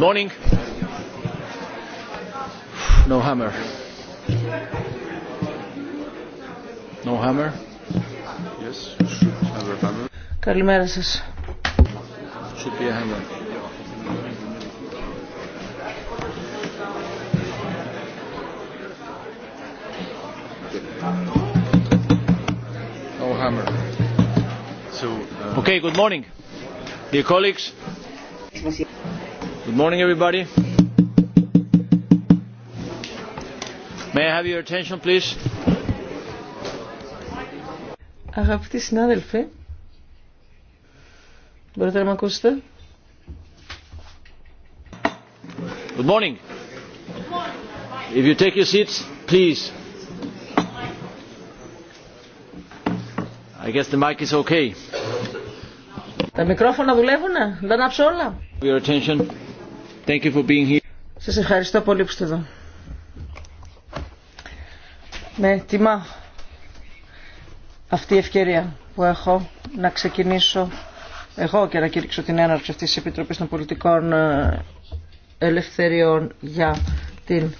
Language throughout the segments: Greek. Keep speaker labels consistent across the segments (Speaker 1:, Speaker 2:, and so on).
Speaker 1: morning. No hammer. No hammer. Yes, Καλημέρα σας. Should be a hammer.
Speaker 2: No hammer. So, uh... Okay, good morning. Dear colleagues. Good morning, everybody.
Speaker 3: May I have your attention, please?
Speaker 1: Αγαπητοί συνάδελφοι, μπορείτε να με ακούσετε.
Speaker 2: Good morning. If you take your seats, please.
Speaker 1: I guess the mic is okay. Τα μικρόφωνα δουλεύουνε, δεν άψω όλα. Your attention. Σας ευχαριστώ πολύ που είστε εδώ. Με τιμά αυτή η ευκαιρία που έχω να ξεκινήσω εγώ και να κήρυξω την έναρξη αυτής της Επιτροπής των Πολιτικών ε, Ελευθεριών για την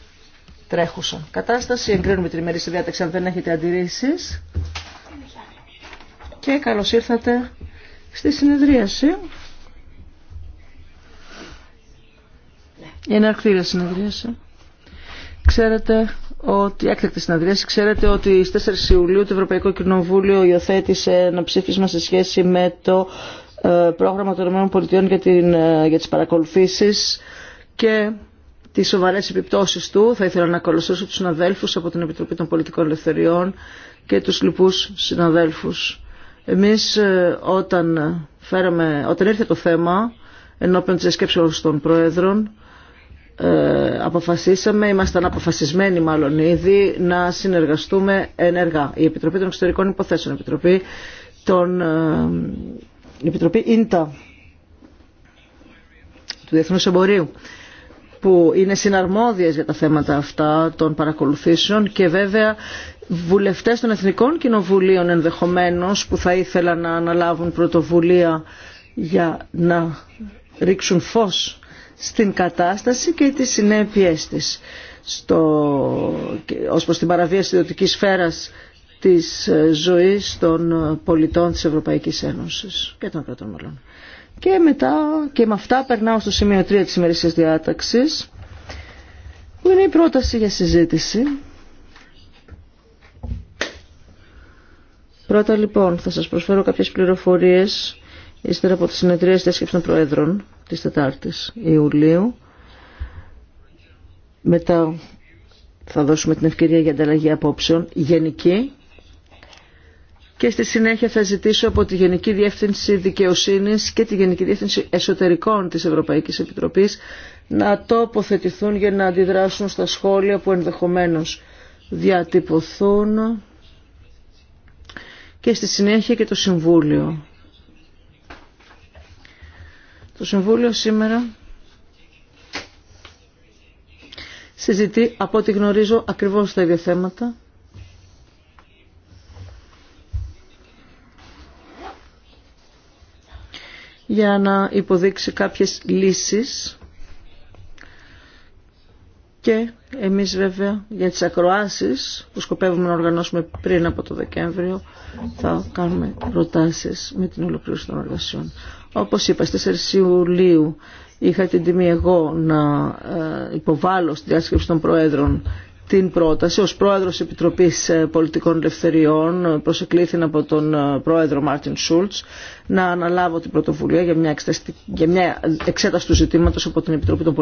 Speaker 1: τρέχουσα κατάσταση. Εγκρίνουμε την ημερήσια διάταξη αν δεν έχετε αντιρρήσεις. Και καλώς ήρθατε στη συνεδρίαση. Η συνεδρίαση. Ξέρετε ότι, έκτακτη συνεδρίαση, ξέρετε ότι στις 4 Ιουλίου το Ευρωπαϊκό Κοινοβούλιο υιοθέτησε ένα ψήφισμα σε σχέση με το ε, πρόγραμμα των ΗΠΑ για, την, ε, για τις παρακολουθήσεις και τις σοβαρές επιπτώσεις του. Θα ήθελα να ακολουθήσω τους συναδέλφους από την Επιτροπή των Πολιτικών Ελευθεριών και τους λοιπούς συναδέλφους. Εμείς ε, όταν, φέραμε, όταν ήρθε το θέμα ενώπιον της σκέψης των Πρόεδρων ε, αποφασίσαμε, ήμασταν αποφασισμένοι μάλλον ήδη, να συνεργαστούμε ενεργά. Η Επιτροπή των Εξωτερικών Υποθέσεων, η Επιτροπή, των, ε, Επιτροπή ΙΝΤΑ του Διεθνούς Εμπορίου που είναι συναρμόδιες για τα θέματα αυτά των παρακολουθήσεων και βέβαια βουλευτές των Εθνικών Κοινοβουλίων ενδεχομένως που θα ήθελαν να αναλάβουν πρωτοβουλία για να ρίξουν φως στην κατάσταση και τις συνέπειές της στο, ως προς την παραβίαση ιδιωτικής σφαίρας της ε, ζωής των ε, πολιτών της Ευρωπαϊκής Ένωσης και των κρατών μελών. Και μετά και με αυτά περνάω στο σημείο 3 της ημερήσιας διάταξης που είναι η πρόταση για συζήτηση. Πρώτα λοιπόν θα σας προσφέρω κάποιες πληροφορίες ύστερα από τη συνεδρίες της των Προέδρων της 4ης Ιουλίου. Μετά θα δώσουμε την ευκαιρία για ανταλλαγή απόψεων γενική και στη συνέχεια θα ζητήσω από τη Γενική Διεύθυνση Δικαιοσύνης και τη Γενική Διεύθυνση Εσωτερικών της Ευρωπαϊκής Επιτροπής να τοποθετηθούν για να αντιδράσουν στα σχόλια που ενδεχομένως διατυπωθούν και στη συνέχεια και το Συμβούλιο το Συμβούλιο σήμερα συζητεί, από ό,τι γνωρίζω, ακριβώς τα ίδια θέματα. για να υποδείξει κάποιες λύσεις και εμείς βέβαια για τις ακροάσεις που σκοπεύουμε να οργανώσουμε πριν από το Δεκέμβριο θα κάνουμε προτάσεις με την ολοκλήρωση των εργασιών. Όπως είπα, στις 4 Ιουλίου είχα την τιμή εγώ να ε, υποβάλω στη διάσκεψη των Προέδρων την πρόταση. Ως Πρόεδρος Επιτροπής ε, Πολιτικών Ελευθεριών ε, προσεκλήθηνα από τον Πρόεδρο Μάρτιν Σούλτς να αναλάβω την πρωτοβουλία για μια, για μια εξέταση του ζητήματος από την Επιτροπή των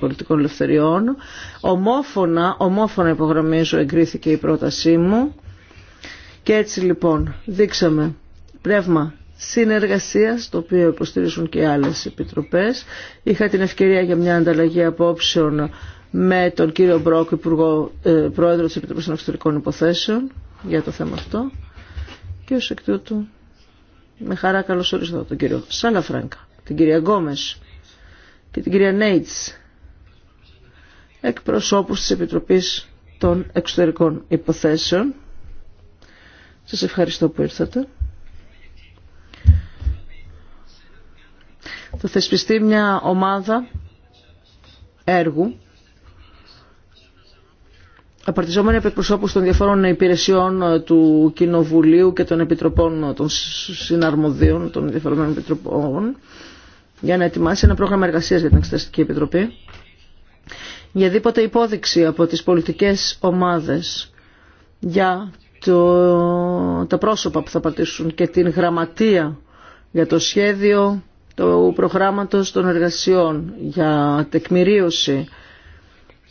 Speaker 1: Πολιτικών Ελευθεριών. Ομόφωνα, ομόφωνα υπογραμμίζω, εγκρίθηκε η πρότασή μου. Και έτσι λοιπόν δείξαμε πνεύμα συνεργασίας, το οποίο υποστηρίζουν και άλλες επιτροπές. Είχα την ευκαιρία για μια ανταλλαγή απόψεων με τον κύριο Μπρόκ, Υπουργό, ε, Πρόεδρο της Επιτροπής των Εξωτερικών Υποθέσεων, για το θέμα αυτό. Και ως εκ τούτου, με χαρά καλωσορίζω τον κύριο Σαλαφράγκα, την κυρία Γκόμες και την κυρία Νέιτς, εκπροσώπους της Επιτροπής των Εξωτερικών Υποθέσεων. Σας ευχαριστώ που ήρθατε. θα θεσπιστεί μια ομάδα έργου απαρτιζόμενη από εκπροσώπου των διαφόρων υπηρεσιών του Κοινοβουλίου και των επιτροπών των συναρμοδίων των διαφορετικών επιτροπών για να ετοιμάσει ένα πρόγραμμα εργασίας για την Εξεταστική Επιτροπή. Για δίποτε υπόδειξη από τις πολιτικές ομάδες για το, τα πρόσωπα που θα πατήσουν και την γραμματεία για το σχέδιο του προγράμματος των εργασιών για τεκμηρίωση,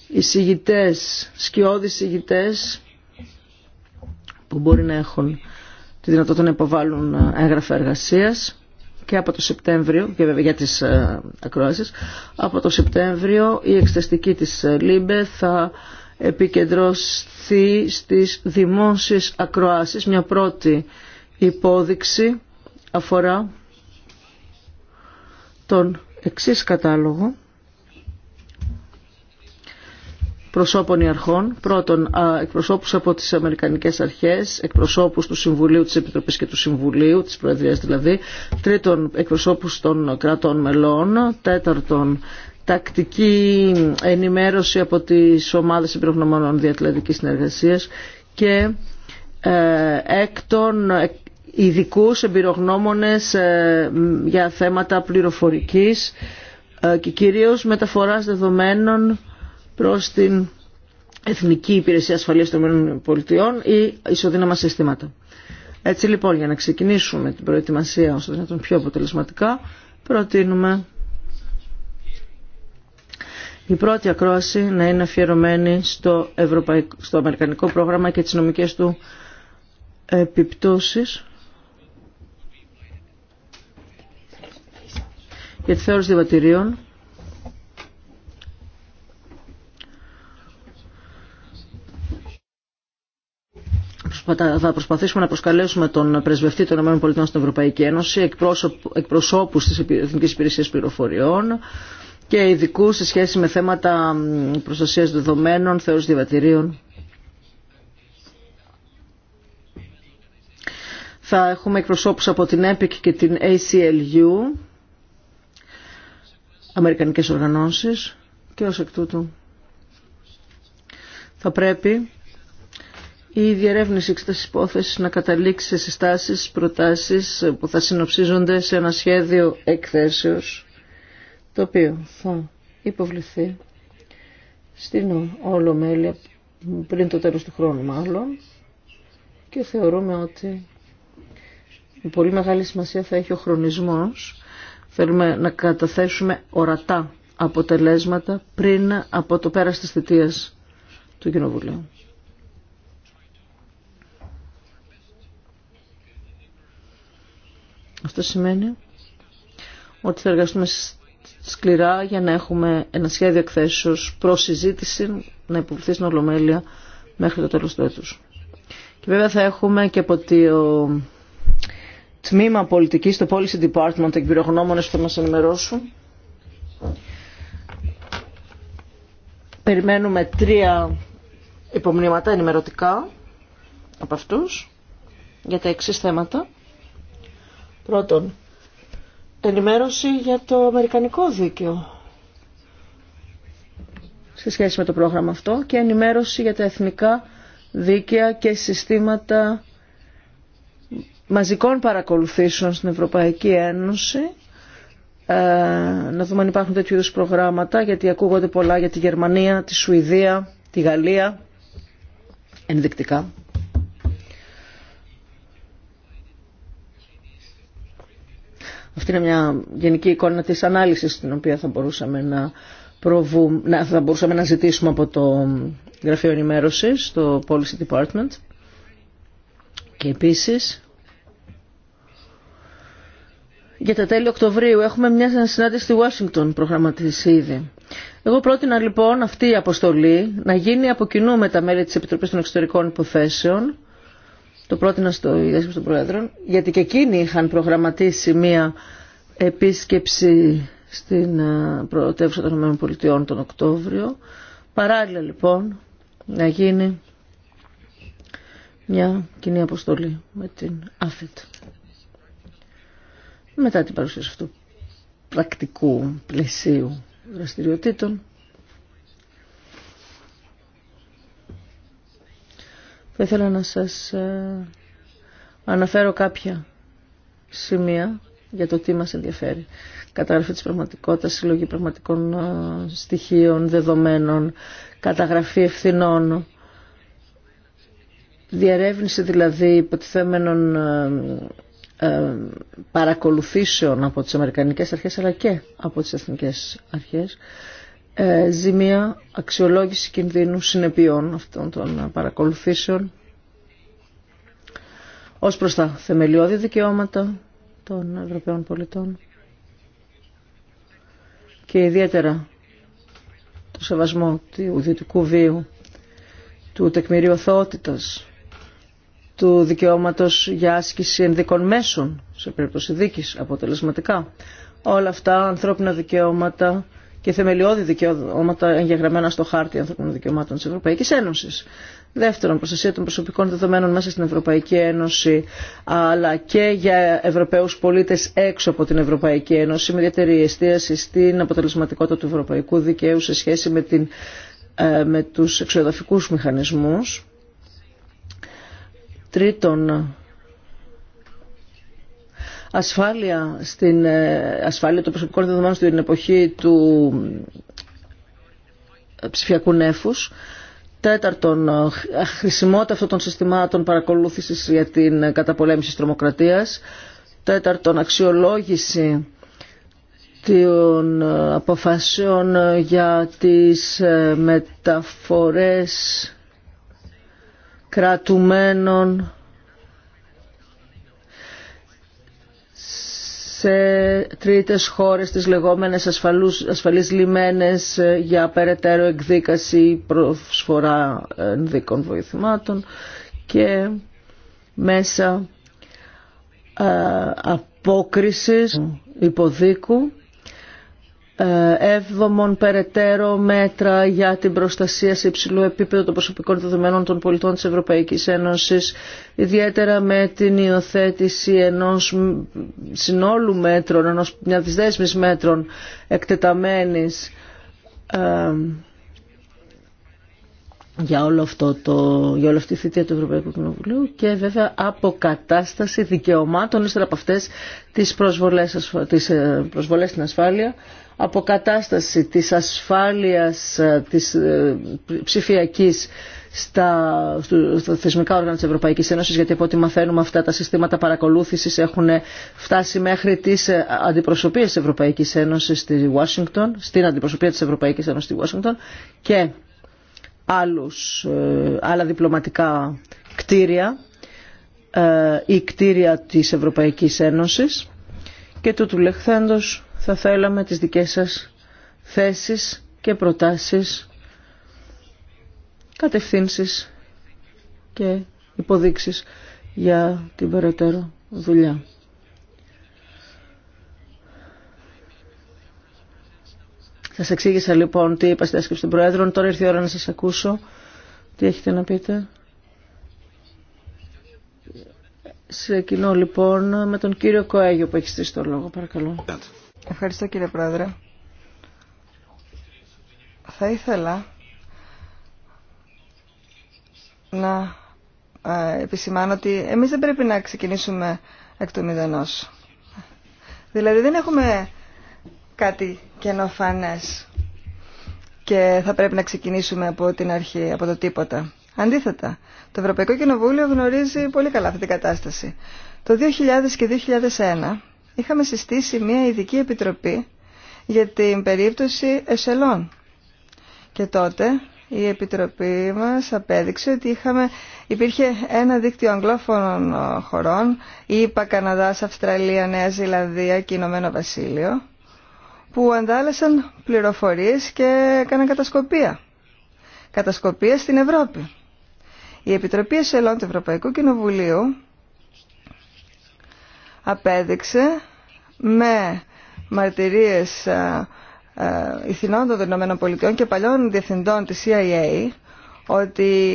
Speaker 1: εισηγητές, σκιώδεις εισηγητές που μπορεί να έχουν τη δυνατότητα να υποβάλουν ε, έγγραφα εργασίας και από το Σεπτέμβριο, και βέβαια για τις ε, ακροάσεις, από το Σεπτέμβριο η εξεταστική της ε, ΛΥΜΠΕ θα επικεντρωθεί στις δημόσιες ακροάσεις. Μια πρώτη υπόδειξη αφορά τον εξής κατάλογο προσώπων ή αρχών. Πρώτον, εκπροσώπους από τις Αμερικανικές Αρχές, εκπροσώπους του Συμβουλίου της Επιτροπής και του Συμβουλίου, της Προεδρίας δηλαδή. Τρίτον, εκπροσώπους των κρατών μελών. Τέταρτον, τακτική ενημέρωση από τις ομάδες υπηρεχνομόνων διατλαντικής συνεργασίας και ε, έκτον ειδικού εμπειρογνώμονες ε, για θέματα πληροφορικής ε, και κυρίως μεταφοράς δεδομένων προς την Εθνική Υπηρεσία Ασφαλείας των Πολιτειών ή ισοδύναμα συστήματα. Έτσι λοιπόν για να ξεκινήσουμε την προετοιμασία όσο δυνατόν πιο αποτελεσματικά προτείνουμε η πρώτη ακρόαση να είναι αφιερωμένη στο, ευρωπαϊκό, στο αμερικανικό πρόγραμμα και τις νομικές του επιπτώσεις για τη θεώρηση διαβατηρίων. θα προσπαθήσουμε να προσκαλέσουμε τον πρεσβευτή των ΗΠΑ στην Ευρωπαϊκή Ένωση, εκπροσώπους της Εθνικής Υπηρεσίας Πληροφοριών και ειδικού σε σχέση με θέματα προστασίας δεδομένων, θέωρησης διαβατηρίων. Θα έχουμε εκπροσώπους από την EPIC και την ACLU αμερικανικές οργανώσεις και ως εκ τούτου θα πρέπει η διερεύνηση της υπόθεσης να καταλήξει σε συστάσεις, προτάσεις που θα συνοψίζονται σε ένα σχέδιο εκθέσεως το οποίο θα υποβληθεί στην όλο μέλη πριν το τέλος του χρόνου μάλλον και θεωρούμε ότι πολύ μεγάλη σημασία θα έχει ο χρονισμός Θέλουμε να καταθέσουμε ορατά αποτελέσματα πριν από το πέρας της θητείας του Κοινοβουλίου. Αυτό σημαίνει ότι θα εργαστούμε σκληρά για να έχουμε ένα σχέδιο εκθέσεως προς να υποβληθεί στην Ολομέλεια μέχρι το τέλος του έτους. Και βέβαια θα έχουμε και από το τμήμα πολιτικής στο Policy Department εκπληρογνώμονες που θα μας ενημερώσουν. Περιμένουμε τρία υπομνήματα ενημερωτικά από αυτούς για τα εξής θέματα. Πρώτον, ενημέρωση για το Αμερικανικό δίκαιο σε σχέση με το πρόγραμμα αυτό και ενημέρωση για τα εθνικά δίκαια και συστήματα μαζικών παρακολουθήσεων στην Ευρωπαϊκή Ένωση. Ε, να δούμε αν υπάρχουν τέτοιου είδους προγράμματα, γιατί ακούγονται πολλά για τη Γερμανία, τη Σουηδία, τη Γαλλία, ενδεικτικά. Αυτή είναι μια γενική εικόνα της ανάλυσης την οποία θα μπορούσαμε να, προβούμε, να, θα μπορούσαμε να ζητήσουμε από το Γραφείο Ενημέρωσης, το Policy Department. Και επίσης για τα τέλη Οκτωβρίου. Έχουμε μια συνάντηση στη Ουάσιγκτον προγραμματίσει ήδη. Εγώ πρότεινα λοιπόν αυτή η αποστολή να γίνει από κοινού με τα μέλη της Επιτροπής των Εξωτερικών Υποθέσεων. Το πρότεινα στο Ιδέσκεψη των Προέδρων. Γιατί και εκείνοι είχαν προγραμματίσει μια επίσκεψη στην ε, πρωτεύουσα των ΗΠΑ τον Οκτώβριο. Παράλληλα λοιπόν να γίνει μια κοινή αποστολή με την ΑΦΕΤ μετά την παρουσίαση αυτού του πρακτικού πλαισίου δραστηριοτήτων. Θα ήθελα να σας ε, αναφέρω κάποια σημεία για το τι μας ενδιαφέρει. Καταγραφή της πραγματικότητας, συλλογή πραγματικών ε, στοιχείων, δεδομένων, καταγραφή ευθυνών, διαρεύνηση δηλαδή υποτιθέμενων ε, ε, παρακολουθήσεων από τις Αμερικανικές αρχές αλλά και από τις Εθνικές αρχές ε, ζημία, αξιολόγηση κινδύνου συνεπειών αυτών των παρακολουθήσεων ως προς τα θεμελιώδη δικαιώματα των Ευρωπαίων πολιτών και ιδιαίτερα το σεβασμό του ιδιωτικού βίου, του τεκμηρίου του δικαιώματος για άσκηση ενδικών μέσων σε περίπτωση δίκης αποτελεσματικά. Όλα αυτά ανθρώπινα δικαιώματα και θεμελιώδη δικαιώματα εγγεγραμμένα στο χάρτη ανθρώπινων δικαιωμάτων της Ευρωπαϊκής Ένωσης. Δεύτερον, προστασία των προσωπικών δεδομένων μέσα στην Ευρωπαϊκή Ένωση, αλλά και για Ευρωπαίους πολίτες έξω από την Ευρωπαϊκή Ένωση, με ιδιαίτερη εστίαση στην αποτελεσματικότητα του ευρωπαϊκού δικαίου σε σχέση με, την, ε, με τους μηχανισμούς. Τρίτον, ασφάλεια, στην, ε, ασφάλεια των προσωπικών δεδομένων στην εποχή του ε, ψηφιακού νέφους. Τέταρτον, ε, χρησιμότητα αυτών των συστημάτων παρακολούθησης για την καταπολέμηση της τρομοκρατίας. Τέταρτον, αξιολόγηση των αποφάσεων για τις μεταφορές κρατουμένων σε τρίτες χώρες τις λεγόμενες ασφαλούς, ασφαλείς λιμένες ε, για περαιτέρω εκδίκαση προσφορά ενδίκων βοηθημάτων και μέσα ε, απόκρισης υποδίκου έβδομον περαιτέρω μέτρα για την προστασία σε υψηλό επίπεδο των προσωπικών δεδομένων των πολιτών της Ευρωπαϊκής Ένωσης, ιδιαίτερα με την υιοθέτηση ενός συνόλου μέτρων, ενός μια δέσμης μέτρων εκτεταμένης για, όλο αυτό το, για όλη αυτή τη θητεία του Ευρωπαϊκού Κοινοβουλίου και βέβαια αποκατάσταση δικαιωμάτων ύστερα από αυτές τις προσβολές, τις ε, προσβολές στην ασφάλεια αποκατάσταση της ασφάλειας ε, της ε, ψηφιακής στα, θεσμικά όργανα της Ευρωπαϊκής Ένωσης γιατί από ό,τι μαθαίνουμε αυτά τα συστήματα παρακολούθησης έχουν φτάσει μέχρι τις ε, αντιπροσωπείες της Ευρωπαϊκής Ένωσης στη Washington, στην αντιπροσωπεία της Ευρωπαϊκής Ένωσης στη Washington και άλλους, άλλα διπλωματικά κτίρια ή κτίρια της Ευρωπαϊκής Ένωσης και του του λεχθέντος θα θέλαμε τις δικές σας θέσεις και προτάσεις, κατευθύνσεις και υποδείξεις για την περαιτέρω δουλειά. Σας εξήγησα λοιπόν τι είπα στη διάσκεψη των Προέδρων. Τώρα ήρθε η ώρα να σας ακούσω. Τι έχετε να πείτε. Σε κοινό λοιπόν με τον κύριο Κοέγιο που έχει στήσει το λόγο. Παρακαλώ. Ευχαριστώ κύριε Πρόεδρε. Θα ήθελα
Speaker 3: να ε, επισημάνω ότι εμείς δεν πρέπει να ξεκινήσουμε εκ του μηδενός. Δηλαδή δεν έχουμε κάτι καινοφανές και θα πρέπει να ξεκινήσουμε από την αρχή, από το τίποτα. Αντίθετα, το Ευρωπαϊκό Κοινοβούλιο γνωρίζει πολύ καλά αυτή την κατάσταση. Το 2000 και 2001 είχαμε συστήσει μια ειδική επιτροπή για την περίπτωση εσελών. Και τότε η Επιτροπή μας απέδειξε ότι είχαμε, υπήρχε ένα δίκτυο αγγλόφωνων ε, χωρών, ΗΠΑ, Καναδάς, Αυστραλία, Νέα Ζηλανδία και Ηνωμένο Βασίλειο, που αντάλλασαν πληροφορίες και έκαναν κατασκοπία. Κατασκοπία στην Ευρώπη. Η Επιτροπή Εσελών του Ευρωπαϊκού Κοινοβουλίου απέδειξε με μαρτυρίες ε, ε, ηθινών των ΗΠΑ και παλιών διευθυντών της CIA ότι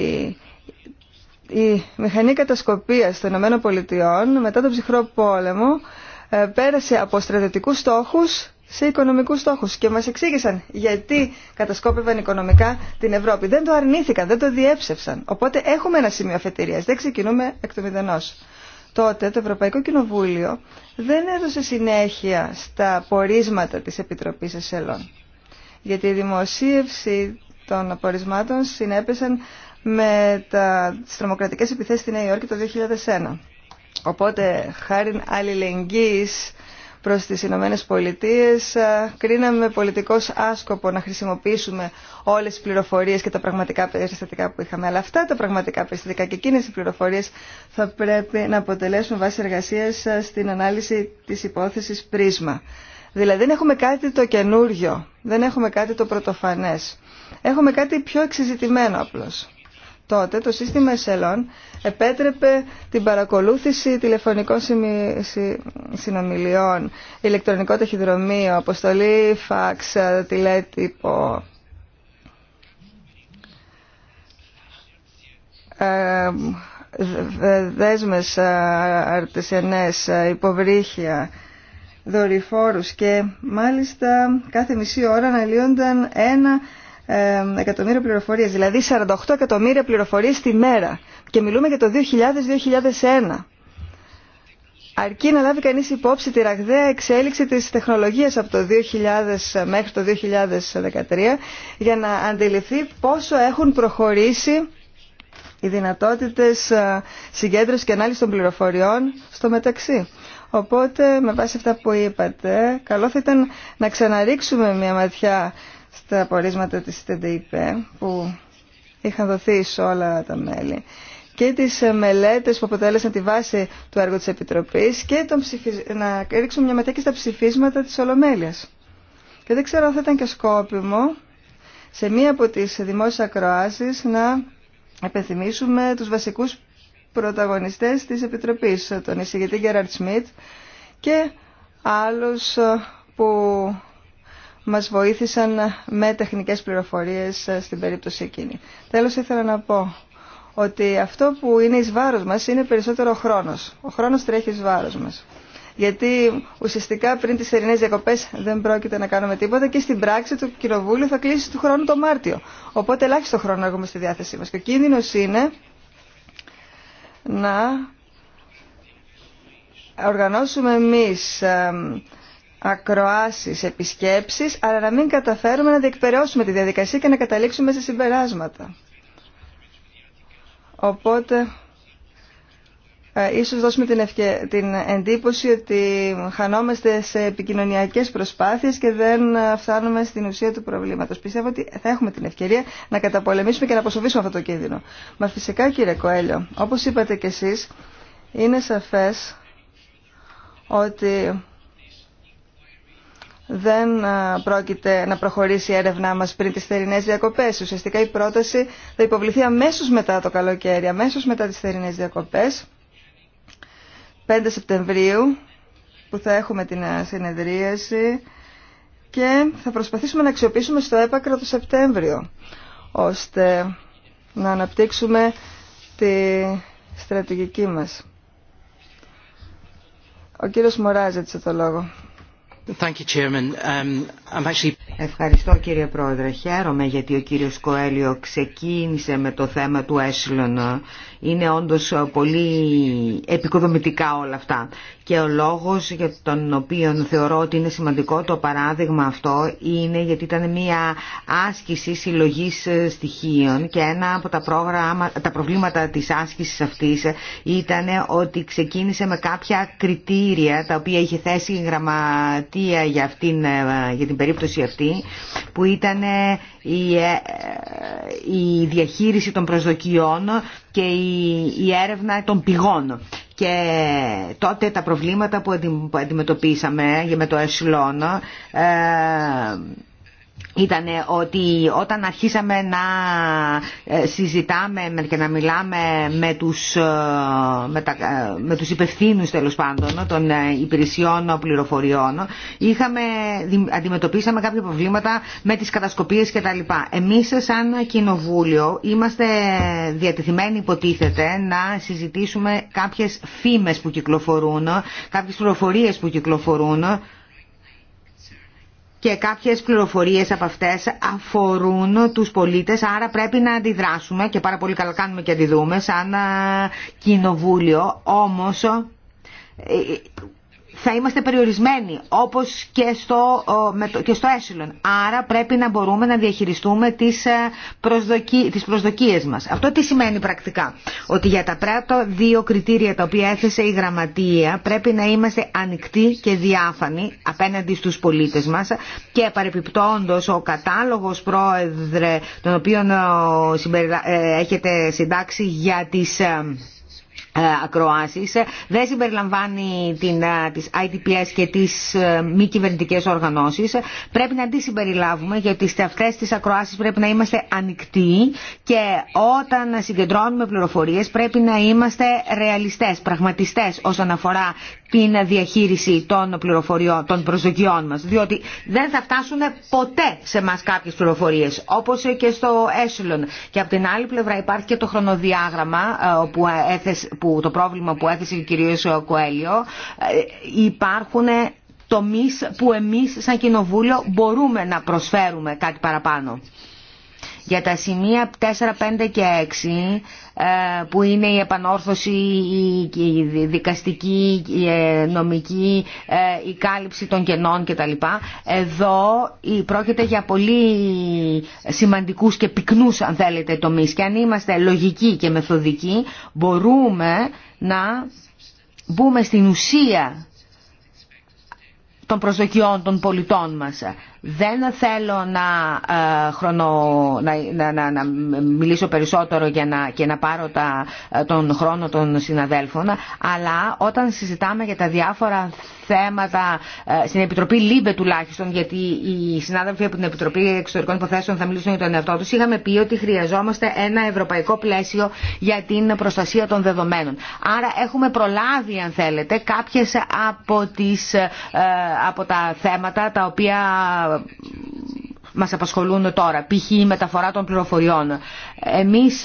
Speaker 3: η μηχανή κατασκοπίας των Ηνωμένων Πολιτειών μετά τον ψυχρό πόλεμο ε, πέρασε από στρατιωτικούς στόχους σε οικονομικούς στόχους και μας εξήγησαν γιατί κατασκόπευαν οικονομικά την Ευρώπη. Δεν το αρνήθηκαν, δεν το διέψευσαν. Οπότε έχουμε ένα σημείο αφετηρίας, δεν ξεκινούμε εκ του μηδενός τότε το Ευρωπαϊκό Κοινοβούλιο δεν έδωσε συνέχεια στα πορίσματα της Επιτροπής Εσελών. Γιατί η δημοσίευση των πορισμάτων συνέπεσαν με τα, τις τρομοκρατικές επιθέσεις στη Νέα Υόρκη το 2001. Οπότε, χάρη αλληλεγγύης προς τις Ηνωμένες Πολιτείες, ε, κρίναμε πολιτικός άσκοπο να χρησιμοποιήσουμε όλες τις πληροφορίες και τα πραγματικά περιστατικά που είχαμε. Αλλά αυτά τα πραγματικά περιστατικά και εκείνες οι πληροφορίες θα πρέπει να αποτελέσουν βάση εργασίας ε, στην ανάλυση της υπόθεσης πρίσμα. Δηλαδή δεν έχουμε κάτι το καινούριο, δεν έχουμε κάτι το πρωτοφανές. Έχουμε κάτι πιο εξεζητημένο απλώς τότε το σύστημα εσελών επέτρεπε την παρακολούθηση τηλεφωνικών συνομιλιών, ηλεκτρονικό ταχυδρομείο, αποστολή φαξ, τηλέτυπο, ε, δέσμες ε, αρτεσενές, ε, υποβρύχια, δορυφόρους και μάλιστα κάθε μισή ώρα αναλύονταν ένα ε, εκατομμύρια πληροφορίες, δηλαδή 48 εκατομμύρια πληροφορίες τη μέρα. Και μιλούμε για το 2000-2001. Αρκεί να λάβει κανείς υπόψη τη ραγδαία εξέλιξη της τεχνολογίας από το 2000 μέχρι το 2013 για να αντιληφθεί πόσο έχουν προχωρήσει οι δυνατότητες ε, συγκέντρωση και ανάλυση των πληροφοριών στο μεταξύ. Οπότε, με βάση αυτά που είπατε, καλό θα ήταν να ξαναρίξουμε μια ματιά στα πορίσματα της TDIP που είχαν δοθεί σε όλα τα μέλη και τις μελέτες που αποτέλεσαν τη βάση του έργου της Επιτροπής και τον να ρίξουμε μια ματιά και στα ψηφίσματα της Ολομέλειας. Και δεν ξέρω αν θα ήταν και σκόπιμο σε μία από τις δημόσιες ακροάσεις να επενθυμίσουμε τους βασικούς πρωταγωνιστές της Επιτροπής, τον εισηγητή Γκέραρτ Σμιτ και άλλους που μας βοήθησαν με τεχνικές πληροφορίες ε, στην περίπτωση εκείνη. Τέλος ήθελα να πω ότι αυτό που είναι εις βάρος μας είναι περισσότερο ο χρόνος. Ο χρόνος τρέχει εις βάρος μας. Γιατί ουσιαστικά πριν τις ερηνές διακοπές δεν πρόκειται να κάνουμε τίποτα και στην πράξη του Κοινοβούλου θα κλείσει του χρόνου το Μάρτιο. Οπότε ελάχιστο χρόνο έχουμε στη διάθεσή μας. Και ο κίνδυνος είναι να οργανώσουμε εμείς Ακροάσει επισκέψεις, αλλά να μην καταφέρουμε να διεκπαιρεώσουμε τη διαδικασία και να καταλήξουμε σε συμπεράσματα. Οπότε, ε, ίσως δώσουμε την, ευκαι... την εντύπωση ότι χανόμαστε σε επικοινωνιακές προσπάθειες και δεν ε, φτάνουμε στην ουσία του προβλήματος. Πιστεύω ότι θα έχουμε την ευκαιρία να καταπολεμήσουμε και να αποσοβήσουμε αυτό το κίνδυνο. Μα φυσικά κύριε Κοέλιο, όπως είπατε κι εσείς, είναι σαφές ότι δεν ε, πρόκειται να προχωρήσει η έρευνά μας πριν τις θερινές διακοπές. Ουσιαστικά η πρόταση θα υποβληθεί αμέσως μετά το καλοκαίρι, αμέσως μετά τις θερινές διακοπές, 5 Σεπτεμβρίου, που θα έχουμε την ε, συνεδρίαση και θα προσπαθήσουμε να αξιοποιήσουμε στο έπακρο το Σεπτέμβριο, ώστε να αναπτύξουμε τη στρατηγική μας. Ο κύριος το λόγο.
Speaker 2: Um, Ευχαριστώ κύριε Πρόεδρε. Χαίρομαι γιατί ο κύριος Κοέλιο ξεκίνησε με το θέμα του έσυλον. Είναι όντως πολύ επικοδομητικά όλα αυτά και ο λόγος για τον οποίο θεωρώ ότι είναι σημαντικό το παράδειγμα αυτό είναι γιατί ήταν μια άσκηση συλλογής ε, στοιχείων και ένα από τα, πρόγραμμα, τα προβλήματα της άσκησης αυτής ήταν ότι ξεκίνησε με κάποια κριτήρια τα οποία είχε θέσει η γραμματεία για, αυτήν, ε, για την περίπτωση αυτή που ήταν ε, η, η διαχείριση των προσδοκιών και η, η έρευνα των πηγών και τότε τα προβλήματα που αντιμετωπίσαμε με το Εσλόν ήταν ότι όταν αρχίσαμε να ε, συζητάμε και να μιλάμε με τους, ε, με, τα, ε, με τους υπευθύνους τέλος πάντων των υπηρεσιών πληροφοριών είχαμε, αντιμετωπίσαμε κάποια προβλήματα με τις κατασκοπίες και τα λοιπά. Εμείς σαν κοινοβούλιο είμαστε διατεθειμένοι υποτίθεται να συζητήσουμε κάποιες φήμες που κυκλοφορούν, κάποιες πληροφορίες που κυκλοφορούν και κάποιες πληροφορίες από αυτές αφορούν τους πολίτες, άρα πρέπει να αντιδράσουμε και πάρα πολύ καλά κάνουμε και αντιδούμε σαν ε, κοινοβούλιο, όμως ε, ε, θα είμαστε περιορισμένοι όπως και στο, και στο έσυλον. Άρα πρέπει να μπορούμε να διαχειριστούμε τις, ε, προσδοκί, τις προσδοκίες μας. Αυτό τι σημαίνει πρακτικά. Ότι για τα πρώτα δύο κριτήρια τα οποία έθεσε η γραμματεία πρέπει να είμαστε ανοιχτοί και διάφανοι απέναντι στους πολίτες μας και παρεπιπτόντος ο κατάλογος πρόεδρε τον οποίο ε, έχετε συντάξει για τις ε, ε, ακροάσεις ε, δεν συμπεριλαμβάνει την, ε, τις ITPS και τις μη κυβερνητικέ οργανώσεις πρέπει να τις συμπεριλάβουμε γιατί σε αυτές τις ακροάσεις πρέπει να είμαστε ανοιχτοί και όταν συγκεντρώνουμε πληροφορίες πρέπει να είμαστε ρεαλιστές, πραγματιστές όσον αφορά την διαχείριση των πληροφοριών, των προσδοκιών μας διότι δεν θα φτάσουν ποτέ σε μας κάποιες πληροφορίες όπως και στο ΕΣΛΟΝ. και από την άλλη πλευρά υπάρχει και το χρονοδιάγραμμα που, έθεσε, το πρόβλημα που έθεσε ο κυρία Κοέλιο, ε, υπάρχουν τομείς που εμείς σαν κοινοβούλιο μπορούμε να προσφέρουμε κάτι παραπάνω. Για τα σημεία 4, 5 και 6 ε, που είναι η επανόρθωση, η δικαστική, η ε, νομική, ε, η κάλυψη των κενών κτλ. Εδώ η πρόκειται για πολύ σημαντικούς και πυκνούς αν θέλετε τομείς και αν είμαστε λογικοί και μεθοδικοί μπορούμε να μπούμε στην ουσία των προσδοκιών των πολιτών μας. Δεν θέλω ε, να, να, να, να, μιλήσω περισσότερο για να, και να πάρω τα, ε, τον χρόνο των συναδέλφων, αλλά όταν συζητάμε για τα διάφορα θέματα ε, στην Επιτροπή ΛΥΜΠΕ τουλάχιστον, γιατί οι συνάδελφοι από την Επιτροπή Εξωτερικών Υποθέσεων θα μιλήσουν για τον εαυτό του, είχαμε πει ότι χρειαζόμαστε ένα ευρωπαϊκό πλαίσιο για την προστασία των δεδομένων. Άρα έχουμε προλάβει, αν θέλετε, κάποιες από, τις, από τα θέματα τα οποία μας απασχολούν τώρα, π.χ. η μεταφορά των πληροφοριών. Εμείς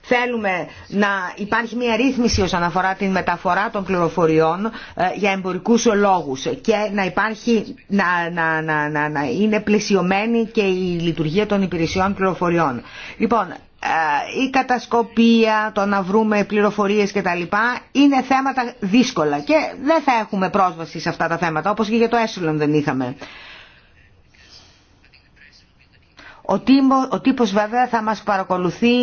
Speaker 2: θέλουμε να υπάρχει μια ρύθμιση όσον αφορά την μεταφορά των πληροφοριών ε, για εμπορικούς λόγους και να, υπάρχει, να, είναι πλαισιωμένη και η λειτουργία των υπηρεσιών πληροφοριών. Λοιπόν, ε, η κατασκοπία, το να βρούμε πληροφορίες κτλ. είναι θέματα δύσκολα και δεν θα έχουμε πρόσβαση σε αυτά τα θέματα όπως και για το Έσυλον δεν είχαμε. Ο, τύπο, ο τύπος βέβαια θα μας παρακολουθεί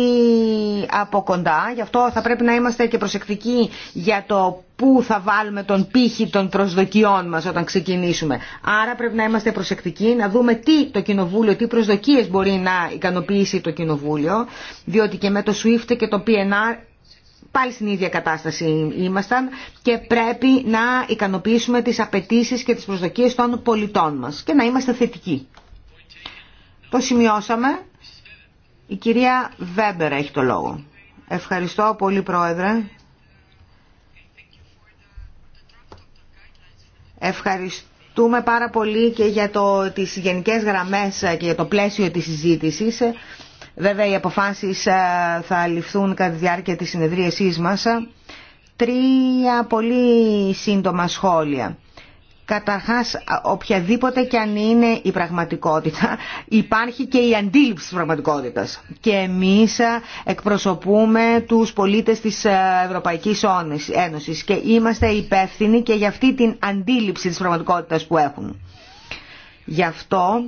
Speaker 2: από κοντά, γι' αυτό θα πρέπει να είμαστε και προσεκτικοί για το πού θα βάλουμε τον πύχη των προσδοκιών μας όταν ξεκινήσουμε. Άρα πρέπει να είμαστε προσεκτικοί, να δούμε τι το κοινοβούλιο, τι προσδοκίες μπορεί να ικανοποιήσει το κοινοβούλιο, διότι και με το SWIFT και το PNR πάλι στην ίδια κατάσταση ήμασταν και πρέπει να ικανοποιήσουμε τις απαιτήσεις και τις προσδοκίες των πολιτών μας και να είμαστε θετικοί. Το σημειώσαμε. Η κυρία Βέμπερ έχει το λόγο. Ευχαριστώ πολύ πρόεδρε. Ευχαριστούμε πάρα πολύ και για το, τις γενικές γραμμές και για το πλαίσιο της συζήτησης. Βέβαια οι αποφάσεις ε, θα ληφθούν κατά τη διάρκεια της συνεδρίασής μας. Τρία πολύ σύντομα σχόλια. Καταρχάς, οποιαδήποτε και αν είναι η πραγματικότητα, υπάρχει και η αντίληψη της πραγματικότητας. Και εμείς εκπροσωπούμε τους πολίτες της Ευρωπαϊκής Ένωσης και είμαστε υπεύθυνοι και για αυτή την αντίληψη της πραγματικότητας που έχουν. Γι' αυτό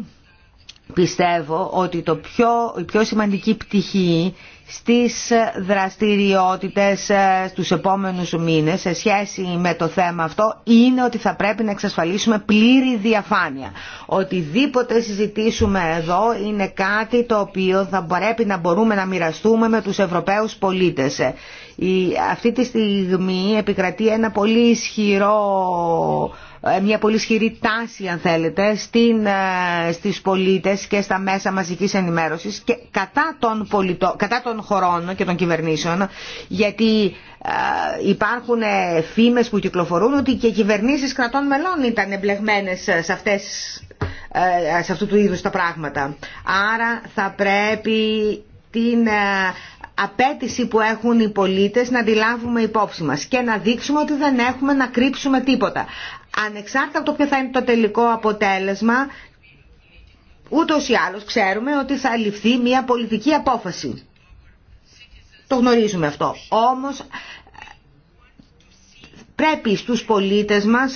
Speaker 2: πιστεύω ότι το πιο, η πιο σημαντική πτυχή στις δραστηριότητες ε, στους επόμενους μήνες σε σχέση με το θέμα αυτό είναι ότι θα πρέπει να εξασφαλίσουμε πλήρη διαφάνεια. Οτιδήποτε συζητήσουμε εδώ είναι κάτι το οποίο θα πρέπει να μπορούμε να μοιραστούμε με τους Ευρωπαίους πολίτες. Η, αυτή τη στιγμή επικρατεί ένα πολύ ισχυρό ε, μια πολύ ισχυρή τάση αν θέλετε στην, ε, στις πολίτες και στα μέσα μαζικής ενημέρωσης και κατά των, πολιτο, κατά των χωρών και των κυβερνήσεων γιατί ε, υπάρχουν φήμες που κυκλοφορούν ότι και κυβερνήσεις κρατών μελών ήταν εμπλεγμένες σε αυτές σε αυτού του είδους τα πράγματα. Άρα θα πρέπει την απέτηση που έχουν οι πολίτες να τη υπόψη μας και να δείξουμε ότι δεν έχουμε να κρύψουμε τίποτα ανεξάρτητα από το ποιο θα είναι το τελικό αποτέλεσμα, ούτως ή άλλως ξέρουμε ότι θα ληφθεί μια πολιτική απόφαση. Το γνωρίζουμε αυτό. Όμως πρέπει στους πολίτες μας,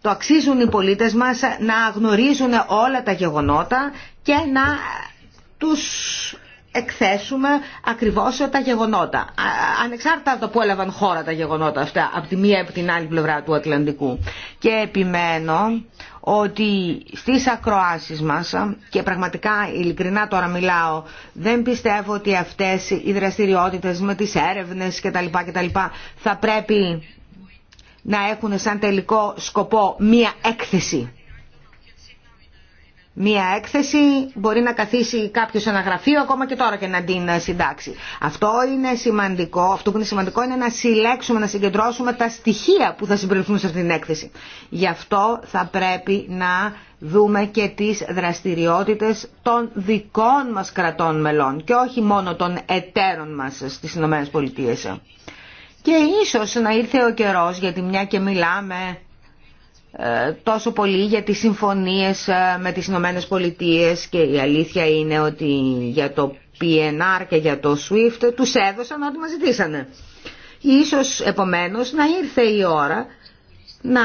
Speaker 2: το αξίζουν οι πολίτες μας να γνωρίζουν όλα τα γεγονότα και να τους εκθέσουμε ακριβώς τα γεγονότα. Ανεξάρτητα από το που έλαβαν χώρα τα γεγονότα αυτά, από τη μία από την άλλη πλευρά του Ατλαντικού. Και επιμένω ότι στις ακροάσεις μας, και πραγματικά ειλικρινά τώρα μιλάω, δεν πιστεύω ότι αυτές οι δραστηριότητες με τις έρευνες κτλ. κτλ θα πρέπει να έχουν σαν τελικό σκοπό μία έκθεση μία έκθεση, μπορεί να καθίσει κάποιος σε ένα γραφείο ακόμα και τώρα και να την ε, συντάξει. Αυτό είναι σημαντικό, αυτό που είναι σημαντικό είναι να συλλέξουμε, να συγκεντρώσουμε τα στοιχεία που θα συμπεριληφθούν σε αυτήν την έκθεση. Γι' αυτό θα πρέπει να δούμε και τις δραστηριότητες των δικών μας κρατών μελών και όχι μόνο των εταίρων μας στις ΗΠΑ. Και ίσως να ήρθε ο καιρός, γιατί μια και μιλάμε ε, τόσο πολύ για τις συμφωνίες ε, με τις Ηνωμένες Πολιτείες και η αλήθεια είναι ότι για το PNR και για το SWIFT τους έδωσαν ό,τι μας ζητήσανε. Ίσως επομένως να ήρθε η ώρα να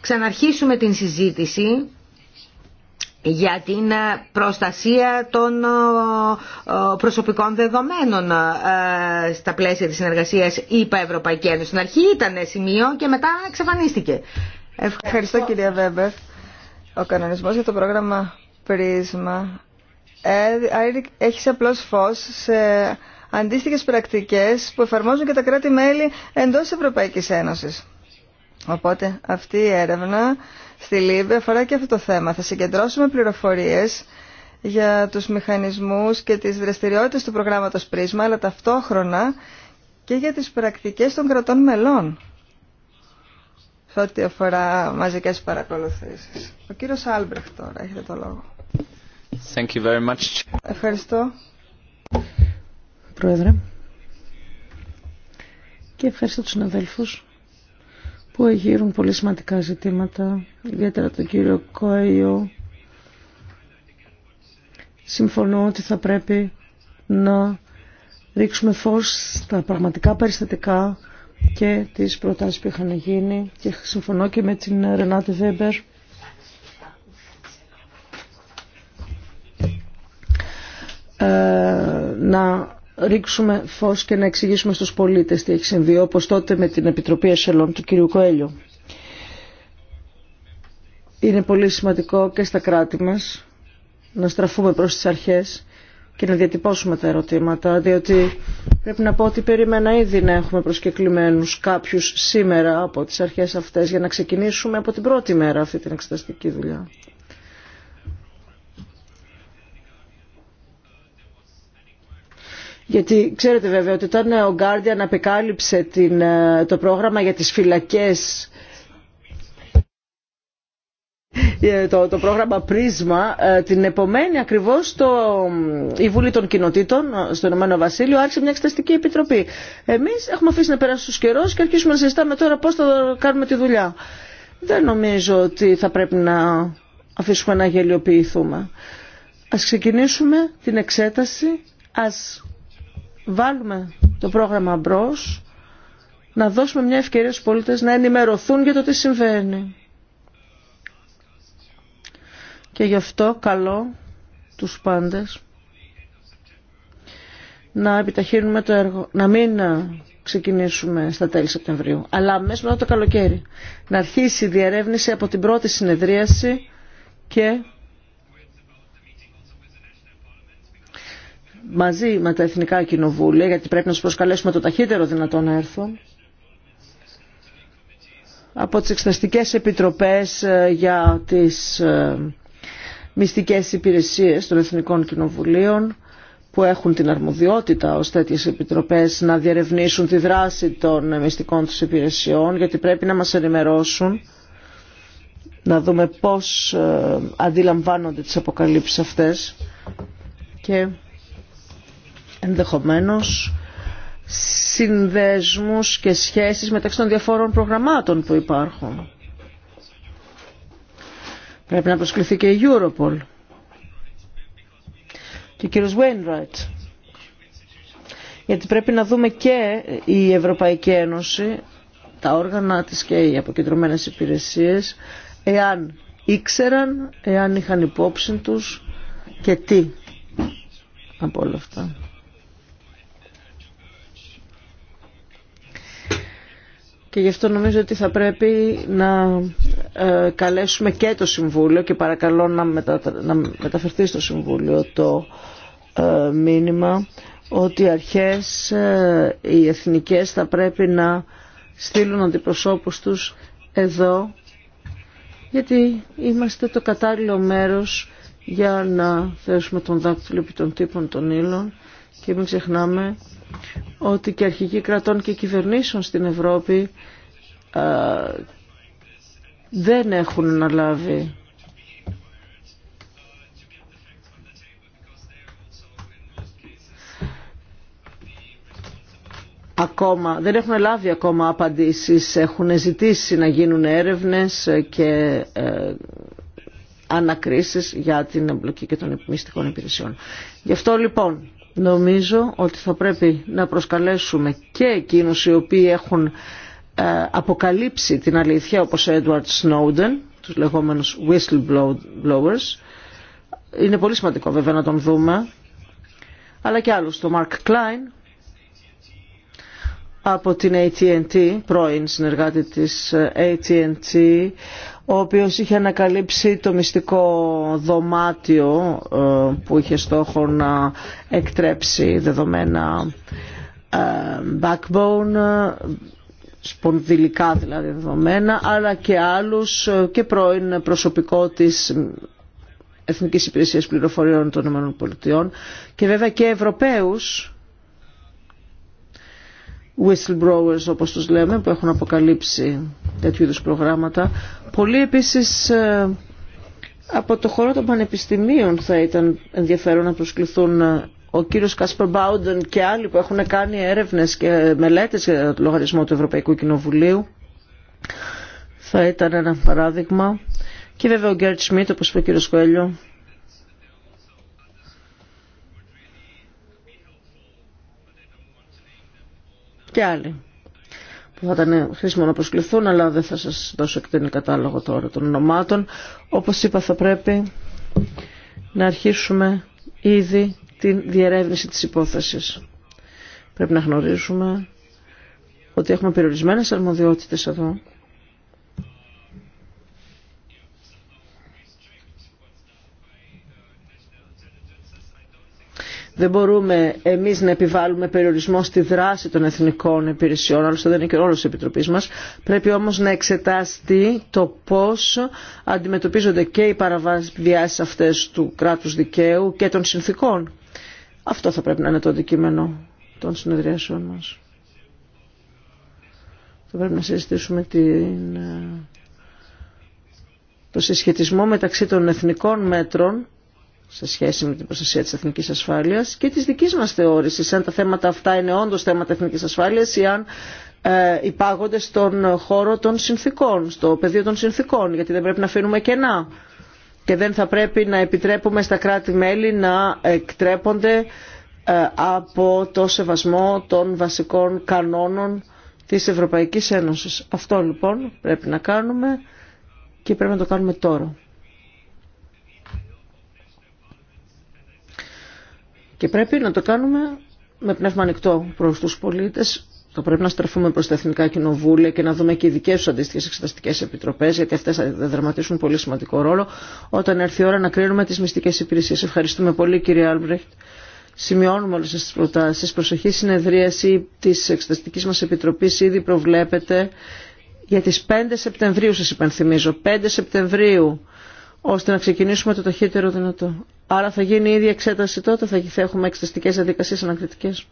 Speaker 2: ξαναρχίσουμε την συζήτηση για την ε, προστασία των προσωπικών δεδομένων στα πλαίσια της συνεργασίας Ήπα Ευρωπαϊκή Ένωση. Στην αρχή ήταν σημείο και μετά εξαφανίστηκε. Ευχαριστώ κυρία Βέμπερ. Ο κανονισμός για το πρόγραμμα Πρίσμα ε,
Speaker 3: ε, έχει σε φω σε αντίστοιχε πρακτικές που εφαρμόζουν και τα κράτη-μέλη εντός Ευρωπαϊκής Ένωσης. Οπότε αυτή η έρευνα στη ΛΥΜΠΕ αφορά και αυτό το θέμα. Θα συγκεντρώσουμε πληροφορίες για τους μηχανισμούς και τις δραστηριότητε του προγράμματο Πρίσμα, αλλά ταυτόχρονα και για τις πρακτικές των κρατών μελών σε ό,τι αφορά μαζικές παρακολουθήσεις. Ο κύριος Άλμπρεχτ τώρα, έχετε το λόγο.
Speaker 1: Thank you very much.
Speaker 3: Ευχαριστώ.
Speaker 1: Πρόεδρε. Και ευχαριστώ τους συναδέλφους που εγείρουν πολύ σημαντικά ζητήματα, ιδιαίτερα τον κύριο Κοέιο. Συμφωνώ ότι θα πρέπει να ρίξουμε φως στα πραγματικά περιστατικά και τις προτάσεις που είχαν γίνει και συμφωνώ και με την Ρενάτη Βέμπερ ε, να ρίξουμε φως και να εξηγήσουμε στους πολίτες τι έχει συμβεί όπως τότε με την Επιτροπή Εσελών του κ. Κοέλιο. Είναι πολύ σημαντικό και στα κράτη μας να στραφούμε προς τις αρχές και να διατυπώσουμε τα ερωτήματα, διότι πρέπει να πω ότι περίμενα ήδη να έχουμε προσκεκλημένους κάποιους σήμερα από τις αρχές αυτές για να ξεκινήσουμε από την πρώτη μέρα αυτή την εξεταστική δουλειά. Γιατί ξέρετε βέβαια ότι όταν ο Guardian απεκάλυψε την, ε, το πρόγραμμα για τις φυλακές ε, το, το πρόγραμμα Πρίσμα ε, την επομένη ακριβώς ε, η Βουλή των Κοινοτήτων στο Ηνωμένο Βασίλειο άρχισε μια εξεταστική επιτροπή. Εμείς έχουμε αφήσει να περάσει στους καιρός και αρχίσουμε να συζητάμε τώρα πώς θα κάνουμε τη δουλειά. Δεν νομίζω ότι θα πρέπει να αφήσουμε να γελιοποιηθούμε. Ας ξεκινήσουμε την εξέταση, ας βάλουμε το πρόγραμμα μπρος, να δώσουμε μια ευκαιρία στους πολίτες να ενημερωθούν για το τι συμβαίνει και γι' αυτό καλώ τους πάντες να επιταχύνουμε το έργο, να μην ξεκινήσουμε στα τέλη Σεπτεμβρίου, αλλά μέσα μετά το καλοκαίρι. Να αρχίσει η διερεύνηση από την πρώτη συνεδρίαση και μαζί με τα Εθνικά Κοινοβούλια, γιατί πρέπει να τους προσκαλέσουμε το ταχύτερο δυνατόν να έρθουν, από τις εξεταστικές επιτροπές ε, για τις ε, μυστικές υπηρεσίες των Εθνικών Κοινοβουλίων που έχουν την αρμοδιότητα ως τέτοιες επιτροπές να διαρευνήσουν τη δράση των μυστικών τους υπηρεσιών γιατί πρέπει να μας ενημερώσουν να δούμε πώς ε, αντιλαμβάνονται τις αποκαλύψεις αυτές και ενδεχομένως συνδέσμους και σχέσεις μεταξύ των διαφόρων προγραμμάτων που υπάρχουν. Πρέπει να προσκληθεί και η Europol. Και ο κύριος Wainwright. Γιατί πρέπει να δούμε και η Ευρωπαϊκή Ένωση, τα όργανα της και οι αποκεντρωμένες υπηρεσίες, εάν ήξεραν, εάν είχαν υπόψη τους και τι από όλα αυτά. και γι' αυτό νομίζω ότι θα πρέπει να ε, καλέσουμε και το Συμβούλιο και παρακαλώ να, μετα... μεταφερθεί στο Συμβούλιο το ε, μήνυμα ότι οι αρχές ε, οι εθνικές θα πρέπει να στείλουν αντιπροσώπους τους εδώ γιατί είμαστε το κατάλληλο μέρος για να θέσουμε τον δάκτυλο επί των τύπων των ύλων και μην ξεχνάμε ότι και αρχηγοί κρατών και κυβερνήσεων στην Ευρώπη δεν έχουν αναλάβει ακόμα, δεν έχουν λάβει ακόμα απαντήσεις, έχουν ζητήσει να γίνουν έρευνες και ε, ανακρίσεις για την εμπλοκή και των μυστικών υπηρεσιών. Γι' αυτό λοιπόν νομίζω ότι θα πρέπει να προσκαλέσουμε και εκείνους οι οποίοι έχουν ε, αποκαλύψει την αλήθεια όπως ο Edward Snowden, τους λεγόμενους whistleblowers. Είναι πολύ σημαντικό βέβαια να τον δούμε. Αλλά και άλλους, το Mark Klein από την AT&T, πρώην συνεργάτη της AT&T, ο οποίος είχε ανακαλύψει το μυστικό δωμάτιο ε, που είχε στόχο να εκτρέψει δεδομένα ε, backbone, ε, σπονδυλικά δηλαδή δεδομένα, αλλά και άλλους και πρώην προσωπικό της Εθνικής Υπηρεσίας Πληροφοριών των ΗΠΑ και βέβαια και Ευρωπαίους whistleblowers όπως τους λέμε που έχουν αποκαλύψει τέτοιου είδους προγράμματα. Πολλοί επίσης ε, από το χώρο των πανεπιστημίων θα ήταν ενδιαφέρον να προσκληθούν ε, ο κύριος Κάσπερ Μπάουντεν και άλλοι που έχουν κάνει έρευνες και μελέτες για το λογαριασμό του Ευρωπαϊκού Κοινοβουλίου. Θα ήταν ένα παράδειγμα. Και βέβαια ο Γκέρτ Σμιτ, όπως είπε ο κύριος Κοέλιο, και άλλοι που θα ήταν χρήσιμο να προσκληθούν, αλλά δεν θα σας δώσω εκτενή κατάλογο τώρα των ονομάτων. Όπως είπα θα πρέπει να αρχίσουμε ήδη την διερεύνηση της υπόθεσης. Πρέπει να γνωρίζουμε ότι έχουμε περιορισμένες αρμοδιότητες εδώ Δεν μπορούμε εμείς να επιβάλλουμε περιορισμό στη δράση των εθνικών υπηρεσιών, άλλωστε δεν είναι και ρόλος της Επιτροπής μας. Πρέπει όμως να εξετάσει το πώς αντιμετωπίζονται και οι παραβιάσεις αυτές του κράτους δικαίου και των συνθήκων. Αυτό θα πρέπει να είναι το αντικείμενο των συνεδριάσεων μας. Θα πρέπει να συζητήσουμε την... Ε, το συσχετισμό μεταξύ των εθνικών μέτρων σε σχέση με την προστασία της εθνικής ασφάλειας και της δικής μας θεώρησης, αν τα θέματα αυτά είναι όντως θέματα εθνικής ασφάλειας ή αν ε, υπάγονται στον χώρο των συνθήκων, στο πεδίο των συνθήκων, γιατί δεν πρέπει να αφήνουμε κενά και δεν θα πρέπει να επιτρέπουμε στα κράτη-μέλη να εκτρέπονται ε, από το σεβασμό των βασικών κανόνων της Ευρωπαϊκής Ένωσης. Αυτό λοιπόν πρέπει να κάνουμε και πρέπει να το κάνουμε τώρα. Και πρέπει να το κάνουμε με πνεύμα ανοιχτό προ του πολίτε. Θα πρέπει να στραφούμε προ τα εθνικά κοινοβούλια και να δούμε και οι δικές τους αντίστοιχες εξεταστικές επιτροπές, γιατί αυτέ θα δραματίσουν πολύ σημαντικό ρόλο όταν έρθει η ώρα να κρίνουμε τι μυστικέ υπηρεσίε. Ευχαριστούμε πολύ κύριε Άλμπρεχτ. Σημειώνουμε όλε τι προτάσεις. Προσοχή συνεδρίαση τη εξεταστική μα επιτροπή, ήδη προβλέπεται για τι 5 Σεπτεμβρίου σα υπενθυμίζω. 5 Σεπτεμβρίου ώστε να ξεκινήσουμε το ταχύτερο δυνατό. Άρα θα γίνει η ίδια εξέταση τότε, θα έχουμε εξεταστικές διαδικασίες ανακριτικές.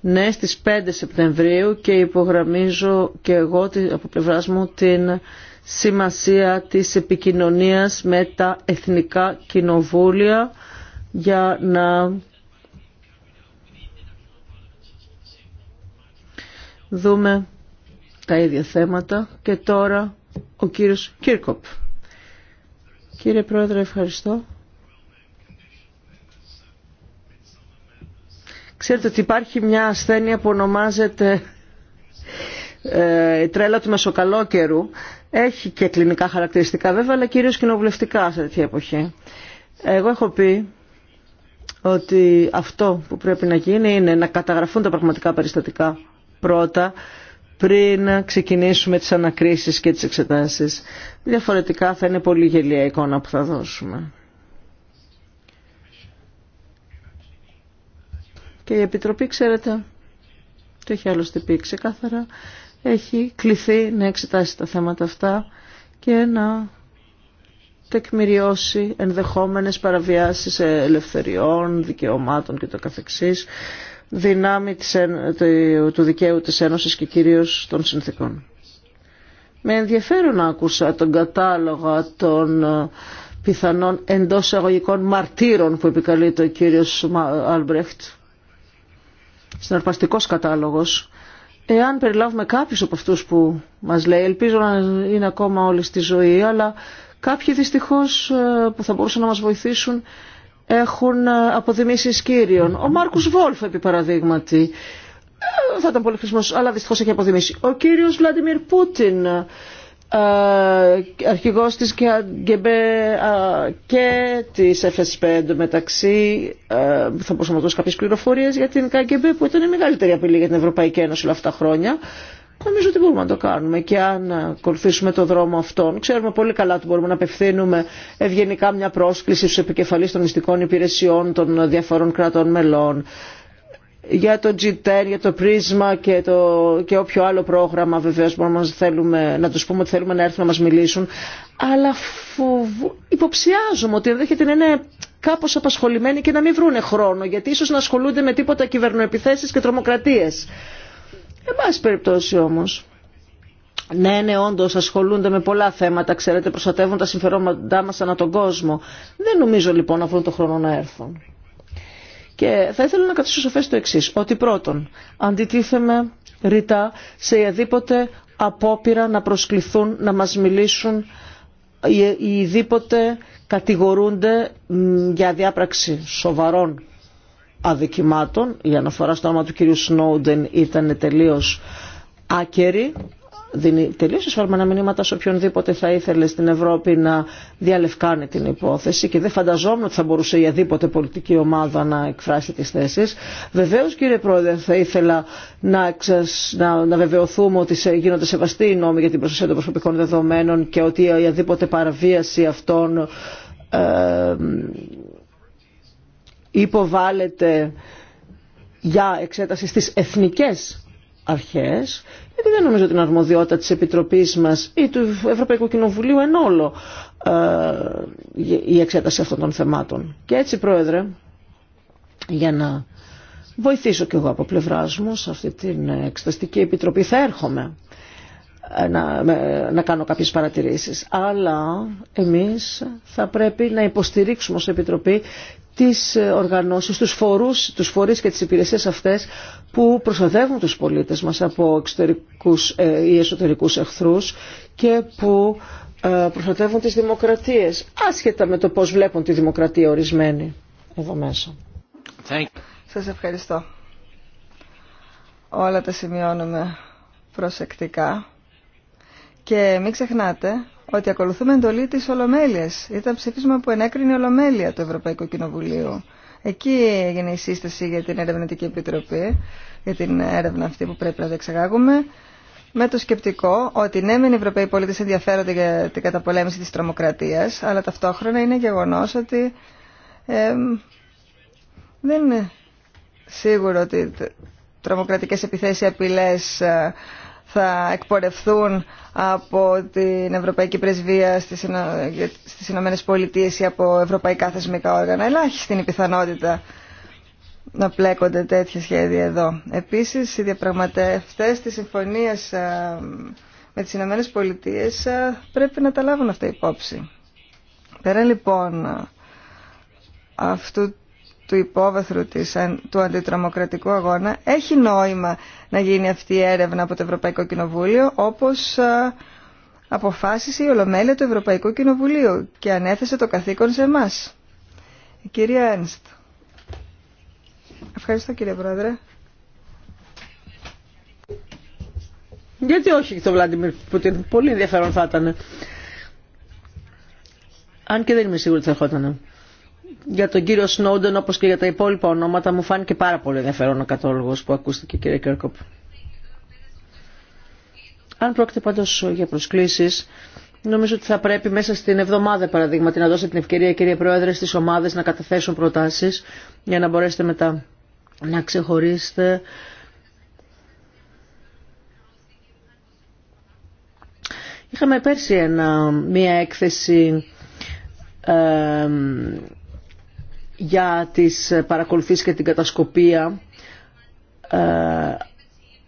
Speaker 1: Ναι, στις 5 Σεπτεμβρίου και υπογραμμίζω και εγώ από πλευράς μου την σημασία της επικοινωνίας με τα εθνικά κοινοβούλια για να δούμε τα ίδια θέματα και τώρα ο κύριος Κίρκοπ. Κύριε Πρόεδρε, ευχαριστώ. Ξέρετε ότι υπάρχει μια ασθένεια που ονομάζεται ε, η τρέλα του μεσοκαλόκαιρου. Έχει και κλινικά χαρακτηριστικά βέβαια, αλλά κυρίως κοινοβουλευτικά σε τέτοια εποχή. Εγώ έχω πει ότι αυτό που πρέπει να γίνει είναι να καταγραφούν τα πραγματικά περιστατικά πρώτα πριν να ξεκινήσουμε τις ανακρίσεις και τις εξετάσεις. Διαφορετικά θα είναι πολύ γελία εικόνα που θα δώσουμε. Και η Επιτροπή, ξέρετε, το έχει άλλωστε πει ξεκάθαρα, έχει κληθεί να εξετάσει τα θέματα αυτά και να τεκμηριώσει ενδεχόμενες παραβιάσεις ελευθεριών, δικαιωμάτων και το καθεξής δυνάμει του δικαίου της Ένωσης και κυρίως των συνθήκων. Με ενδιαφέρον άκουσα τον κατάλογο των ε, πιθανών εντός αγωγικών μαρτύρων που επικαλείται ο κύριος Αλμπρέχτ. Συναρπαστικός κατάλογος. Εάν περιλάβουμε κάποιους από αυτούς που μας λέει, ελπίζω να είναι ακόμα όλοι στη ζωή, αλλά κάποιοι δυστυχώς ε, που θα μπορούσαν να μας βοηθήσουν έχουν ε, αποδημήσει κύριων. Ο Μάρκους Βόλφ, επί παραδείγματι, ε, θα ήταν πολύ χρησιμό, αλλά δυστυχώς έχει αποδημήσει. Ο κύριος Βλαντιμίρ Πούτιν, ε, αρχηγός της ΚΑΓΚΕΜΠΕ και της FS5 μεταξύ θα μπορούσαμε να δώσουμε κάποιες πληροφορίες για την ΚΑΓΚΕΜΠΕ που ήταν η μεγαλύτερη απειλή για την Ευρωπαϊκή Ένωση όλα αυτά τα χρόνια Νομίζω ότι μπορούμε να το κάνουμε και αν ακολουθήσουμε το δρόμο αυτόν. Ξέρουμε πολύ καλά ότι μπορούμε να απευθύνουμε ευγενικά μια πρόσκληση στους επικεφαλείς των μυστικών υπηρεσιών των διαφορών κρατών μελών για το G10, για το Πρίσμα και, το, και όποιο άλλο πρόγραμμα βεβαίως μπορούμε να, θέλουμε, να τους πούμε ότι θέλουμε να έρθουν να μας μιλήσουν αλλά φοβ... υποψιάζομαι ότι ενδέχεται να είναι κάπως απασχολημένοι και να μην βρούνε χρόνο γιατί ίσως να ασχολούνται με τίποτα κυβερνοεπιθέσεις και τρομοκρατίες. Εν πάση περιπτώσει όμως. Ναι, ναι, όντω ασχολούνται με πολλά θέματα, ξέρετε, προστατεύουν τα συμφερόντά μα ανά τον κόσμο. Δεν νομίζω λοιπόν αυτόν τον χρόνο να έρθουν. Και θα ήθελα να καθίσω σοφέ το εξή. Ότι πρώτον, αντιτίθεμαι ρητά σε οποιαδήποτε απόπειρα να προσκληθούν, να μας μιλήσουν οι οι κατηγορούνται για διάπραξη σοβαρών αδικημάτων. Η αναφορά στο όνομα του κυρίου Σνόουντεν ήταν τελείως άκερη. Δίνει τελείως εσφαλμένα μηνύματα σε οποιονδήποτε θα ήθελε στην Ευρώπη να διαλευκάνει την υπόθεση και δεν φανταζόμουν ότι θα μπορούσε η αδίποτε πολιτική ομάδα να εκφράσει τις θέσεις. Βεβαίως κύριε Πρόεδρε θα ήθελα να, να... να βεβαιωθούμε ότι γίνονται σεβαστοί οι νόμοι για την προστασία των προσωπικών δεδομένων και ότι η αδίποτε παραβίαση αυτών ε, υποβάλλεται για εξέταση στις εθνικές αρχές, γιατί δεν νομίζω την αρμοδιότητα της Επιτροπής μας ή του Ευρωπαϊκού Κοινοβουλίου εν όλο ε, η εξέταση αυτών των θεμάτων. Και έτσι, Πρόεδρε, για να βοηθήσω κι εγώ από πλευράς μου σε αυτή την Εξεταστική Επιτροπή θα έρχομαι ε, να, να κάνω κάποιες παρατηρήσεις. Αλλά εμείς θα πρέπει να υποστηρίξουμε ως Επιτροπή τις ε, οργανώσεις, τους, φορούς, τους φορείς και τις υπηρεσίες αυτές που προστατεύουν τους πολίτες μας από εξωτερικούς ε, ή εσωτερικούς εχθρούς και που προστατεύουν τις δημοκρατίες, άσχετα με το πώς βλέπουν τη δημοκρατία ορισμένη εδώ μέσα.
Speaker 3: Σας ευχαριστώ. Όλα τα σημειώνουμε προσεκτικά. Και μην ξεχνάτε ότι ακολουθούμε εντολή της Ολομέλειας. Ήταν ψήφισμα που ενέκρινε η Ολομέλεια του Ευρωπαϊκού Κοινοβουλίου. Εκεί έγινε η σύσταση για την Ερευνητική Επιτροπή, για την έρευνα αυτή που πρέπει να διεξαγάγουμε, με το σκεπτικό ότι ναι, μεν οι Ευρωπαίοι πολίτε ενδιαφέρονται για την καταπολέμηση τη τρομοκρατία, αλλά ταυτόχρονα είναι γεγονό ότι ε, δεν είναι σίγουρο ότι τρομοκρατικέ επιθέσει ή απειλέ ε, θα εκπορευθούν από την Ευρωπαϊκή Πρεσβεία στις Ηνωμένες Πολιτείες ή από ευρωπαϊκά θεσμικά όργανα. Ελάχιστη είναι η πιθανότητα να πλέκονται τέτοια σχέδια εδώ. Επίσης, οι διαπραγματευτές της συμφωνίας ε, με τις Ηνωμένες Πολιτείες ε, πρέπει να τα λάβουν αυτά υπόψη. Πέρα λοιπόν ε, αυτού του υπόβαθρου της, του αντιτρομοκρατικού αγώνα, έχει νόημα να γίνει αυτή η έρευνα από το Ευρωπαϊκό Κοινοβούλιο, όπως ε, αποφάσισε η Ολομέλεια του Ευρωπαϊκού Κοινοβουλίου και ανέθεσε το καθήκον σε εμά. Κυρία Ένστ. Ευχαριστώ κύριε Πρόεδρε.
Speaker 1: Γιατί όχι το Βλάντιμιρ Πουτίν. Πολύ ενδιαφέρον θα ήταν. Αν και δεν είμαι σίγουρη ότι θα ερχόταν για τον κύριο Σνόντεν όπως και για τα υπόλοιπα ονόματα μου φάνηκε πάρα πολύ ενδιαφέρον ο κατόλογος που ακούστηκε κύριε Κέρκοπ. Αν πρόκειται πάντως για προσκλήσεις, νομίζω ότι θα πρέπει μέσα στην εβδομάδα παραδείγματι να δώσετε την ευκαιρία κύριε Πρόεδρε στις ομάδες να καταθέσουν προτάσεις για να μπορέσετε μετά να ξεχωρίσετε Είχαμε πέρσι ένα, μία έκθεση ε, για τις παρακολουθήσεις και την κατασκοπία ε,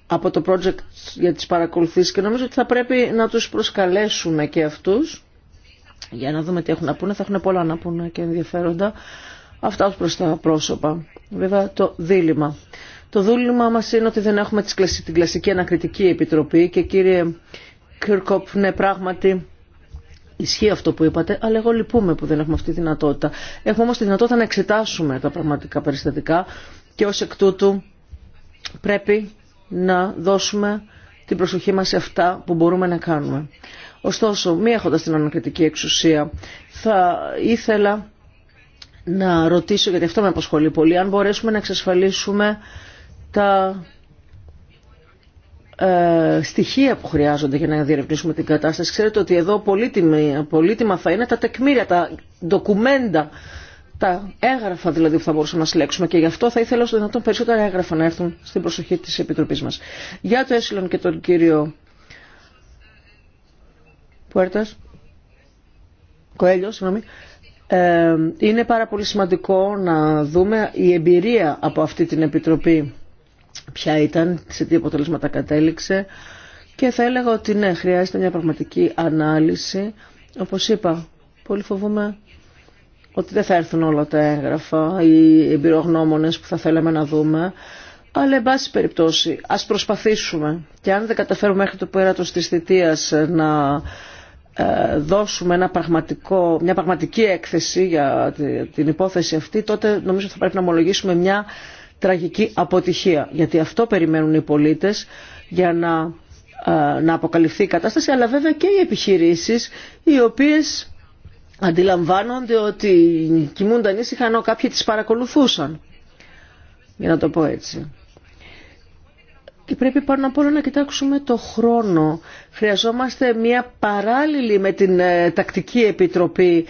Speaker 1: από το project για τις παρακολουθήσεις και νομίζω ότι θα πρέπει να τους προσκαλέσουμε και αυτούς για να δούμε τι έχουν να πούνε. Θα έχουν πολλά να πούνε και ενδιαφέροντα αυτά ως προς τα πρόσωπα. Βέβαια το δίλημα. Το δούλημα μας είναι ότι δεν έχουμε την κλασική ανακριτική επιτροπή και κύριε Κύρκοπ, ναι πράγματι Ισχύει αυτό που είπατε, αλλά εγώ λυπούμε που δεν έχουμε αυτή τη δυνατότητα. Έχουμε όμως τη δυνατότητα να εξετάσουμε τα πραγματικά περιστατικά και ως εκ τούτου πρέπει να δώσουμε την προσοχή μας σε αυτά που μπορούμε να κάνουμε. Ωστόσο, μη έχοντα την ανακριτική εξουσία, θα ήθελα να ρωτήσω, γιατί αυτό με απασχολεί πολύ, αν μπορέσουμε να εξασφαλίσουμε τα ε, στοιχεία που χρειάζονται για να διερευνήσουμε την κατάσταση. Ξέρετε ότι εδώ πολύτιμα, πολύτιμα θα είναι τα τεκμήρια, τα ντοκουμέντα, τα έγγραφα δηλαδή που θα μπορούσαμε να συλλέξουμε και γι' αυτό θα ήθελα όσο δυνατόν περισσότερα έγγραφα να έρθουν στην προσοχή της Επιτροπής μας. Για το Έσυλον και τον κύριο Πουέρτας, Κοέλιο, συγγνώμη, ε, είναι πάρα πολύ σημαντικό να δούμε η εμπειρία από αυτή την Επιτροπή ποια ήταν, σε τι αποτελέσματα κατέληξε και θα έλεγα ότι ναι, χρειάζεται μια πραγματική ανάλυση. Όπως είπα, πολύ φοβούμαι ότι δεν θα έρθουν όλα τα έγγραφα, οι εμπειρογνώμονες που θα θέλαμε να δούμε. Αλλά, εν πάση περιπτώσει, ας προσπαθήσουμε και αν δεν καταφέρουμε μέχρι το πέρατος της θητείας να ε, δώσουμε ένα πραγματικό, μια πραγματική έκθεση για την υπόθεση αυτή, τότε νομίζω θα πρέπει να ομολογήσουμε μια τραγική αποτυχία. Γιατί αυτό περιμένουν οι πολίτες για να, ε, να αποκαλυφθεί η κατάσταση, αλλά βέβαια και οι επιχειρήσεις οι οποίες αντιλαμβάνονται ότι κοιμούνταν ήσυχα ενώ κάποιοι τις παρακολουθούσαν. Για να το πω έτσι. Και πρέπει πάνω απ' όλα να κοιτάξουμε το χρόνο. Χρειαζόμαστε μια παράλληλη με την ε, τακτική επιτροπή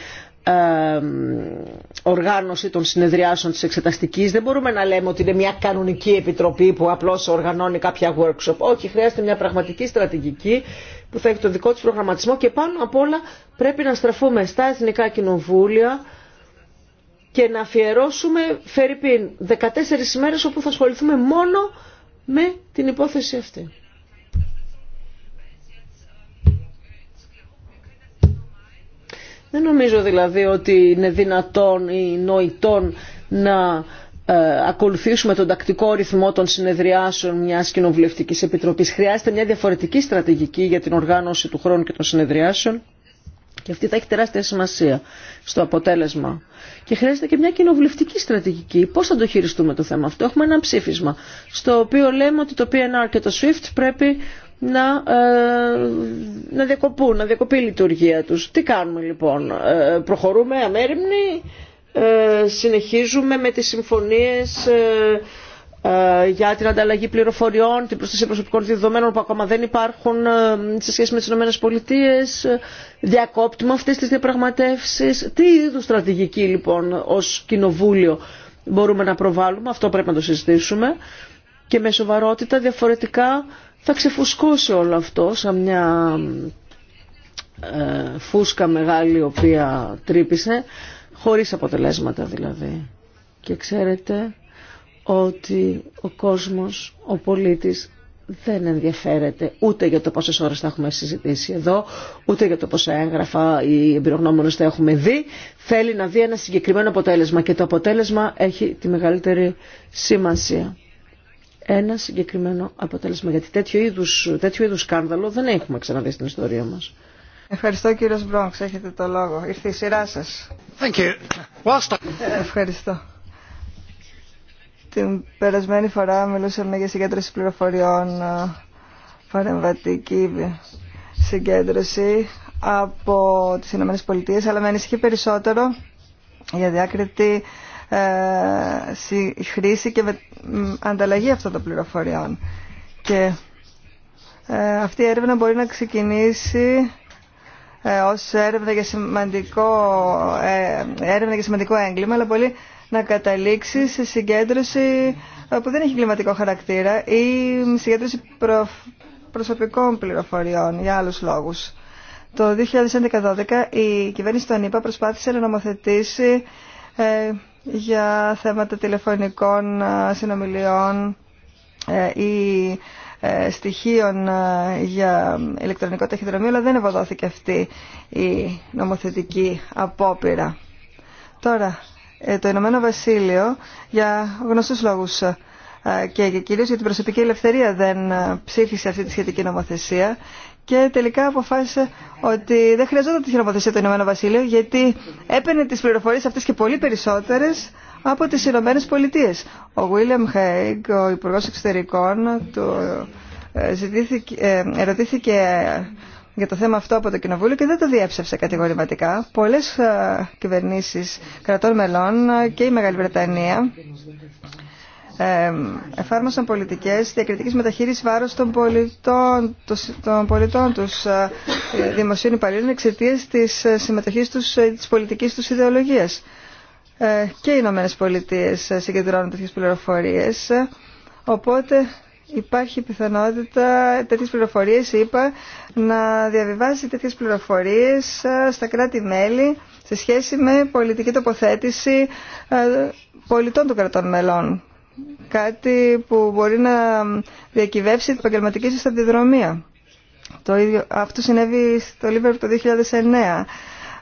Speaker 1: οργάνωση των συνεδριάσεων της εξεταστικής. Δεν μπορούμε να λέμε ότι είναι μια κανονική επιτροπή που απλώς οργανώνει κάποια workshop. Όχι, χρειάζεται μια πραγματική στρατηγική που θα έχει το δικό της προγραμματισμό και πάνω απ' όλα πρέπει να στραφούμε στα εθνικά κοινοβούλια και να αφιερώσουμε φερρυπίν 14 ημέρες όπου θα ασχοληθούμε μόνο με την υπόθεση αυτή. Δεν νομίζω δηλαδή ότι είναι δυνατόν ή νοητόν να ε, ακολουθήσουμε τον τακτικό ρυθμό των συνεδριάσεων μιας κοινοβουλευτικής επιτροπής. Χρειάζεται μια διαφορετική στρατηγική για την οργάνωση του χρόνου και των συνεδριάσεων και αυτή θα έχει τεράστια σημασία στο αποτέλεσμα. Και χρειάζεται και μια κοινοβουλευτική στρατηγική. Πώς θα το χειριστούμε το θέμα αυτό. Έχουμε ένα ψήφισμα στο οποίο λέμε ότι το PNR και το SWIFT πρέπει να, ε, να διακοπούν, να διακοπεί η λειτουργία τους. Τι κάνουμε λοιπόν, ε, προχωρούμε αμέριμνοι, ε, συνεχίζουμε με τις συμφωνίες για την ανταλλαγή πληροφοριών, την προστασία προσωπικών δεδομένων που ακόμα δεν υπάρχουν σε σχέση με τις ΗΠΑ, διακόπτουμε αυτές τις διαπραγματεύσεις. Τι είδους στρατηγική λοιπόν ως κοινοβούλιο μπορούμε να προβάλλουμε, αυτό πρέπει να το συζητήσουμε και με σοβαρότητα διαφορετικά θα ξεφουσκώσει όλο αυτό σαν μια ε, φούσκα μεγάλη η οποία τρύπησε, χωρίς αποτελέσματα δηλαδή. Και ξέρετε ότι ο κόσμος, ο πολίτης δεν ενδιαφέρεται ούτε για το πόσες ώρες θα έχουμε συζητήσει εδώ, ούτε για το πόσα έγγραφα ή εμπειρογνώμονες θα έχουμε δει. Θέλει να δει ένα συγκεκριμένο αποτέλεσμα και το αποτέλεσμα έχει τη μεγαλύτερη σημασία ένα συγκεκριμένο αποτέλεσμα. Γιατί τέτοιο είδους, τέτοιο είδους σκάνδαλο δεν έχουμε ξαναδεί στην ιστορία μας.
Speaker 3: Ευχαριστώ κύριο Μπρόγκ, έχετε το λόγο. Ήρθε η σειρά σα. Ευχαριστώ. Την περασμένη φορά μιλούσαμε για συγκέντρωση πληροφοριών, παρεμβατική συγκέντρωση από τις ΗΠΑ, αλλά με ανησυχεί περισσότερο για διάκριτη ε, χρήση και ανταλλαγή αυτών των πληροφοριών. Και ε, αυτή η έρευνα μπορεί να ξεκινήσει ε, ως έρευνα για σημαντικό, έρευνα για σημαντικό έγκλημα, αλλά μπορεί να καταλήξει σε συγκέντρωση που δεν έχει κλιματικό χαρακτήρα ή συγκέντρωση προ, προσωπικών πληροφοριών για άλλους λόγους. Το 2011-2012 η συγκεντρωση προσωπικων πληροφοριων για αλλους λογους το 2011 2012 η κυβερνηση των ΗΠΑ προσπάθησε να νομοθετήσει για θέματα τηλεφωνικών ε, συνομιλιών ε, ή ε, στοιχείων για ηλεκτρονικό ταχυδρομείο, αλλά δεν ευωδόθηκε αυτή η νομοθετική απόπειρα. Τώρα, το Ηνωμένο Βασίλειο για γνωστούς λόγους και κυρίως για την προσωπική ελευθερία δεν ψήφισε αυτή τη σχετική νομοθεσία και τελικά αποφάσισε ότι δεν χρειαζόταν τη χειροποθεσία του Ηνωμένου Βασιλείου γιατί έπαιρνε τις πληροφορίες αυτές και πολύ περισσότερες από τις Ηνωμένε Πολιτείε. Ο Βίλιαμ Χέιγκ, ο Υπουργός Εξωτερικών, του ε, ε, ερωτήθηκε για το θέμα αυτό από το Κοινοβούλιο και δεν το διέψευσε κατηγορηματικά. Πολλές ε, κυβερνήσεις κρατών μελών και η Μεγάλη Βρετανία εφάρμοσαν πολιτικές διακριτικής μεταχείρισης βάρος των πολιτών, των πολιτών τους ε, δημοσίων υπαλλήλων εξαιτία της ε, συμμετοχής τους, ε, της πολιτικής τους ιδεολογίας. Και οι Ηνωμένες Πολιτείες συγκεντρώνουν τέτοιες πληροφορίες, οπότε υπάρχει πιθανότητα τέτοιες πληροφορίες, είπα, να διαβιβάσει τέτοιες πληροφορίες στα κράτη-μέλη σε σχέση με πολιτική τοποθέτηση πολιτών των κρατών μελών κάτι που μπορεί να διακυβεύσει την επαγγελματική σας αντιδρομία. Το αυτό συνέβη στο Λίβερ το 2009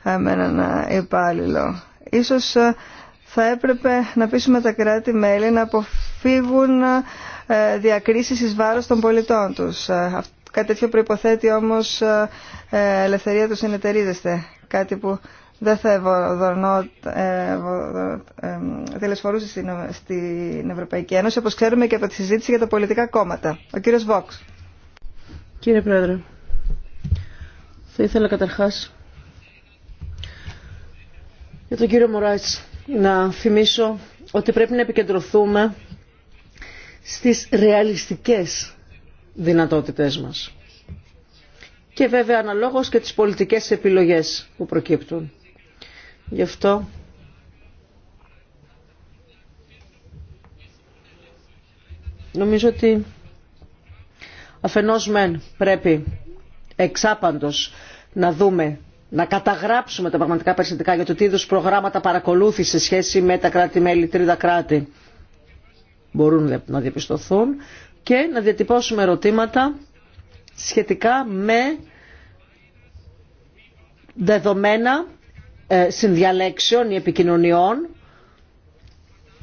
Speaker 3: ε, με έναν ε, υπάλληλο. Ίσως ε, θα έπρεπε να πείσουμε τα κράτη-μέλη να αποφύγουν διακρίσεις εις βάρος των πολιτών τους. Κάτι τέτοιο προϋποθέτει όμως ελευθερία του συνεταιρίζεστε. Κάτι που δεν θα ε, ε, ε, τελεσφορούσε στην Ευρωπαϊκή Ένωση, όπως ξέρουμε και από τη συζήτηση για τα πολιτικά κόμματα. Ο κύριος Βόξ.
Speaker 1: Κύριε Πρόεδρε, θα ήθελα καταρχάς για τον κύριο Μωράης να θυμίσω ότι πρέπει να επικεντρωθούμε στις ρεαλιστικές δυνατότητές μας και βέβαια αναλόγως και τις πολιτικές επιλογές που προκύπτουν. Γι' αυτό νομίζω ότι αφενός μεν πρέπει εξάπαντος να δούμε να καταγράψουμε τα πραγματικά περιστατικά για το τι είδου προγράμματα παρακολούθησε σε σχέση με τα κράτη-μέλη τρίτα κράτη μπορούν να διαπιστωθούν και να διατυπώσουμε ερωτήματα σχετικά με δεδομένα ε, συνδιαλέξεων ή επικοινωνιών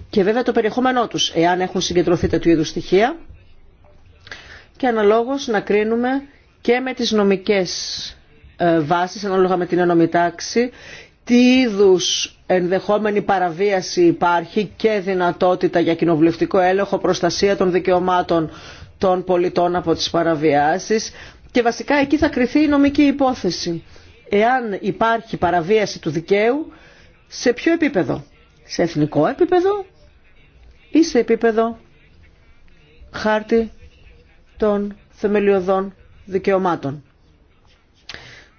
Speaker 1: και βέβαια το περιεχόμενό τους, εάν έχουν συγκεντρωθεί τέτοιου είδους στοιχεία και αναλόγως να κρίνουμε και με τις νομικές ε, βάσεις, ανάλογα με την ενόμη τι είδου ενδεχόμενη παραβίαση υπάρχει και δυνατότητα για κοινοβουλευτικό έλεγχο, προστασία των δικαιωμάτων των πολιτών από τις παραβιάσεις και βασικά εκεί θα κριθεί η νομική υπόθεση εάν υπάρχει παραβίαση του δικαίου σε ποιο επίπεδο. Σε εθνικό επίπεδο ή σε επίπεδο χάρτη των θεμελιωδών δικαιωμάτων.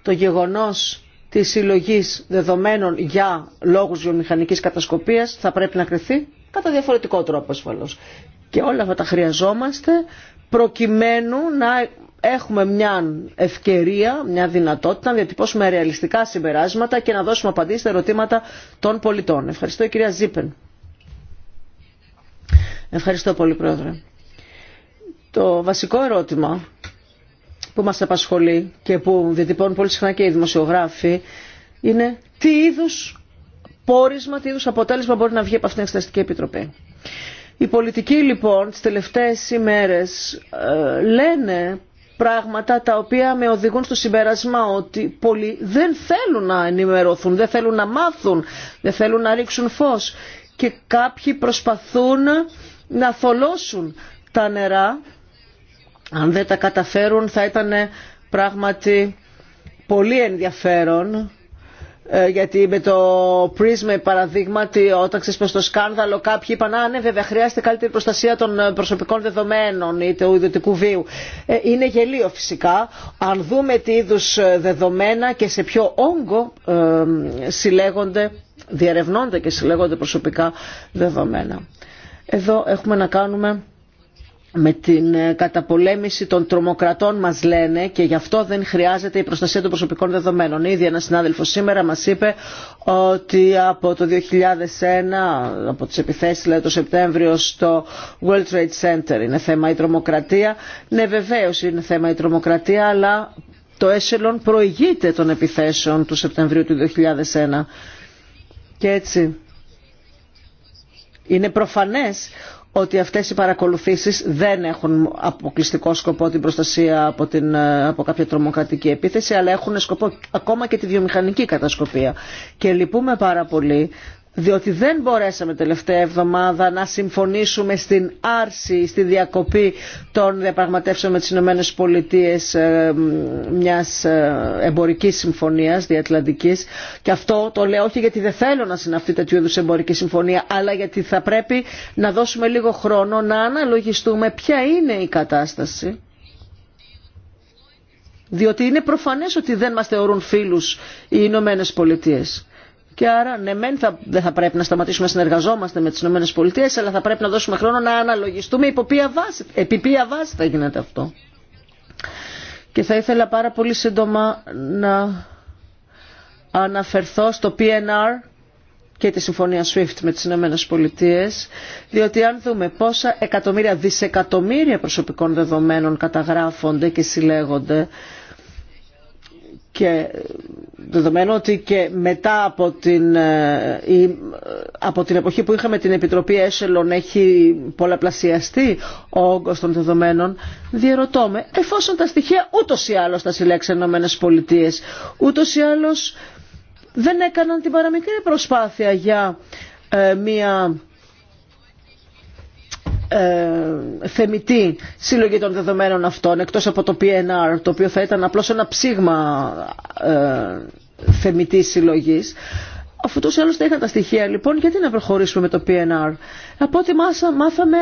Speaker 1: Το γεγονός της συλλογή δεδομένων για λόγους βιομηχανικής κατασκοπίας θα πρέπει να κρυθεί κατά διαφορετικό τρόπο ασφαλώς. Και όλα αυτά τα χρειαζόμαστε προκειμένου να έχουμε μια ευκαιρία, μια δυνατότητα να διατυπώσουμε ρεαλιστικά συμπεράσματα και να δώσουμε απαντήσεις στα ερωτήματα των πολιτών. Ευχαριστώ κυρία Ζήπεν. Ευχαριστώ πολύ πρόεδρε. Το βασικό ερώτημα που μας απασχολεί και που διατυπώνουν πολύ συχνά και οι δημοσιογράφοι είναι τι είδους πόρισμα, τι είδους αποτέλεσμα μπορεί να βγει από αυτήν την Εξεταστική Επιτροπή. Οι πολιτικοί λοιπόν τις τελευταίες ημέρες ε, λένε πράγματα τα οποία με οδηγούν στο συμπέρασμα ότι πολλοί δεν θέλουν να ενημερωθούν, δεν θέλουν να μάθουν, δεν θέλουν να ρίξουν φως και κάποιοι προσπαθούν να θολώσουν τα νερά. Αν δεν τα καταφέρουν θα ήταν πράγματι πολύ ενδιαφέρον ε, γιατί με το πρίσμα παραδείγματι όταν ξέσπασε το σκάνδαλο κάποιοι είπαν «Α, ναι βέβαια χρειάζεται καλύτερη προστασία των ε, προσωπικών δεδομένων ή του ιδιωτικού βίου». Ε, είναι γελίο φυσικά αν δούμε τι είδου δεδομένα και σε ποιο όγκο συλλέγονται, διαρευνώνται και συλλέγονται προσωπικά δεδομένα. Εδώ έχουμε να κάνουμε με την ε, καταπολέμηση των τρομοκρατών μας λένε και γι' αυτό δεν χρειάζεται η προστασία των προσωπικών δεδομένων. Ήδη ένας συνάδελφος σήμερα μας είπε ότι από το 2001, από τις επιθέσεις δηλαδή το Σεπτέμβριο στο World Trade Center είναι θέμα η τρομοκρατία. Ναι βεβαίως είναι θέμα η τρομοκρατία αλλά το ΕΣΕΛΟΝ προηγείται των επιθέσεων του Σεπτεμβρίου του 2001. Και έτσι είναι προφανές ότι αυτές οι παρακολουθήσεις δεν έχουν αποκλειστικό σκοπό την προστασία από, την, ε, από κάποια τρομοκρατική επίθεση, αλλά έχουν σκοπό ακόμα και τη βιομηχανική κατασκοπία. Και λυπούμε πάρα πολύ διότι δεν μπορέσαμε τελευταία εβδομάδα να συμφωνήσουμε στην άρση, στη διακοπή των διαπραγματεύσεων με τις Ηνωμένες Πολιτείες ε, μιας ε, εμπορικής συμφωνίας διατλαντικής και αυτό το λέω όχι γιατί δεν θέλω να συναυτεί τέτοιου είδους εμπορική συμφωνία αλλά γιατί θα πρέπει να δώσουμε λίγο χρόνο να αναλογιστούμε ποια είναι η κατάσταση διότι είναι προφανές ότι δεν μας θεωρούν φίλους οι Ηνωμένε Πολιτείες και άρα, ναι, θα, δεν θα πρέπει να σταματήσουμε να συνεργαζόμαστε με τι ΗΠΑ, αλλά θα πρέπει να δώσουμε χρόνο να αναλογιστούμε υπό ποια βάση, επί ποια βάση θα γίνεται αυτό. Και θα ήθελα πάρα πολύ σύντομα να αναφερθώ στο PNR και τη συμφωνία SWIFT με τις Ηνωμένες Πολιτείες, διότι αν δούμε πόσα εκατομμύρια δισεκατομμύρια προσωπικών δεδομένων καταγράφονται και συλλέγονται και δεδομένου ότι και μετά από την, ε, από την εποχή που είχαμε την Επιτροπή Έσελον έχει πολλαπλασιαστεί ο όγκος των δεδομένων, διερωτώ με, εφόσον τα στοιχεία ούτως ή άλλως τα συλλέξει οι Ηνωμένες Πολιτείες, ούτως ή άλλως δεν έκαναν την παραμικρή προσπάθεια για ε, μία ε, θεμητή συλλογή των δεδομένων αυτών εκτός από το PNR το οποίο θα ήταν απλώς ένα ψήγμα ε, θεμητής συλλογής αφού τους άλλωστε είχαν τα στοιχεία λοιπόν γιατί να προχωρήσουμε με το PNR από ό,τι μάθαμε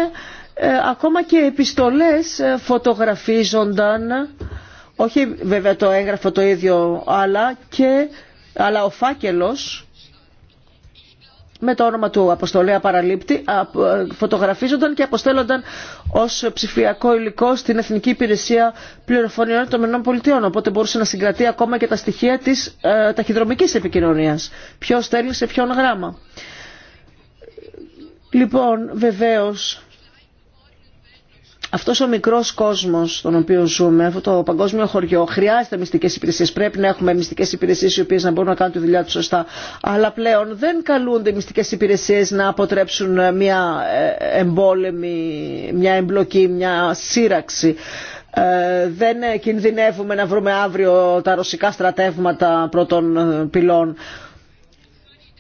Speaker 1: ε, ακόμα και επιστολές φωτογραφίζονταν όχι βέβαια το έγγραφο το ίδιο αλλά και αλλά ο φάκελος με το όνομα του αποστολέα παραλήπτη ε, φωτογραφίζονταν και αποστέλλονταν ως ψηφιακό υλικό στην Εθνική Υπηρεσία Πληροφοριών των Πολιτείων. Οπότε μπορούσε να συγκρατεί ακόμα και τα στοιχεία της ε, ταχυδρομικής επικοινωνίας. Ποιος στέλνει σε ποιον γράμμα. Λοιπόν, βεβαίως, αυτός ο μικρός κόσμος στον οποίο ζούμε, αυτό το παγκόσμιο χωριό, χρειάζεται μυστικές υπηρεσίες. Πρέπει να έχουμε μυστικές υπηρεσίες οι οποίες να μπορούν να κάνουν τη δουλειά τους σωστά. Αλλά πλέον δεν καλούνται οι μυστικές υπηρεσίες να αποτρέψουν μια ε, εμπόλεμη, μια εμπλοκή, μια σύραξη. Ε, δεν κινδυνεύουμε να βρούμε αύριο τα ρωσικά στρατεύματα πρώτων ε, πυλών.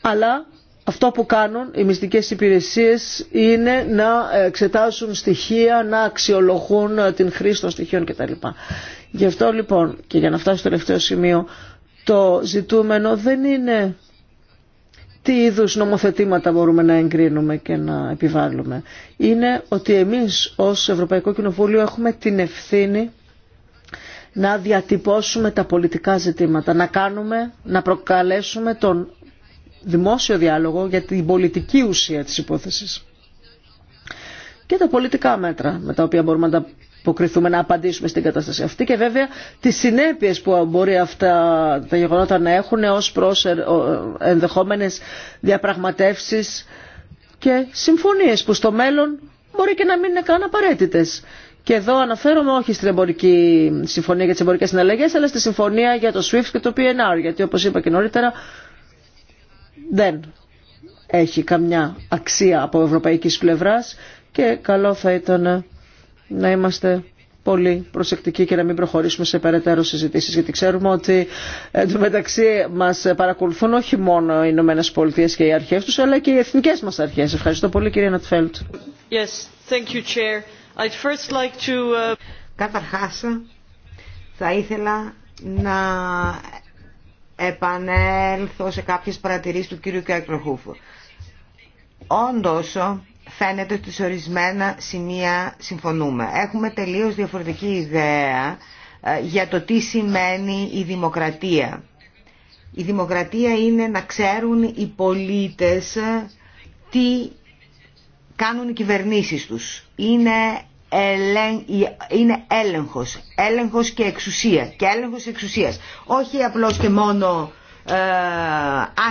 Speaker 1: Αλλά αυτό που κάνουν οι μυστικές υπηρεσίες είναι να εξετάσουν στοιχεία, να αξιολογούν την χρήση των στοιχείων κτλ. Γι' αυτό λοιπόν και για να φτάσω στο τελευταίο σημείο, το ζητούμενο δεν είναι τι είδους νομοθετήματα μπορούμε να εγκρίνουμε και να επιβάλλουμε. Είναι ότι εμείς ως Ευρωπαϊκό Κοινοβούλιο έχουμε την ευθύνη να διατυπώσουμε τα πολιτικά ζητήματα, να κάνουμε, να προκαλέσουμε τον δημόσιο διάλογο για την πολιτική ουσία της υπόθεσης. Και τα πολιτικά μέτρα με τα οποία μπορούμε να αποκριθούμε, να απαντήσουμε στην κατάσταση αυτή και βέβαια τις συνέπειες που μπορεί αυτά τα γεγονότα να έχουν ως προς ε, ενδεχόμενες διαπραγματεύσεις και συμφωνίες που στο μέλλον μπορεί και να μην είναι καν απαραίτητε. Και εδώ αναφέρομαι όχι στην εμπορική συμφωνία για τι εμπορικέ συναλλαγέ, αλλά στη συμφωνία για το SWIFT και το PNR. Γιατί όπω είπα και νωρίτερα, δεν έχει καμιά αξία από ευρωπαϊκής πλευράς και καλό θα ήταν να είμαστε πολύ προσεκτικοί και να μην προχωρήσουμε σε περαιτέρω συζητήσει. Γιατί ξέρουμε ότι ε, μεταξύ μα παρακολουθούν όχι μόνο οι Ηνωμένε Πολιτείε και οι αρχέ του, αλλά και οι εθνικέ μα αρχέ. Ευχαριστώ πολύ, κυρία Νατφέλτ. Yes,
Speaker 2: uh, Καταρχάς, θα ήθελα να επανέλθω σε κάποιες παρατηρήσεις του κύριου Κέκλοχούφου. Όντως, φαίνεται ότι σε ορισμένα σημεία συμφωνούμε. Έχουμε τελείως διαφορετική ιδέα ε, για το τι σημαίνει η δημοκρατία. Η δημοκρατία είναι να ξέρουν οι πολίτες ε, τι κάνουν οι κυβερνήσεις τους. Είναι είναι έλεγχος, έλεγχος και εξουσία και έλεγχος εξουσίας. Όχι απλώς και μόνο ε,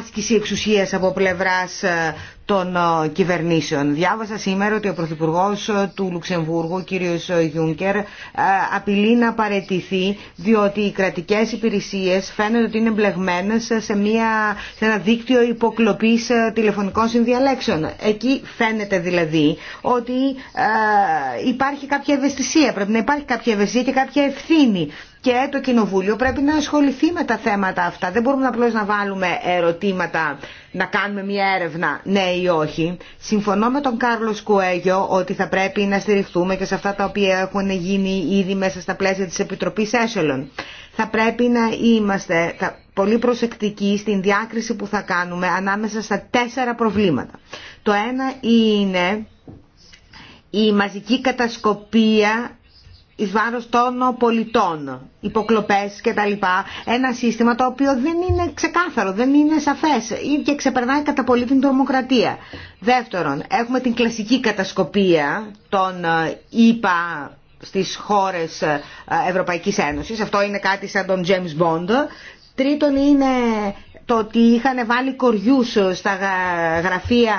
Speaker 2: άσκηση εξουσίας από πλευράς ε, των ε, κυβερνήσεων. Διάβασα σήμερα ότι ο Πρωθυπουργό ε, του Λουξεμβούργου, ο κύριος ε, Γιούνκερ, απειλεί να παρετηθεί διότι οι κρατικές υπηρεσίες φαίνονται ότι είναι μπλεγμένε σε, σε ένα δίκτυο υποκλοπή τηλεφωνικών συνδιαλέξεων. Εκεί φαίνεται δηλαδή ότι υπάρχει κάποια ευαισθησία, πρέπει να υπάρχει κάποια ευαισθησία και κάποια ευθύνη και το Κοινοβούλιο πρέπει να ασχοληθεί με τα θέματα αυτά. Δεν μπορούμε απλώς να βάλουμε ερωτήματα, να κάνουμε μια έρευνα ναι ή όχι. Συμφωνώ με τον Κάρλο Κουέγιο ότι θα πρέπει να στηριχθούμε και σε αυτά τα οποία έχουν γίνει ήδη μέσα στα πλαίσια της Επιτροπής Έσολων. Θα πρέπει να είμαστε πολύ προσεκτικοί στην διάκριση που θα κάνουμε ανάμεσα στα τέσσερα προβλήματα. Το ένα είναι η μαζική κατασκοπία εις βάρος των πολιτών, υποκλοπές και τα λοιπά, ένα σύστημα το οποίο δεν είναι ξεκάθαρο, δεν είναι σαφές και ξεπερνάει κατά πολύ την τρομοκρατία. Δεύτερον, έχουμε την κλασική κατασκοπία των ε, ΙΠΑ στις χώρες ε, Ευρωπαϊκής Ένωσης, αυτό είναι κάτι σαν τον James Bond. Τρίτον είναι το ότι είχαν βάλει κοριούς στα γραφεία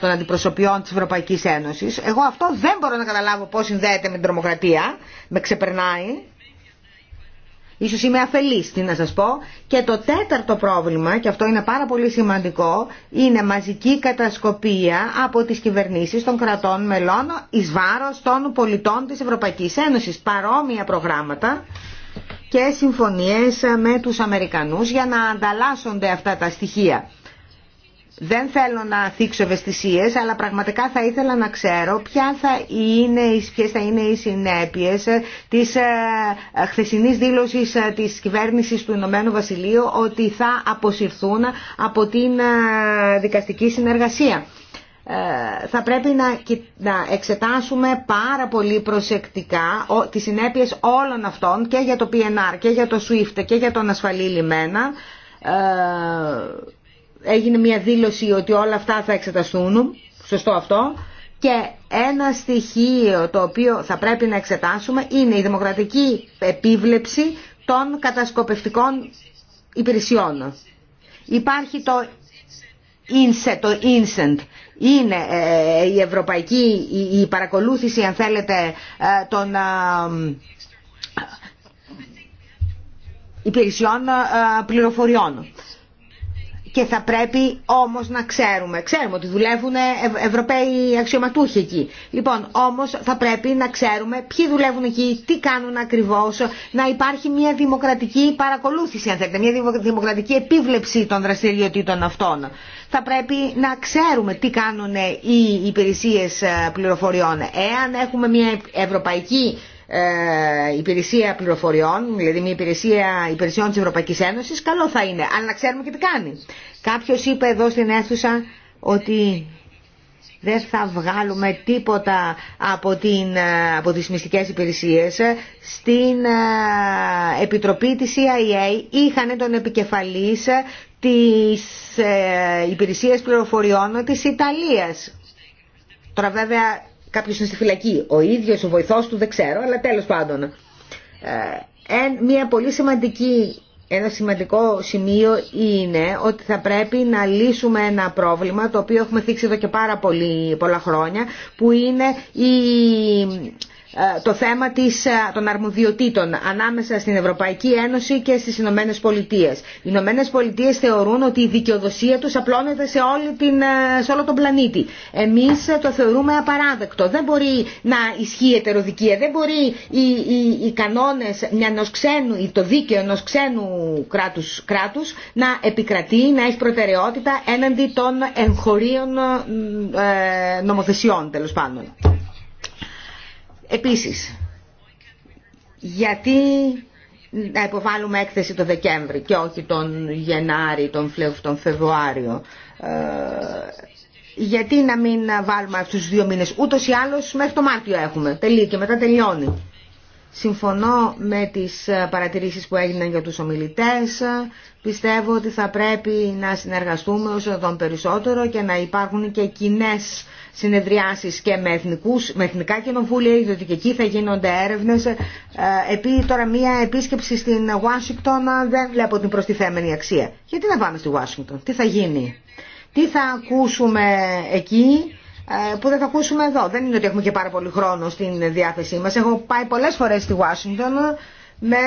Speaker 2: των αντιπροσωπιών της Ευρωπαϊκής Ένωσης. Εγώ αυτό δεν μπορώ να καταλάβω πώς συνδέεται με την τρομοκρατία, με ξεπερνάει. Ίσως είμαι αφελής, τι να σας πω. Και το τέταρτο πρόβλημα, και αυτό είναι πάρα πολύ σημαντικό, είναι μαζική κατασκοπία από τις κυβερνήσεις των κρατών μελών εις βάρος των πολιτών της Ευρωπαϊκής Ένωσης. Παρόμοια προγράμματα και συμφωνίες με τους Αμερικανούς για να ανταλλάσσονται αυτά τα στοιχεία. Δεν θέλω να θίξω ευαισθησίες, αλλά πραγματικά θα ήθελα να ξέρω ποια θα είναι, ποιες θα είναι οι συνέπειες της ε, χθεσινής δήλωσης ε, της κυβέρνησης του Ηνωμένου Βασιλείου ότι θα αποσυρθούν από την ε, δικαστική συνεργασία. Ε, θα πρέπει να, εξετάσουμε πάρα πολύ προσεκτικά τις συνέπειες όλων αυτών και για το PNR και για το SWIFT και για τον ασφαλή λιμένα. Ε, έγινε μια δήλωση ότι όλα αυτά θα εξεταστούν, σωστό αυτό, και ένα στοιχείο το οποίο θα πρέπει να εξετάσουμε είναι η δημοκρατική επίβλεψη των κατασκοπευτικών υπηρεσιών. Υπάρχει το INSET, το είναι ε, η ευρωπαϊκή, η παρακολούθηση αν θέλετε ε, των ε, υπηρεσιών πληροφοριών και θα πρέπει όμως να ξέρουμε. Ξέρουμε ότι δουλεύουν ε, ε, Ευρωπαίοι αξιωματούχοι εκεί. Λοιπόν, όμως θα πρέπει να ξέρουμε ποιοι δουλεύουν εκεί, τι κάνουν ακριβώς, να υπάρχει μια δημοκρατική παρακολούθηση, αν θέλετε, μια δημοκρατική επίβλεψη των δραστηριοτήτων αυτών. Θα πρέπει να ξέρουμε τι κάνουν οι υπηρεσίες ε, πληροφοριών. Εάν έχουμε μια ευρωπαϊκή ε, υπηρεσία πληροφοριών, δηλαδή μια υπηρεσία υπηρεσιών της Ευρωπαϊκής Ένωσης, καλό θα είναι, αλλά να ξέρουμε και τι κάνει. Κάποιος είπε εδώ στην αίθουσα ότι δεν θα βγάλουμε τίποτα από, την, ε, από τις μυστικές υπηρεσίες. Στην ε, Επιτροπή της CIA είχαν τον επικεφαλής της υπηρεσίας πληροφοριών της Ιταλίας. Τώρα βέβαια κάποιος είναι στη φυλακή, ο ίδιος, ο βοηθός του, δεν ξέρω, αλλά τέλος πάντων. Ε, μια πολύ σημαντική, ένα σημαντικό σημείο είναι ότι θα πρέπει να λύσουμε ένα πρόβλημα το οποίο έχουμε θίξει εδώ και πάρα πολύ, πολλά χρόνια που είναι η ε, το θέμα της, ε, των αρμοδιοτήτων ανάμεσα στην Ευρωπαϊκή Ένωση και στις Ηνωμένε Πολιτείε. Οι Ηνωμένε Πολιτείε θεωρούν ότι η δικαιοδοσία τους απλώνεται σε, όλη την, ε, όλο τον πλανήτη. Εμείς το θεωρούμε απαράδεκτο. Δεν μπορεί να ισχύει ετεροδικία, δεν μπορεί οι, οι, οι κανόνες το δίκαιο ενός ξένου κράτους, κράτους να επικρατεί, να έχει προτεραιότητα έναντι των εγχωρίων νομοθεσιών τέλος πάντων. Επίσης, γιατί να υποβάλουμε έκθεση το Δεκέμβρη και όχι τον Γενάρη, τον, τον Φεβρουάριο. Ε, γιατί να μην βάλουμε αυτούς τους δύο μήνες. Ούτως ή άλλως μέχρι το Μάρτιο έχουμε. Τελεί και μετά τελειώνει. Συμφωνώ με τις ε, παρατηρήσεις που έγιναν για τους ομιλητές. Πιστεύω ότι θα πρέπει να συνεργαστούμε όσο τον περισσότερο και να υπάρχουν και κοινές συνεδριάσεις και με, εθνικούς, με εθνικά κοινοβούλια, διότι και εκεί θα γίνονται έρευνες. Ε, επί τώρα μία επίσκεψη στην Ουάσιγκτον ε, δεν βλέπω την προστιθέμενη αξία. Γιατί να πάμε στη Ουάσιγκτον, τι θα γίνει, τι θα ακούσουμε εκεί ε, που δεν θα ακούσουμε εδώ. Δεν είναι ότι έχουμε και πάρα πολύ χρόνο στην διάθεσή μας. Έχω πάει πολλές φορές στη Ουάσιγκτον με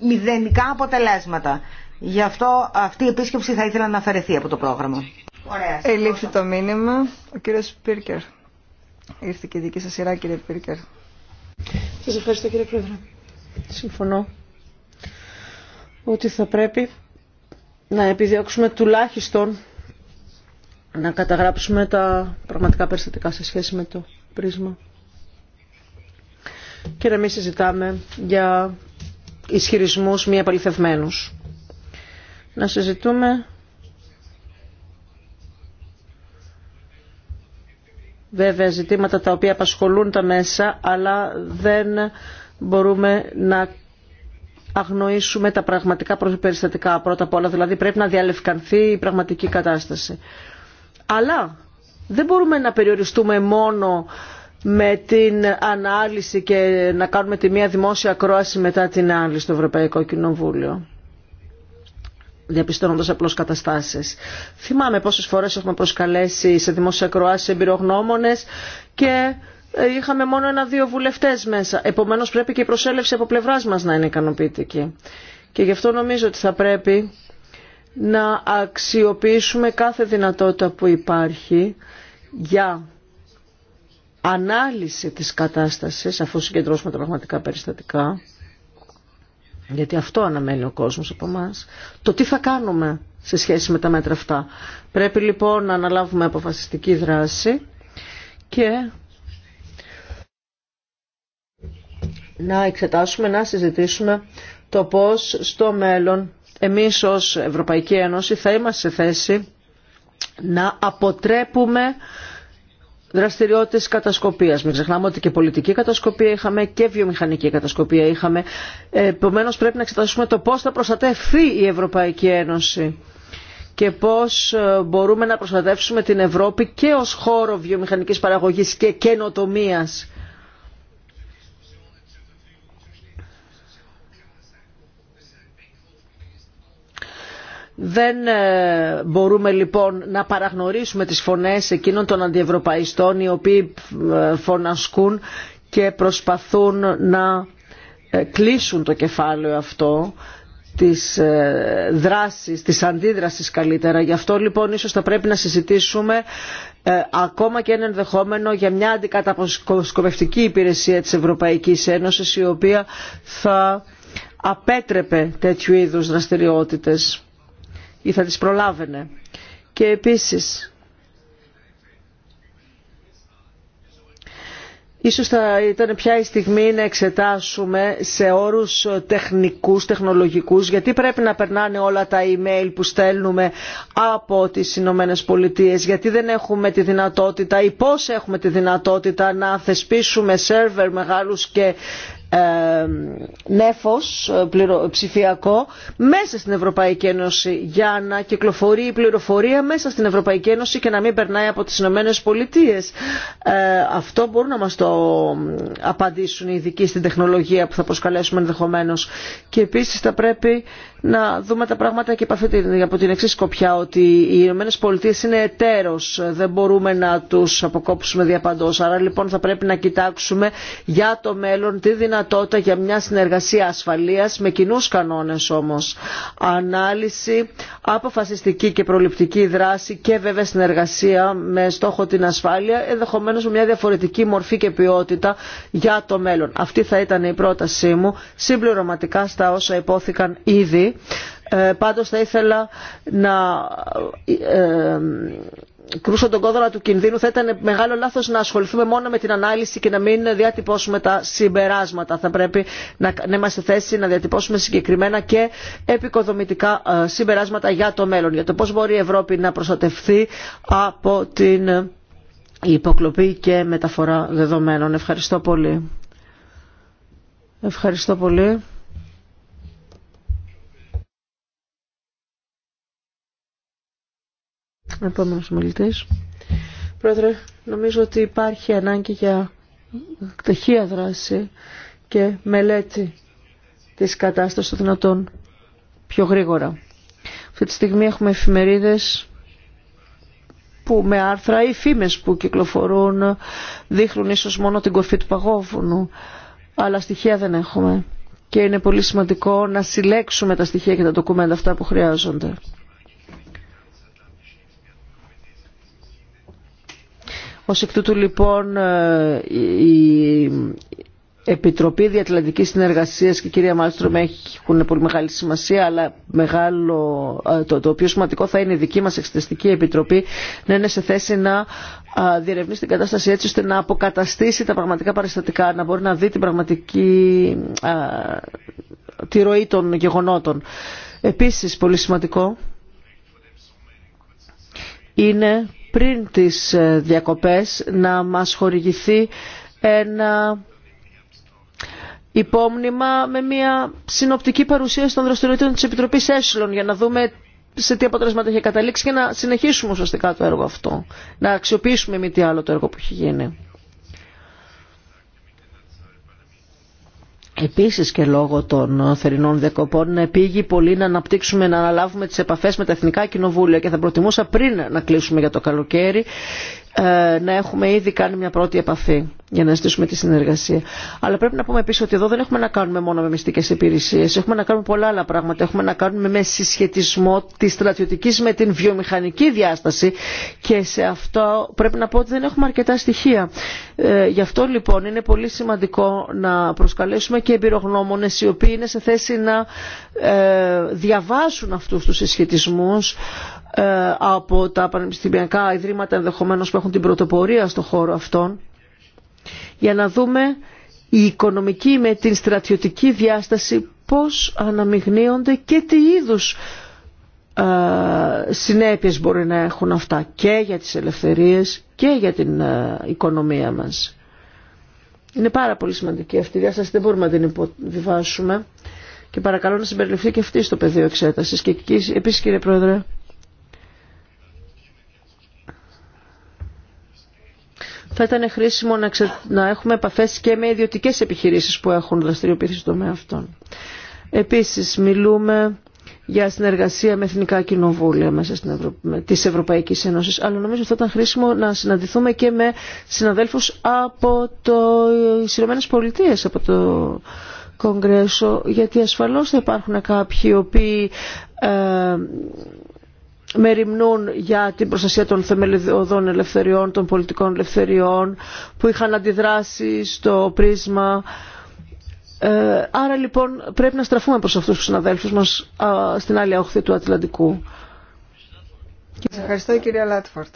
Speaker 2: μηδενικά αποτελέσματα. Γι' αυτό αυτή η επίσκεψη θα ήθελα να αφαιρεθεί από το πρόγραμμα.
Speaker 3: Ελήφθη το μήνυμα. Ο κύριο Πίρκερ. Ήρθε και η δική σα σειρά κύριε Πίρκερ.
Speaker 1: Σα ευχαριστώ κύριε Πρόεδρε. Συμφωνώ ότι θα πρέπει να επιδιώξουμε τουλάχιστον να καταγράψουμε τα πραγματικά περιστατικά σε σχέση με το πρίσμα και να μην συζητάμε για ισχυρισμούς μη επαληθευμένους. Να συζητούμε βέβαια ζητήματα τα οποία απασχολούν τα μέσα, αλλά δεν μπορούμε να αγνοήσουμε τα πραγματικά περιστατικά πρώτα απ' όλα, δηλαδή πρέπει να διαλευκανθεί η πραγματική κατάσταση. Αλλά δεν μπορούμε να περιοριστούμε μόνο με την ανάλυση και να κάνουμε τη μία δημόσια κρόαση μετά την άλλη στο Ευρωπαϊκό Κοινοβούλιο διαπιστώνοντα απλώ καταστάσει. Θυμάμαι πόσε φορέ έχουμε προσκαλέσει σε δημόσια ακροάσει εμπειρογνώμονε και ε, είχαμε μόνο ένα-δύο βουλευτέ μέσα. Επομένω πρέπει και η προσέλευση από πλευρά μα να είναι ικανοποιητική. Και γι' αυτό νομίζω ότι θα πρέπει να αξιοποιήσουμε κάθε δυνατότητα που υπάρχει για ανάλυση της κατάστασης, αφού συγκεντρώσουμε τα πραγματικά περιστατικά, γιατί αυτό αναμένει ο κόσμος από εμά, το τι θα κάνουμε σε σχέση με τα μέτρα αυτά. Πρέπει λοιπόν να αναλάβουμε αποφασιστική δράση και να εξετάσουμε, να συζητήσουμε το πώς στο μέλλον εμείς ως Ευρωπαϊκή Ένωση θα είμαστε σε θέση να αποτρέπουμε δραστηριότητες κατασκοπίας. Μην ξεχνάμε ότι και πολιτική κατασκοπία είχαμε και βιομηχανική κατασκοπία είχαμε. Επομένως πρέπει να εξετάσουμε το πώς θα προστατευθεί η Ευρωπαϊκή Ένωση και πώς ε, μπορούμε να προστατεύσουμε την Ευρώπη και ως χώρο βιομηχανικής παραγωγής και καινοτομίας Δεν ε, μπορούμε λοιπόν να παραγνωρίσουμε τις φωνές εκείνων των αντιευρωπαϊστών οι οποίοι ε, φωνασκούν και προσπαθούν να ε, κλείσουν το κεφάλαιο αυτό της δράσης, της αντίδρασης καλύτερα. Γι' αυτό λοιπόν ίσως θα πρέπει να συζητήσουμε ακόμα και ένα ενδεχόμενο για μια αντικατασκοπευτική υπηρεσία της Ευρωπαϊκής Ένωσης η οποία θα απέτρεπε τέτοιου είδους δραστηριότητες ή θα τις προλάβαινε. Και επίσης, Ίσως θα ήταν πια η στιγμή να εξετάσουμε σε όρους τεχνικούς, τεχνολογικούς, γιατί πρέπει να περνάνε όλα τα email που στέλνουμε από τις Ηνωμένε Πολιτείε, γιατί δεν έχουμε τη δυνατότητα ή πώς έχουμε τη δυνατότητα να θεσπίσουμε σερβερ μεγάλους και ε, νέφος ε, ψηφιακό μέσα στην Ευρωπαϊκή Ένωση για να κυκλοφορεί η πληροφορία μέσα στην Ευρωπαϊκή Ένωση και να μην περνάει από τις Ηνωμένε Πολιτείε. Ε, αυτό μπορούν να μας το απαντήσουν οι ειδικοί στην τεχνολογία που θα προσκαλέσουμε ενδεχομένω. Και επίσης θα πρέπει να δούμε τα πράγματα και από την εξή σκοπιά ότι οι Ηνωμένε Πολιτείε είναι εταίρο. δεν μπορούμε να του αποκόψουμε διαπαντός. Άρα λοιπόν θα πρέπει να κοιτάξουμε για το μέλλον τη δυνατότητα για μια συνεργασία ασφαλείας με κοινού κανόνε όμω. Ανάλυση, αποφασιστική και προληπτική δράση και βέβαια συνεργασία με στόχο την ασφάλεια, ενδεχομένω με μια διαφορετική μορφή και ποιότητα για το μέλλον. Αυτή θα ήταν η πρότασή μου συμπληρωματικά στα όσα υπόθηκαν ήδη Πάντω ε, πάντως θα ήθελα να ε, ε, κρούσω τον κόδωνα του κινδύνου. Θα ήταν μεγάλο λάθος να ασχοληθούμε μόνο με την ανάλυση και να μην διατυπώσουμε τα συμπεράσματα. Θα πρέπει να, είμαστε θέση να διατυπώσουμε συγκεκριμένα και επικοδομητικά ε, συμπεράσματα για το μέλλον. Για το πώς μπορεί η Ευρώπη να προστατευθεί από την υποκλοπή και μεταφορά δεδομένων. Ευχαριστώ πολύ. Ευχαριστώ πολύ. Επόμενο ομιλητή. Πρόεδρε, νομίζω ότι υπάρχει ανάγκη για τεχεία δράση και μελέτη της κατάστασης των δυνατών πιο γρήγορα. Αυτή τη στιγμή έχουμε εφημερίδες που με άρθρα ή φήμες που κυκλοφορούν δείχνουν ίσως μόνο την κορφή του παγόβουνου, αλλά στοιχεία δεν έχουμε. Και είναι πολύ σημαντικό να συλλέξουμε τα στοιχεία και τα ντοκουμέντα αυτά που χρειάζονται. Ως εκ τούτου λοιπόν ε, η Επιτροπή Διατλαντικής Συνεργασίας και η κυρία Μάλστρομ έχουν πολύ μεγάλη σημασία αλλά μεγάλο, ε, το, το πιο σημαντικό θα είναι η δική μας εξεταστική επιτροπή να είναι σε θέση να ε, διερευνήσει την κατάσταση έτσι ώστε να αποκαταστήσει τα πραγματικά παραστατικά, να μπορεί να δει την πραγματική τη ροή των γεγονότων. Επίσης πολύ σημαντικό είναι πριν τις ε, διακοπές να μας χορηγηθεί ένα υπόμνημα με μια συνοπτική παρουσίαση των δραστηριοτήτων της Επιτροπής Έσλων για να δούμε σε τι αποτελέσματα έχει καταλήξει και να συνεχίσουμε ουσιαστικά το έργο αυτό. Να αξιοποιήσουμε μη τι άλλο το έργο που έχει γίνει. Επίσης και λόγω των θερινών διακοπών επήγει πολύ να αναπτύξουμε, να αναλάβουμε τις επαφές με τα εθνικά κοινοβούλια και θα προτιμούσα πριν να κλείσουμε για το καλοκαίρι ε, να έχουμε ήδη κάνει μια πρώτη επαφή για να ζητήσουμε τη συνεργασία. Αλλά πρέπει να πούμε επίση ότι εδώ δεν έχουμε να κάνουμε μόνο με μυστικέ υπηρεσίε. Έχουμε να κάνουμε πολλά άλλα πράγματα. Έχουμε να κάνουμε με συσχετισμό τη στρατιωτική με την βιομηχανική διάσταση και σε αυτό πρέπει να πω ότι δεν έχουμε αρκετά στοιχεία. Ε, γι' αυτό λοιπόν είναι πολύ σημαντικό να προσκαλέσουμε και εμπειρογνώμονε οι οποίοι είναι σε θέση να ε, διαβάσουν αυτού του συσχετισμού ε, από τα πανεπιστημιακά ιδρύματα ενδεχομένως που έχουν την πρωτοπορία στον χώρο αυτόν για να δούμε η οικονομική με την στρατιωτική διάσταση πώς αναμειγνύονται και τι είδους ε, συνέπειες μπορεί να έχουν αυτά και για τις ελευθερίες και για την ε, οικονομία μας. Είναι πάρα πολύ σημαντική αυτή η διάσταση, δεν μπορούμε να την υποβιβάσουμε και παρακαλώ να συμπεριληφθεί και αυτή στο πεδίο εξέτασης. Και επίσης κύριε Πρόεδρε θα ήταν χρήσιμο να, να έχουμε επαφές και με ιδιωτικές επιχειρήσεις που έχουν δραστηριοποιηθεί στο τομέα αυτών. Επίσης μιλούμε για συνεργασία με εθνικά κοινοβούλια μέσα στην Ευρω... της Ευρωπαϊκής Ένωσης, αλλά νομίζω θα ήταν χρήσιμο να συναντηθούμε και με συναδέλφους από το ΗΠΑ, από το Κογκρέσο, γιατί ασφαλώς θα υπάρχουν κάποιοι οποίοι ε, μεριμνούν για την προστασία των θεμελιωδών ελευθεριών, των πολιτικών ελευθεριών, που είχαν αντιδράσει στο πρίσμα. Ε, άρα λοιπόν πρέπει να στραφούμε προς αυτούς τους συναδέλφους μας στην άλλη όχθη του Ατλαντικού.
Speaker 3: Σας ευχαριστώ κυρία Λάτφορτ.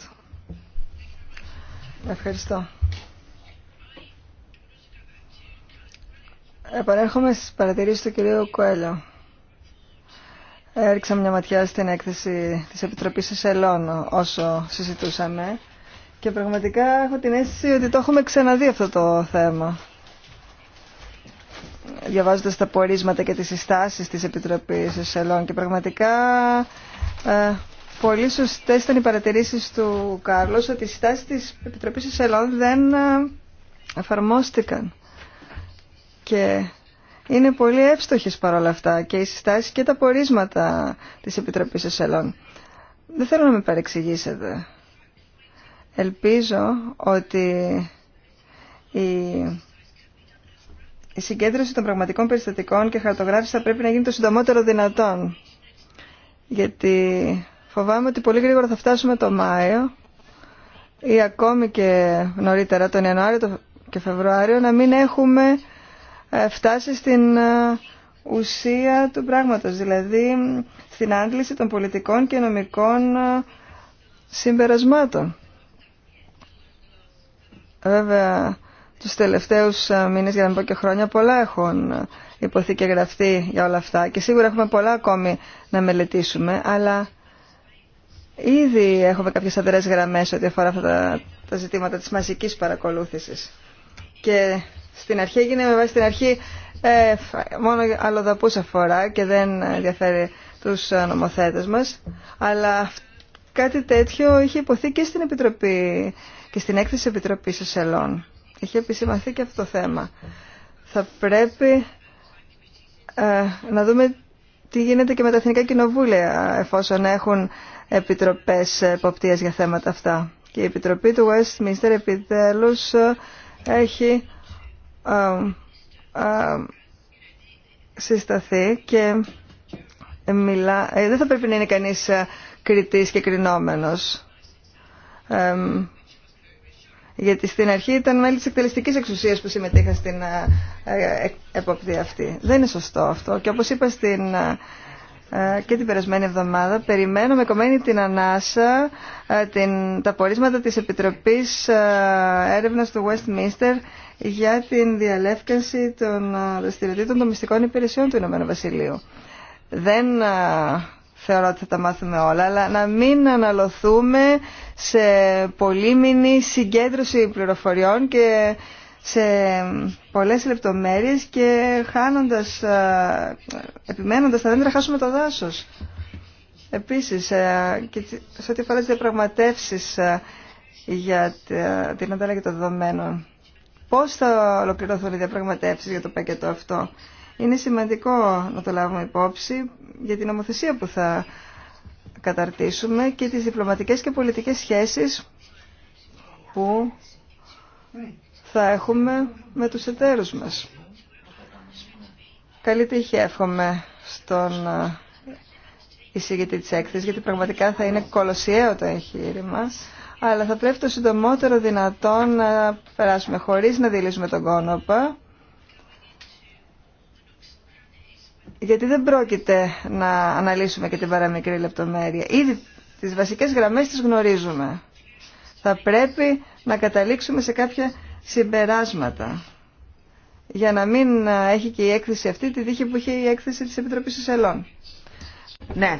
Speaker 3: Ευχαριστώ. Επανέρχομαι στις παρατηρήσεις του κυρίου Κόελλο. Έριξα μια ματιά στην έκθεση της Επιτροπής Εσελών όσο συζητούσαμε και πραγματικά έχω την αίσθηση ότι το έχουμε ξαναδεί αυτό το θέμα. Διαβάζοντας τα πορίσματα και τις συστάσεις της Επιτροπής Εσελών και πραγματικά ε, πολύ σωστές ήταν οι παρατηρήσεις του Κάρλος ότι οι συστάσεις της Επιτροπής σελών δεν ε, εφαρμόστηκαν. Και είναι πολύ εύστοχες παρόλα αυτά και οι συστάσει και τα πορίσματα της Επιτροπής Εσελών. Δεν θέλω να με παρεξηγήσετε. Ελπίζω ότι η... η συγκέντρωση των πραγματικών περιστατικών και χαρτογράφηση θα πρέπει να γίνει το συντομότερο δυνατόν. Γιατί φοβάμαι ότι πολύ γρήγορα θα φτάσουμε το Μάιο ή ακόμη και νωρίτερα τον Ιανουάριο και Φεβρουάριο να μην έχουμε ε, φτάσει στην ε, ουσία του πράγματος, δηλαδή στην άντληση των πολιτικών και νομικών ε, συμπερασμάτων. Βέβαια, τους τελευταίους μήνες, για να μην πω και χρόνια, πολλά έχουν υποθεί και γραφτεί για όλα αυτά και σίγουρα έχουμε πολλά ακόμη να μελετήσουμε, αλλά ήδη έχουμε κάποιες αδερές γραμμές ό,τι αφορά αυτά τα, τα ζητήματα της μαζικής παρακολούθησης στην αρχή έγινε με βάση την αρχή ε, μόνο αλλοδαπούς αφορά και δεν ενδιαφέρει τους ε, νομοθέτες μας. Αλλά κάτι τέτοιο είχε υποθεί και στην Επιτροπή και στην έκθεση Επιτροπής Σελών. Είχε επισημαθεί και αυτό το θέμα. Θα πρέπει ε, να δούμε τι γίνεται και με τα Εθνικά Κοινοβούλια εφόσον έχουν επιτροπές εποπτείας για θέματα αυτά. Και η Επιτροπή του Westminster επιτέλους έχει συσταθεί και ε, μιλά, ε, δεν θα πρέπει να είναι κανείς ε, κριτής και κρινόμενος. γιατί στην αρχή ήταν μέλη της εκτελεστικής εξουσίας που συμμετείχα στην εποπτεία αυτή. Δεν είναι σωστό αυτό. Και όπως είπα στην, και την περασμένη εβδομάδα, περιμένω με κομμένη την ανάσα την, τα πορίσματα της Επιτροπής Έρευνας του Westminster για την διαλεύκανση των δραστηριοτήτων των μυστικών υπηρεσιών του Ηνωμένου Βασιλείου. Δεν θεωρώ ότι θα τα μάθουμε όλα, αλλά να μην αναλωθούμε σε πολύμηνη συγκέντρωση πληροφοριών και σε πολλές λεπτομέρειες και χάνοντας, επιμένοντας τα δέντρα χάσουμε το δάσος. Επίσης, και σε ό,τι αφορά τις διαπραγματεύσεις για την ανταλλαγή των δεδομένων, πώς θα ολοκληρωθούν οι διαπραγματεύσει για το πακέτο αυτό. Είναι σημαντικό να το λάβουμε υπόψη για την νομοθεσία που θα καταρτήσουμε και τις διπλωματικές και πολιτικές σχέσεις που θα έχουμε με τους εταίρους μας. Καλή τύχη εύχομαι στον ε, εισηγητή της έκθεσης, γιατί πραγματικά θα είναι κολοσιαίο το εγχείρημα αλλά θα πρέπει το συντομότερο δυνατόν να περάσουμε χωρίς να δηλήσουμε τον κόνοπα, γιατί δεν πρόκειται να αναλύσουμε και την παραμικρή λεπτομέρεια. Ήδη τις βασικές γραμμές τις γνωρίζουμε. Θα πρέπει να καταλήξουμε σε κάποια συμπεράσματα για να μην έχει και η έκθεση αυτή τη δίχη που είχε η έκθεση της Επιτροπής Σελών.
Speaker 2: Ναι,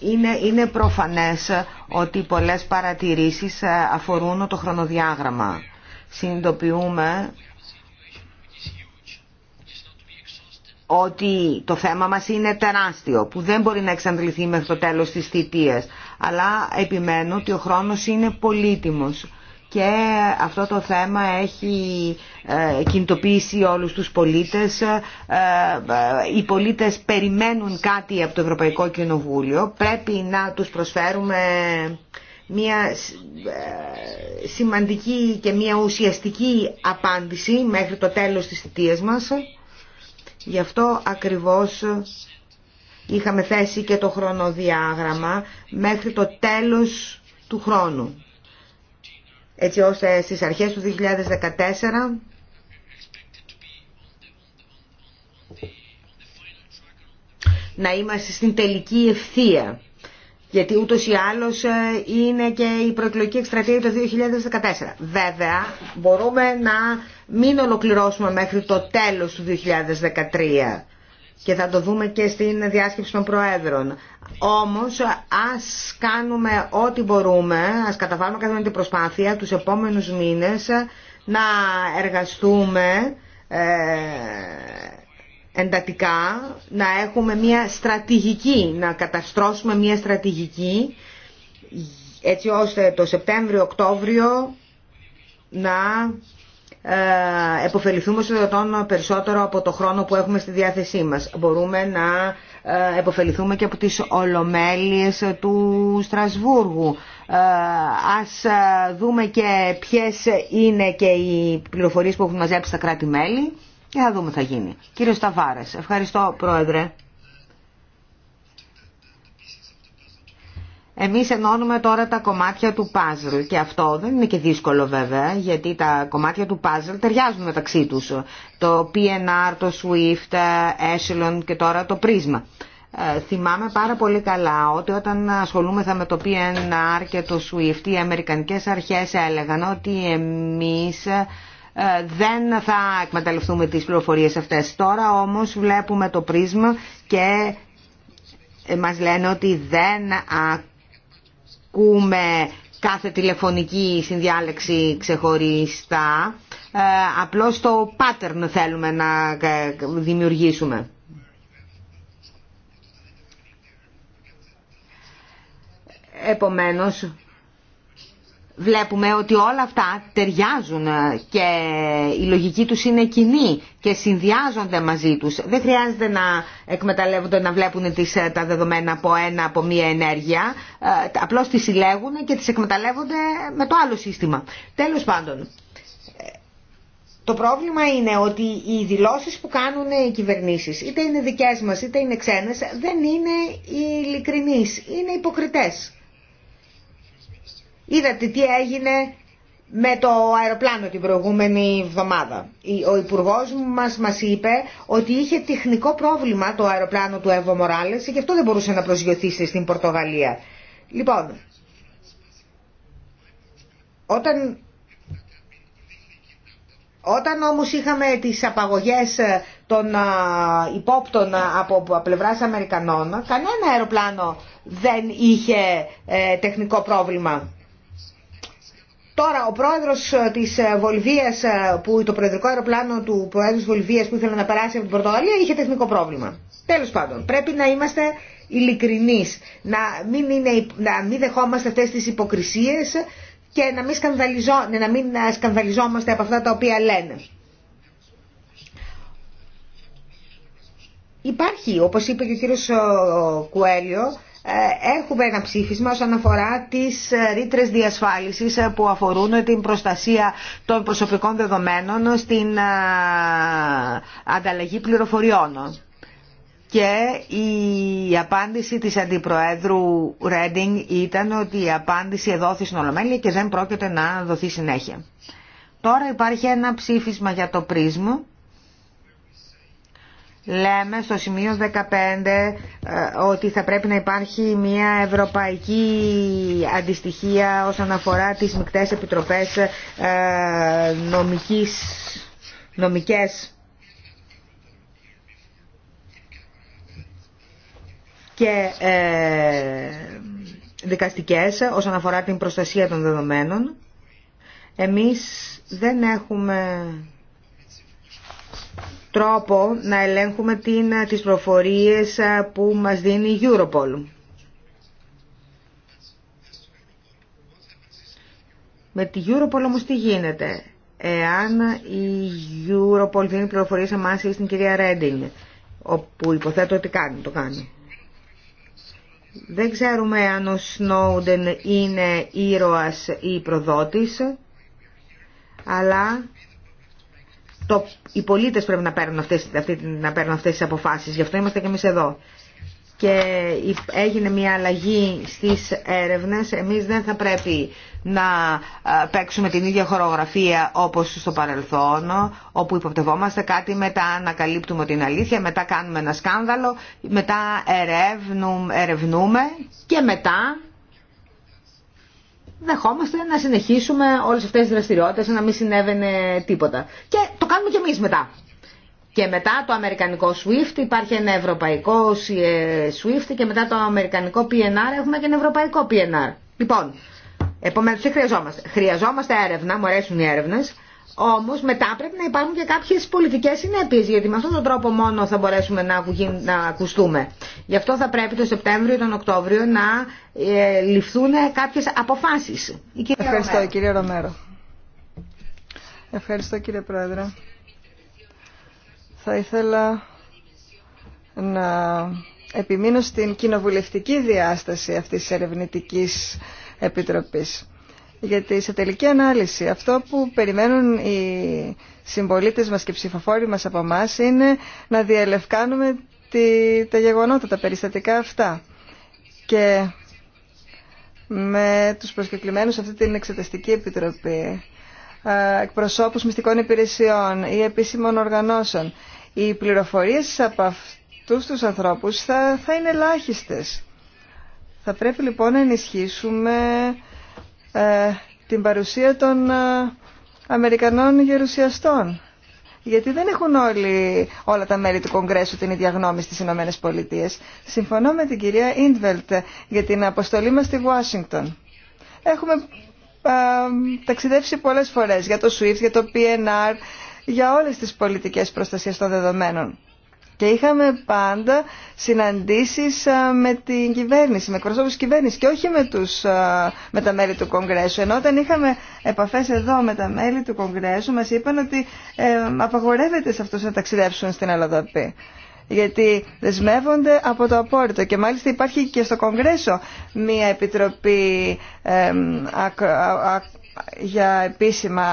Speaker 2: είναι, είναι προφανές ότι πολλές παρατηρήσεις ε, αφορούν το χρονοδιάγραμμα. Συνειδητοποιούμε ότι το θέμα μας είναι τεράστιο, που δεν μπορεί να εξαντληθεί μέχρι το τέλος της θητείας. Αλλά επιμένω ότι ο χρόνος είναι πολύτιμος και αυτό το θέμα έχει ε, κινητοποιήσει όλους τους πολίτες. Ε, ε, οι πολίτες περιμένουν κάτι από το Ευρωπαϊκό Κοινοβούλιο. Πρέπει να τους προσφέρουμε μια σημαντική και μια ουσιαστική απάντηση μέχρι το τέλος της θητείας μας. Γι' αυτό ακριβώς είχαμε θέσει και το χρονοδιάγραμμα μέχρι το τέλος του χρόνου έτσι ώστε στις αρχές του 2014 να είμαστε στην τελική ευθεία. Γιατί ούτως ή άλλως ε, είναι και η προεκλογική εκστρατεία το 2014. Βέβαια, μπορούμε να μην ολοκληρώσουμε μέχρι το τέλος του 2013 και θα το δούμε και στην διάσκεψη των Προέδρων. Όμως ας κάνουμε ό,τι μπορούμε, ας καταβάλουμε καθόλου την προσπάθεια τους επόμενους μήνες να εργαστούμε ε, εντατικά, να έχουμε μια στρατηγική, να καταστρώσουμε μια στρατηγική έτσι ώστε το Σεπτέμβριο-Οκτώβριο να ε, εποφεληθούμε στο δυνατόν περισσότερο από το χρόνο που έχουμε στη διάθεσή μας. Μπορούμε να ε, εποφεληθούμε και από τις ολομέλειες του Στρασβούργου. Ε, ας δούμε και ποιες είναι και οι πληροφορίες που έχουν μαζέψει τα κράτη-μέλη και θα δούμε τι θα γίνει. Κύριε Σταβάρες, ευχαριστώ Πρόεδρε. Εμείς ενώνουμε τώρα τα κομμάτια του παζλ και αυτό δεν είναι και δύσκολο βέβαια γιατί τα κομμάτια του παζλ ταιριάζουν μεταξύ τους. Το PNR, το SWIFT, Echelon και τώρα το Prisma. Ε, θυμάμαι πάρα πολύ καλά ότι όταν ασχολούμεθα με το PNR και το SWIFT οι Αμερικανικές αρχές έλεγαν ότι εμείς ε, δεν θα εκμεταλλευτούμε τις πληροφορίες αυτές. Τώρα όμως βλέπουμε το Prisma και ε, μας λένε ότι δεν ακούμε κάθε τηλεφωνική συνδιάλεξη ξεχωριστά. Ε, απλώς το pattern θέλουμε να ε, δημιουργήσουμε. Επομένως, βλέπουμε ότι όλα αυτά ταιριάζουν ε, και η λογική τους είναι κοινή και συνδυάζονται μαζί τους. Δεν χρειάζεται να εκμεταλλεύονται να βλέπουν τις, ε, τα δεδομένα από ένα, από μία ενέργεια, ε, απλώς τις συλλέγουν και τις εκμεταλλεύονται με το άλλο σύστημα. Τέλος πάντων, το πρόβλημα είναι ότι οι δηλώσεις που κάνουν οι κυβερνήσεις, είτε είναι δικές μας είτε είναι ξένες, δεν είναι ειλικρινείς, είναι υποκριτές. Είδατε τι έγινε με το αεροπλάνο την προηγούμενη εβδομάδα. Ο υπουργό μας μας είπε ότι είχε τεχνικό πρόβλημα το αεροπλάνο του Εύω Μοράλες και γι' αυτό δεν μπορούσε να προσγειωθήσει στην Πορτογαλία. Λοιπόν, όταν, όταν όμως είχαμε τις απαγωγές ε, των ε, υπόπτων από πλευράς Αμερικανών, κανένα αεροπλάνο δεν είχε ε, τεχνικό πρόβλημα. Τώρα ο πρόεδρος ε, της ε, Βολιβία, ε, που το προεδρικό αεροπλάνο του προέδρου της Βολιβία που ήθελε να περάσει από την Πορτογαλία είχε τεχνικό πρόβλημα. Τέλος πάντων, πρέπει να είμαστε ειλικρινεί, να μην, να μην δεχόμαστε αυτέ τι υποκρισίες και να μην, σκανδαλιζό, να μην σκανδαλιζόμαστε από αυτά τα οποία λένε. Υπάρχει, όπως είπε και ο κύριος Κουέλιο, ε, έχουμε ένα ψήφισμα όσον αφορά τις ε, ρήτρε διασφάλισης ε, που αφορούν την προστασία των προσωπικών δεδομένων στην ανταλλαγή πληροφοριών. Και η απάντηση της Αντιπροέδρου Ρέντινγκ ήταν ότι η απάντηση εδώ στην Ολομέλεια και δεν πρόκειται να δοθεί συνέχεια. Τώρα υπάρχει ένα ψήφισμα για το πρίσμο λέμε στο σημείο 15 ε, ότι θα πρέπει να υπάρχει μια ευρωπαϊκή αντιστοιχία όσον αφορά τις μικτές επιτροπές ε, νομικής, νομικές και ε, δικαστικές όσον αφορά την προστασία των δεδομένων. Εμείς δεν έχουμε τρόπο να ελέγχουμε την, ε, τις προφορίες ε, που μας δίνει η Europol. Με τη Europol όμως τι γίνεται. Εάν η Europol δίνει πληροφορίες εμάς ή στην κυρία Ρέντινγκ, όπου υποθέτω ότι κάνει, το κάνει. Δεν ξέρουμε αν ο Σνόουντεν είναι ήρωας ή προδότης, αλλά το, οι πολίτες πρέπει να παίρνουν, αυτές, αυτή, να τις αποφάσεις. Γι' αυτό είμαστε και εμείς εδώ. Και έγινε μια αλλαγή στις έρευνες. Εμείς δεν θα πρέπει να ε, παίξουμε την ίδια χορογραφία όπως στο παρελθόν, όπου υποπτευόμαστε κάτι, μετά ανακαλύπτουμε την αλήθεια, μετά κάνουμε ένα σκάνδαλο, μετά ερευνούμε, ερευνούμε και μετά δεχόμαστε να συνεχίσουμε όλες αυτές τις δραστηριότητες, να μην συνέβαινε τίποτα. Και το κάνουμε και εμείς μετά. Και μετά το αμερικανικό SWIFT υπάρχει ένα ευρωπαϊκό SWIFT και μετά το αμερικανικό PNR έχουμε και ένα ευρωπαϊκό PNR. Λοιπόν, επομένως τι χρειαζόμαστε. Χρειαζόμαστε έρευνα, μου αρέσουν οι έρευνες, όμως μετά πρέπει να υπάρχουν και κάποιες πολιτικές συνέπειες, γιατί με αυτόν τον τρόπο μόνο θα μπορέσουμε να, να ακουστούμε. Γι' αυτό θα πρέπει το Σεπτέμβριο ή τον Οκτώβριο να ε, ληφθούν κάποιες αποφάσεις. Ευχαριστώ κύριε Ρομέρο.
Speaker 3: Ευχαριστώ κύριε Πρόεδρε. Θα ήθελα να επιμείνω στην κοινοβουλευτική διάσταση αυτής της ερευνητικής επιτροπής. Γιατί σε τελική ανάλυση αυτό που περιμένουν οι συμπολίτες μας και ψηφοφόροι μας από εμά είναι να διαλευκάνουμε τη, τα γεγονότα, τα περιστατικά αυτά. Και με τους προσκεκλημένους σε αυτή την εξεταστική επιτροπή, εκπροσώπους μυστικών υπηρεσιών ή επίσημων οργανώσεων, οι πληροφορίες από αυτούς τους ανθρώπους θα, θα είναι ελάχιστες. Θα πρέπει λοιπόν να ενισχύσουμε ε, την παρουσία των ε, Αμερικανών γερουσιαστών. Γιατί δεν έχουν όλοι, όλα τα μέλη του Κογκρέσου την ίδια γνώμη στις Ηνωμένε Πολιτείε. Συμφωνώ με την κυρία Ίντβελτ για την αποστολή μας στη Ουάσιγκτον. Έχουμε α, ε, ταξιδεύσει πολλές φορές για το SWIFT, για το PNR, για όλες τις πολιτικές προστασίες των δεδομένων. Και είχαμε πάντα συναντήσεις με την κυβέρνηση, με εκπροσώπους της κυβέρνησης και όχι με, τους, με τα μέλη του Κογκρέσου. Ενώ όταν είχαμε επαφές εδώ με τα μέλη του Κογκρέσου μας είπαν ότι ε, απαγορεύεται σε αυτούς να ταξιδέψουν στην Αλλοδαπή γιατί δεσμεύονται από το απόρριτο και μάλιστα υπάρχει και στο Κογκρέσο μία επιτροπή ε, για επίσημα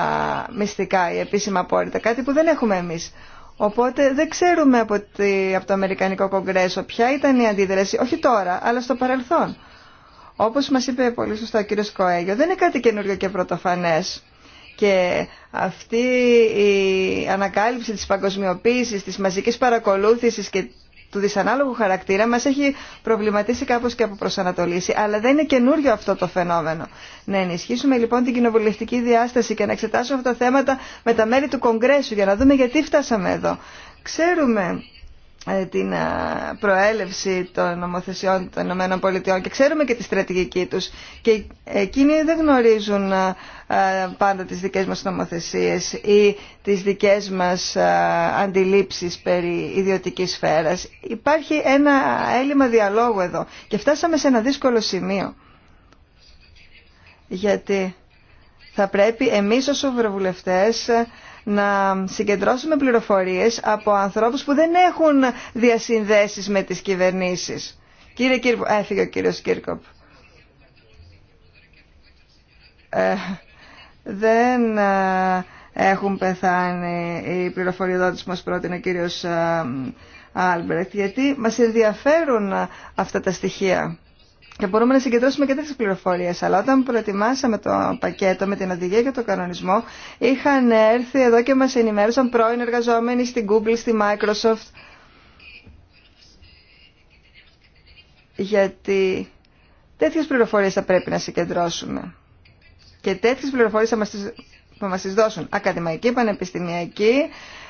Speaker 3: μυστικά ή επίσημα απόρριτα, κάτι που δεν έχουμε εμείς. Οπότε δεν ξέρουμε από, από το Αμερικανικό Κογκρέσο ποια ήταν η αντίδραση, όχι τώρα, αλλά στο παρελθόν. Όπως μας είπε πολύ σωστά ο κύριος Κοέγιο, δεν είναι κάτι καινούριο και πρωτοφανέ. Και αυτή η ανακάλυψη της παγκοσμιοποίησης, της μαζικής παρακολούθησης και του δυσανάλογου χαρακτήρα μας έχει προβληματίσει κάπως και από προσανατολίσει Αλλά δεν είναι καινούριο αυτό το φαινόμενο. Να ενισχύσουμε λοιπόν την κοινοβουλευτική διάσταση και να εξετάσουμε αυτά τα θέματα με τα μέρη του Κογκρέσου για να δούμε γιατί φτάσαμε εδώ. Ξέρουμε ε, την προέλευση των νομοθεσιών των ΗΠΑ και ξέρουμε και τη στρατηγική τους και ε, εκείνοι δεν γνωρίζουν ε, πάντα τις δικές μας νομοθεσίες ή τις δικές μας ε, αντιλήψεις περί ιδιωτικής σφαίρας. Υπάρχει ένα έλλειμμα διαλόγου εδώ και φτάσαμε σε ένα δύσκολο σημείο. Γιατί θα πρέπει εμείς ως ευρωβουλευτές ε, να συγκεντρώσουμε πληροφορίες από ανθρώπους που δεν έχουν διασυνδέσεις με τις κυβερνήσεις. Κύριε έφυγε ο Κύρκοπ δεν ε, έχουν πεθάνει οι πληροφοριοδότες που μας πρότεινε ο κύριος ε, Άλμπρεκτ, γιατί μας ενδιαφέρουν αυτά τα στοιχεία. Και μπορούμε να συγκεντρώσουμε και τέτοιες πληροφορίε. Αλλά όταν προετοιμάσαμε το πακέτο με την οδηγία και τον κανονισμό, είχαν έρθει εδώ και μας ενημέρωσαν πρώην εργαζόμενοι στην Google, στη Microsoft. Γιατί τέτοιε πληροφορίε θα πρέπει να συγκεντρώσουμε. Και τέτοιες πληροφορίες θα μας τις, δώσουν ακαδημαϊκοί, πανεπιστημιακοί,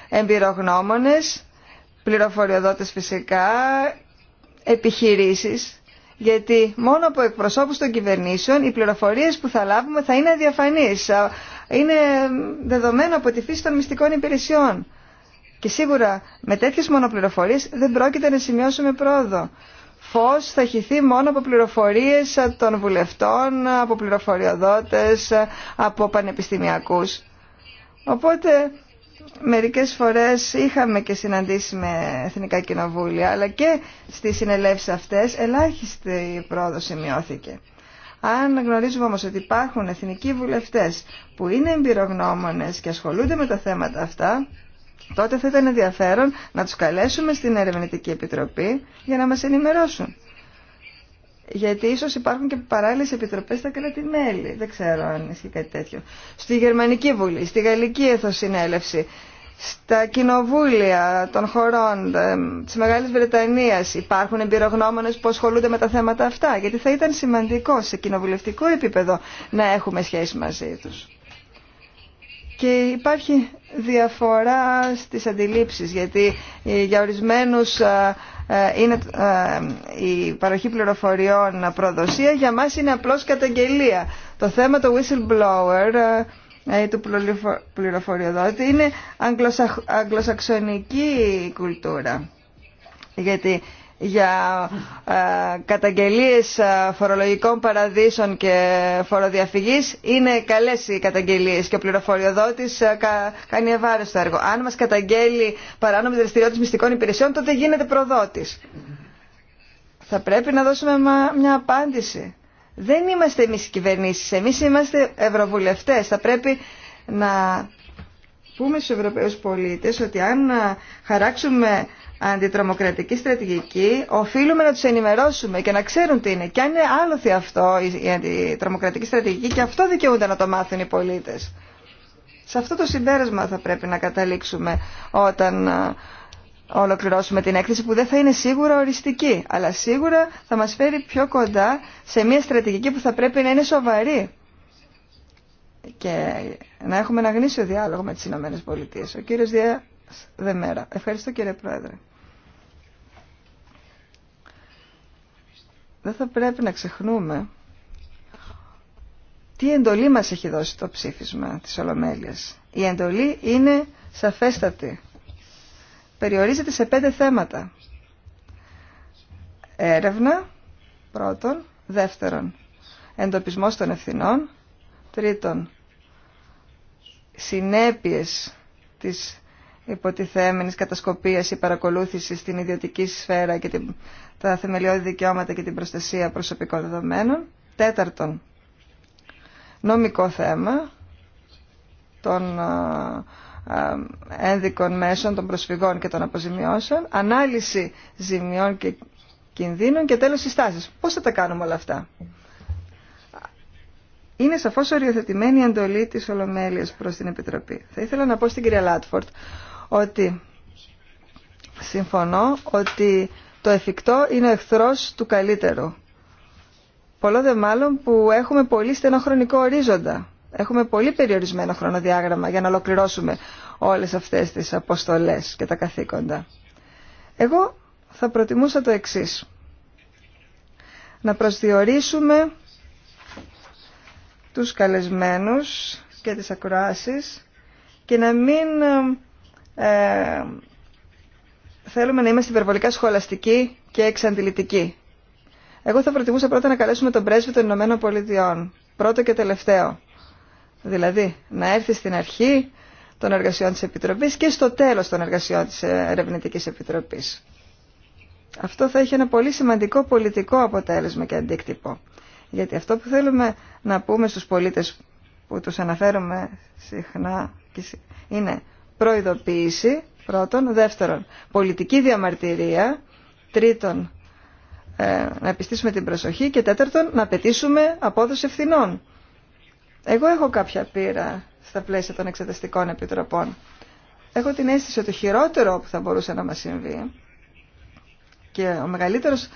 Speaker 3: εμπειρογνώμονες, πληροφοριοδότες φυσικά, επιχειρήσεις, γιατί μόνο από εκπροσώπους των κυβερνήσεων οι πληροφορίες που θα λάβουμε θα είναι αδιαφανείς. Είναι δεδομένο από τη φύση των μυστικών υπηρεσιών. Και σίγουρα με τέτοιες μονοπληροφορίες δεν πρόκειται να σημειώσουμε πρόοδο φως θα χυθεί μόνο από πληροφορίες των βουλευτών, από πληροφοριοδότες, από πανεπιστημιακούς. Οπότε μερικές φορές είχαμε και συναντήσει με εθνικά κοινοβούλια, αλλά και στις συνελεύσεις αυτές ελάχιστη η πρόοδος σημειώθηκε. Αν γνωρίζουμε όμως ότι υπάρχουν εθνικοί βουλευτές που είναι εμπειρογνώμονες και ασχολούνται με τα θέματα αυτά, τότε θα ήταν ενδιαφέρον να τους καλέσουμε στην Ερευνητική Επιτροπή για να μας ενημερώσουν. Γιατί ίσως υπάρχουν και παράλληλες επιτροπές στα κράτη-μέλη. Δεν ξέρω αν ισχύει κάτι τέτοιο. Στη Γερμανική Βουλή, στη Γαλλική Εθνοσυνέλευση, στα κοινοβούλια των χωρών ε, της Μεγάλης Βρετανίας υπάρχουν εμπειρογνώμονες που ασχολούνται με τα θέματα αυτά. Γιατί θα ήταν σημαντικό σε κοινοβουλευτικό επίπεδο να έχουμε σχέση μαζί τους. Και υπάρχει διαφορά στις αντιλήψεις, γιατί ε, για ορισμένους ε, ε, είναι η παροχή πληροφοριών προδοσία, για μας είναι απλώς καταγγελία. Το θέμα του whistleblower, του πληροφοριοδότη, είναι αγγλοσαξονική κουλτούρα. Γιατί για ε, καταγγελίες ε, φορολογικών παραδείσων και φοροδιαφυγής είναι καλές οι καταγγελίες και ο πληροφοριοδότης ε, κάνει ευάρεστο έργο. Αν μας καταγγέλει παράνομη δραστηριότητα μυστικών υπηρεσιών τότε γίνεται προδότης. Θα πρέπει να δώσουμε μια απάντηση. Δεν είμαστε εμείς οι κυβερνήσεις, εμείς είμαστε ευρωβουλευτές. Θα πρέπει να πούμε στους Ευρωπαίους πολίτες ότι αν χαράξουμε αντιτρομοκρατική στρατηγική, οφείλουμε να του ενημερώσουμε και να ξέρουν τι είναι. Και αν είναι άλοθη αυτό η αντιτρομοκρατική στρατηγική, και αυτό δικαιούνται να το μάθουν οι πολίτε. Σε αυτό το συμπέρασμα θα πρέπει να καταλήξουμε όταν ολοκληρώσουμε την έκθεση που δεν θα είναι σίγουρα οριστική, αλλά σίγουρα θα μας φέρει πιο κοντά σε μια στρατηγική που θα πρέπει να είναι σοβαρή και να έχουμε ένα γνήσιο διάλογο με τις Ηνωμένες Πολιτείες. Ο κύριος Δια μέρα. Ευχαριστώ κύριε Πρόεδρε. Δεν θα πρέπει να ξεχνούμε τι εντολή μας έχει δώσει το ψήφισμα της Ολομέλειας. Η εντολή είναι σαφέστατη. Περιορίζεται σε πέντε θέματα. Έρευνα, πρώτον. Δεύτερον, εντοπισμός των ευθυνών. Τρίτον, συνέπειες της υποτιθέμενη κατασκοπίας ή παρακολούθησης στην ιδιωτική σφαίρα και την, τα θεμελιώδη δικαιώματα και την προστασία προσωπικών δεδομένων. Τέταρτον, νομικό θέμα των ένδικων μέσων, των προσφυγών και των αποζημιώσεων, ανάλυση ζημιών και κινδύνων και τέλος συστάσεις. Πώς θα τα κάνουμε όλα αυτά. Είναι σαφώς οριοθετημένη η εντολή της Ολομέλειας προς την Επιτροπή. Θα ήθελα να πω στην κυρία Λάτφορτ ότι συμφωνώ ότι το εφικτό είναι ο εχθρός του καλύτερου. Πολλό δε μάλλον που έχουμε πολύ στενό χρονικό ορίζοντα. Έχουμε πολύ περιορισμένο χρονοδιάγραμμα για να ολοκληρώσουμε όλες αυτές τις αποστολές και τα καθήκοντα. Εγώ θα προτιμούσα το εξής. Να προσδιορίσουμε τους καλεσμένους και τις ακροάσεις και να μην ε, ε, θέλουμε να είμαστε υπερβολικά σχολαστικοί και εξαντλητικοί. Εγώ θα προτιμούσα πρώτα να καλέσουμε τον πρέσβη των Ηνωμένων Πολιτειών, πρώτο και τελευταίο. Δηλαδή, να έρθει στην αρχή των εργασιών της Επιτροπής και στο τέλος των εργασιών της Ερευνητικής Επιτροπής. Αυτό θα έχει ένα πολύ σημαντικό πολιτικό αποτέλεσμα και αντίκτυπο. Γιατί αυτό που θέλουμε να πούμε στους πολίτες που τους αναφέρουμε συχνά είναι προειδοποίηση, πρώτον. Δεύτερον, πολιτική διαμαρτυρία. Τρίτον, ε, να επιστήσουμε την προσοχή. Και τέταρτον, να απαιτήσουμε απόδοση ευθυνών. Εγώ έχω κάποια πείρα στα πλαίσια των εξεταστικών επιτροπών. Έχω την αίσθηση ότι το χειρότερο που θα μπορούσε να μας συμβεί και ο μεγαλύτερος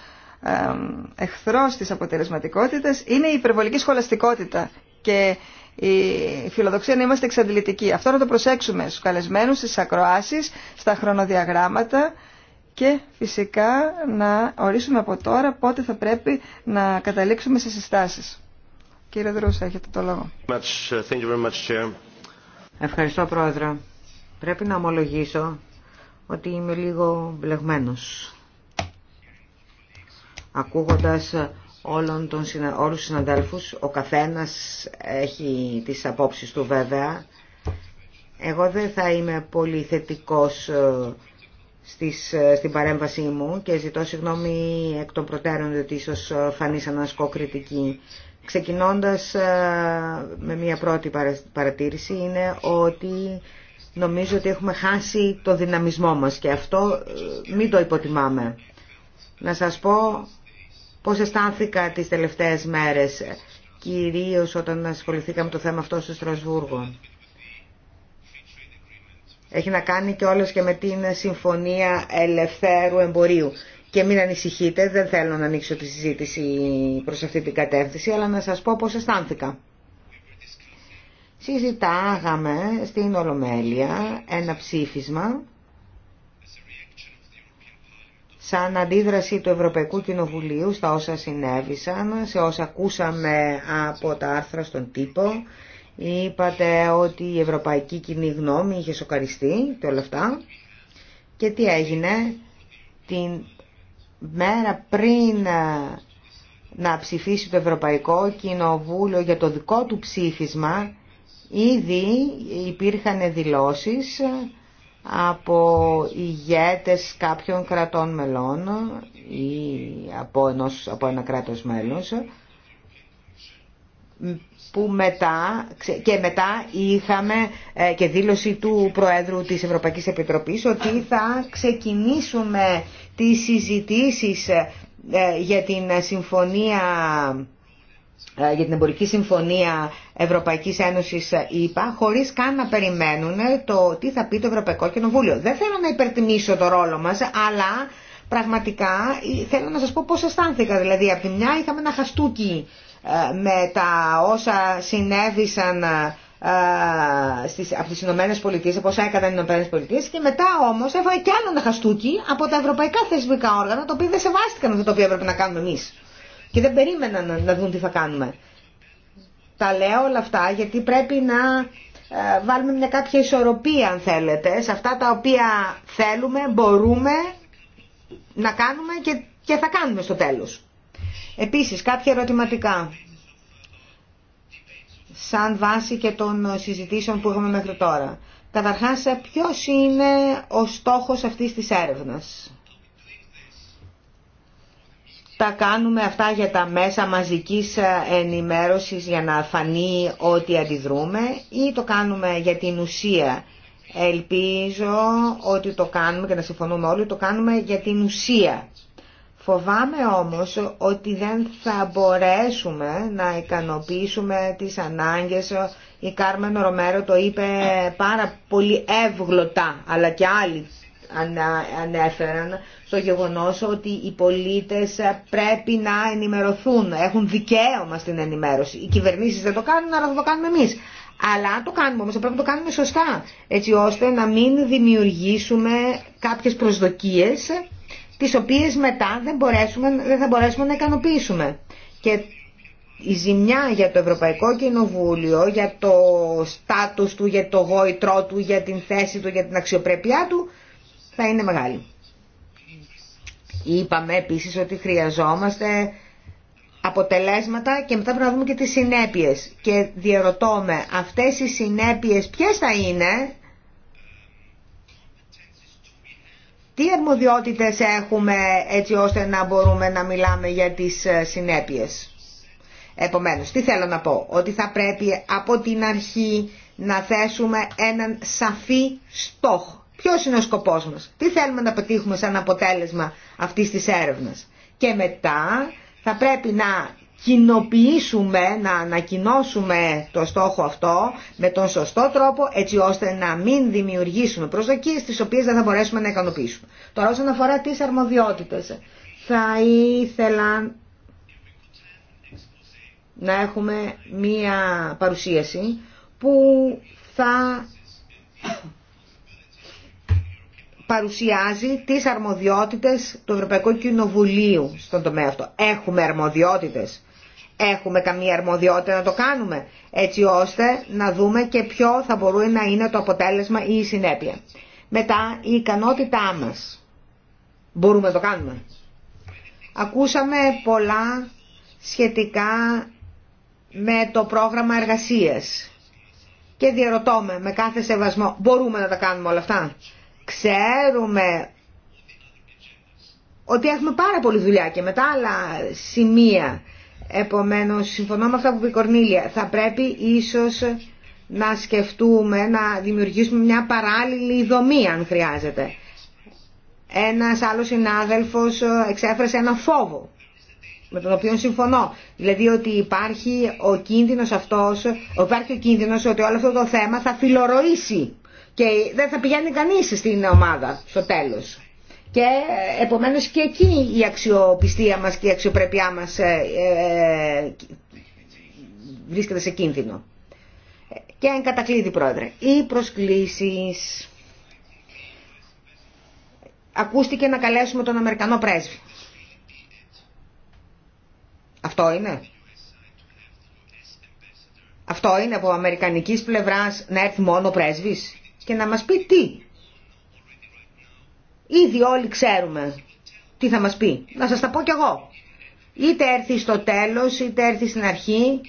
Speaker 3: εχθρός της αποτελεσματικότητας είναι η υπερβολική σχολαστικότητα και η φιλοδοξία να είμαστε εξαντλητικοί. Αυτό να το προσέξουμε στους καλεσμένους, στις ακροάσεις, στα χρονοδιαγράμματα και φυσικά να ορίσουμε από τώρα πότε θα πρέπει να καταλήξουμε σε συστάσεις. Κύριε Δρούσα, έχετε το λόγο.
Speaker 1: Uh,
Speaker 2: Ευχαριστώ, Πρόεδρε. Πρέπει να ομολογήσω ότι είμαι λίγο μπλεγμένος ακούγοντας όλων των, όλους τους Ο καθένας έχει τις απόψεις του βέβαια. Εγώ δεν θα είμαι πολύ θετικός ε, στις, ε, στην παρέμβασή μου και ζητώ συγγνώμη εκ των προτέρων διότι ίσως ε, φανήσα να κριτική. Ξεκινώντας με μια πρώτη παρατήρηση είναι ότι νομίζω ότι έχουμε χάσει το δυναμισμό μας και αυτό μην το υποτιμάμε. Να σας πω πώς αισθάνθηκα τις τελευταίες μέρες, κυρίως όταν ασχοληθήκαμε με το θέμα αυτό στο Στρασβούργο. Έχει να κάνει και όλες και με την Συμφωνία Ελευθέρου Εμπορίου. Και μην ανησυχείτε, δεν θέλω να ανοίξω τη συζήτηση προς αυτή την κατεύθυνση, αλλά να σας πω πώς αισθάνθηκα. Συζητάγαμε στην Ολομέλεια ένα ψήφισμα σαν αντίδραση του Ευρωπαϊκού Κοινοβουλίου στα όσα συνέβησαν, σε όσα ακούσαμε από τα άρθρα στον τύπο. Είπατε ότι η ευρωπαϊκή κοινή γνώμη είχε σοκαριστεί και όλα αυτά. Και τι έγινε την μέρα πριν να ψηφίσει το Ευρωπαϊκό Κοινοβούλιο για το δικό του ψήφισμα, ήδη υπήρχαν δηλώσεις από ηγέτες κάποιων κρατών μελών ή από, ενός, από ένα κράτος μέλος που μετά, και μετά είχαμε ε, και δήλωση του Προέδρου της Ευρωπαϊκής Επιτροπής ότι θα ξεκινήσουμε τις συζητήσεις ε, για την συμφωνία ε, για την εμπορική συμφωνία Ευρωπαϊκής Ένωσης ε, είπα, χωρίς καν να περιμένουν ε, το τι θα πει το Ευρωπαϊκό Κοινοβούλιο. Δεν θέλω να υπερτιμήσω το ρόλο μας, αλλά πραγματικά θέλω να σας πω πώς αισθάνθηκα. Δηλαδή, από τη μια είχαμε ένα χαστούκι με τα όσα συνέβησαν από τις Ηνωμένε Πολιτείες, από όσα έκαναν οι Ηνωμένε Πολιτείες και μετά όμως έφαγε κι άλλο ένα χαστούκι από τα ευρωπαϊκά θεσμικά όργανα, τα οποία δεν σεβάστηκαν αυτό το οποίο έπρεπε να κάνουμε εμείς και δεν περίμεναν να δουν τι θα κάνουμε. Τα λέω όλα αυτά γιατί πρέπει να ε, βάλουμε μια κάποια ισορροπία αν θέλετε σε αυτά τα οποία θέλουμε, μπορούμε να κάνουμε και, και θα κάνουμε στο τέλος. Επίσης κάποια ερωτηματικά σαν βάση και των συζητήσεων που είχαμε μέχρι τώρα. Καταρχάς ποιος είναι ο στόχος αυτής της έρευνας τα κάνουμε αυτά για τα μέσα μαζικής ε, ενημέρωσης για να φανεί ότι αντιδρούμε ή το κάνουμε για την ουσία. Ελπίζω ότι το κάνουμε και να συμφωνούμε όλοι, το κάνουμε για την ουσία. Φοβάμαι όμως ότι δεν θα μπορέσουμε να ικανοποιήσουμε τις ανάγκες. Η Κάρμεν Ρομέρο το είπε πάρα πολύ εύγλωτα, αλλά και άλλοι ανέφεραν στο γεγονός ότι οι πολίτες ε, πρέπει να ενημερωθούν, έχουν δικαίωμα στην ενημέρωση. Οι κυβερνήσεις δεν το κάνουν, αλλά θα το κάνουμε εμείς. Αλλά αν το κάνουμε όμως, πρέπει να το κάνουμε σωστά, έτσι ώστε να μην δημιουργήσουμε κάποιες προσδοκίες, τις οποίες μετά δεν, μπορέσουμε, δεν θα μπορέσουμε να ικανοποιήσουμε. Και η ζημιά για το Ευρωπαϊκό Κοινοβούλιο, για το στάτους του, για το γόητρό του, για την θέση του, για την αξιοπρέπειά του, θα είναι μεγάλη. Είπαμε επίσης ότι χρειαζόμαστε αποτελέσματα και μετά πρέπει να δούμε και τις συνέπειες. Και διαρωτώ αυτές οι συνέπειες ποιες θα είναι, τι αρμοδιότητες έχουμε έτσι ώστε να μπορούμε να μιλάμε για τις ε, συνέπειες. Επομένως, τι θέλω να πω, ότι θα πρέπει από την αρχή να θέσουμε έναν σαφή στόχο Ποιος είναι ο σκοπός μας, τι θέλουμε να πετύχουμε σαν αποτέλεσμα αυτής της έρευνας. Και μετά θα πρέπει να κοινοποιήσουμε, να ανακοινώσουμε το στόχο αυτό με τον σωστό τρόπο έτσι ώστε να μην δημιουργήσουμε προσδοκίες τις οποίες δεν θα μπορέσουμε να ικανοποιήσουμε. Τώρα όσον αφορά τις αρμοδιότητες θα ήθελα να έχουμε μία παρουσίαση που θα παρουσιάζει τις αρμοδιότητες του Ευρωπαϊκού Κοινοβουλίου στον τομέα αυτό. Έχουμε αρμοδιότητες. Έχουμε καμία αρμοδιότητα να το κάνουμε, έτσι ώστε να δούμε και ποιο θα μπορούσε να είναι το αποτέλεσμα ή η συνέπεια. Μετά, η ικανότητά μας. Μπορούμε να το κάνουμε. Ακούσαμε πολλά σχετικά με το πρόγραμμα εργασίας. Και διαρωτώ με κάθε σεβασμό, μπορούμε να τα κάνουμε όλα αυτά. Ξέρουμε ότι έχουμε πάρα πολύ δουλειά και μετά άλλα σημεία. Επομένως, συμφωνώ με αυτά που είπε η Κορνίλια, θα πρέπει ίσως να σκεφτούμε, να δημιουργήσουμε μια παράλληλη δομή αν χρειάζεται. Ένας άλλος συνάδελφος εξέφρασε ένα φόβο με τον οποίο συμφωνώ. Δηλαδή ότι υπάρχει ο κίνδυνος αυτός, υπάρχει ο κίνδυνος ότι όλο αυτό το θέμα θα φιλορροήσει και δεν θα πηγαίνει κανείς στην ομάδα στο τέλος. Και ε, επομένως και εκεί η αξιοπιστία μας και η αξιοπρέπειά μας ε, ε, βρίσκεται σε κίνδυνο. Και εν κατακλείδη πρόεδρε, οι προσκλήσεις... Ακούστηκε να καλέσουμε τον Αμερικανό πρέσβη. Αυτό είναι. Αυτό είναι από αμερικανικής πλευράς να έρθει μόνο πρέσβης και να μας πει τι. Ήδη όλοι ξέρουμε τι θα μας πει. Να σας τα πω κι εγώ. Είτε έρθει στο τέλος, είτε έρθει στην αρχή,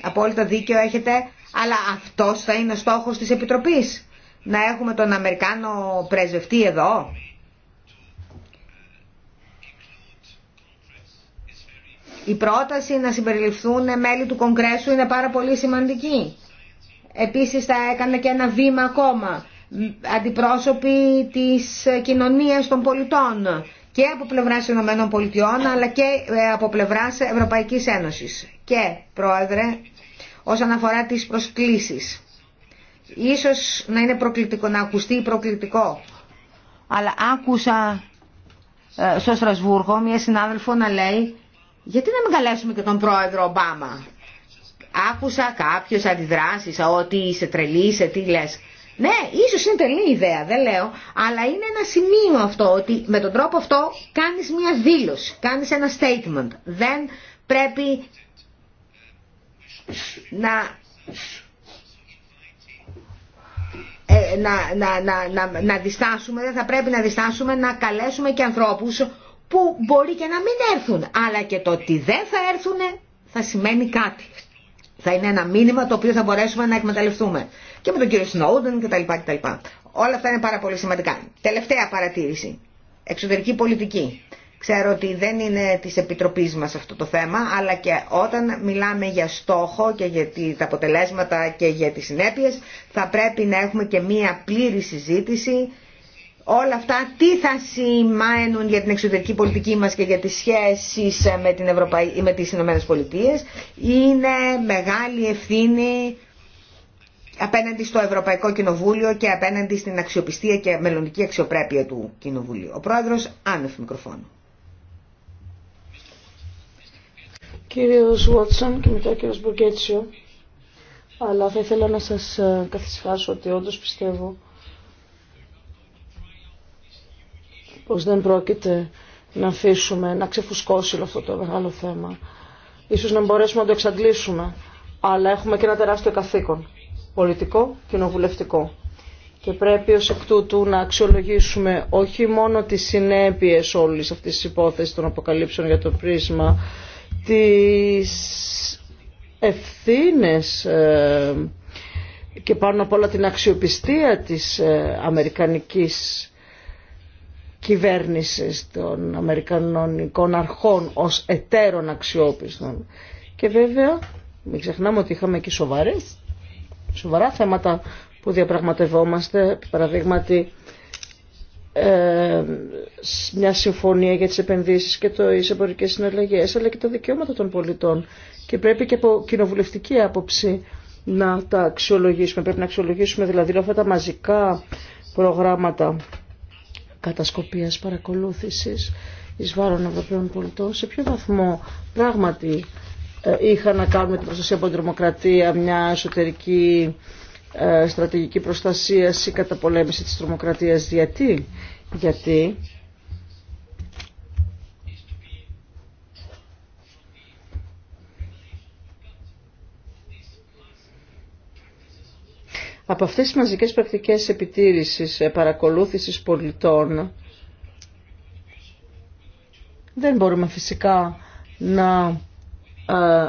Speaker 2: απόλυτα δίκαιο έχετε, αλλά αυτός θα είναι ο στόχος της Επιτροπής. Να έχουμε τον Αμερικάνο πρεσβευτή εδώ. Η πρόταση να συμπεριληφθούν μέλη του Κογκρέσου είναι πάρα πολύ σημαντική. Επίσης θα έκανα και ένα βήμα ακόμα. Αντιπρόσωποι της κοινωνίας των πολιτών και από πλευράς Ηνωμένων Πολιτειών αλλά και ε, από πλευράς Ευρωπαϊκής Ένωσης. Και, Πρόεδρε, όσον αφορά τις προσκλήσεις. Ίσως να είναι προκλητικό, να ακουστεί προκλητικό. Αλλά άκουσα ε, στο Στρασβούργο μια συνάδελφο να λέει γιατί να μην και τον πρόεδρο Ομπάμα άκουσα κάποιες αντιδράσεις ότι είσαι τρελή, είσαι τι λες. Ναι, ίσως είναι τρελή ιδέα, δεν λέω, αλλά είναι ένα σημείο αυτό ότι με τον τρόπο αυτό κάνεις μια δήλωση, κάνεις ένα statement. Δεν πρέπει να να, να, να, να, να διστάσουμε, δεν θα πρέπει να διστάσουμε να καλέσουμε και ανθρώπους που μπορεί και να μην έρθουν, αλλά και το ότι δεν θα έρθουν θα σημαίνει κάτι θα είναι ένα μήνυμα το οποίο θα μπορέσουμε να εκμεταλλευτούμε. Και με τον κύριο Σνόουντεν κτλ. κτλ. Όλα αυτά είναι πάρα πολύ σημαντικά. Τελευταία παρατήρηση. Εξωτερική πολιτική. Ξέρω ότι δεν είναι της Επιτροπής μας αυτό το θέμα, αλλά και όταν μιλάμε για στόχο και για τα αποτελέσματα και για τις συνέπειες, θα πρέπει να έχουμε και μία πλήρη συζήτηση όλα αυτά τι θα σημαίνουν για την εξωτερική πολιτική μας και για τις σχέσεις ε, με, την Ευρωπαϊ... με τις Ηνωμένες Πολιτείες είναι μεγάλη ευθύνη απέναντι στο Ευρωπαϊκό Κοινοβούλιο και απέναντι στην αξιοπιστία και μελλοντική αξιοπρέπεια του Κοινοβουλίου. Ο Πρόεδρος άνευ μικροφώνου.
Speaker 1: Κύριος Βότσαν και μετά κύριος Μπουργκέτσιο, αλλά θα ήθελα να σας ε, καθιστάσω ότι όντως πιστεύω πως δεν πρόκειται να αφήσουμε να ξεφουσκώσει όλο αυτό το μεγάλο θέμα. Ίσως να μπορέσουμε να το εξαντλήσουμε, αλλά έχουμε και ένα τεράστιο καθήκον, πολιτικό, κοινοβουλευτικό. Και πρέπει ως εκ τούτου να αξιολογήσουμε όχι μόνο τις συνέπειες όλης αυτής της υπόθεσης των αποκαλύψεων για το πρίσμα, τις ευθύνες ε, και πάνω απ' όλα την αξιοπιστία της ε, αμερικανικής κυβέρνησης των Αμερικανικών αρχών ως εταίρων αξιόπιστων. Και βέβαια, μην ξεχνάμε ότι είχαμε και σοβαρές, σοβαρά θέματα που διαπραγματευόμαστε, παραδείγματι ε, μια συμφωνία για τις επενδύσεις και το, τις εμπορικές συναλλαγές, αλλά και τα δικαιώματα των πολιτών. Και πρέπει και από κοινοβουλευτική άποψη να τα αξιολογήσουμε. Πρέπει να αξιολογήσουμε δηλαδή όλα αυτά τα μαζικά προγράμματα κατασκοπίας παρακολούθησης εις βάρον Ευρωπαίων πολιτών, σε ποιο βαθμό πράγματι ε, είχαν να κάνουν την προστασία από την τρομοκρατία, μια εσωτερική ε, στρατηγική προστασία ή καταπολέμηση της τρομοκρατίας. Γιατί, γιατί από αυτές τις μαζικές πρακτικές επιτήρησης, ε, παρακολούθησης πολιτών, δεν μπορούμε φυσικά να ε,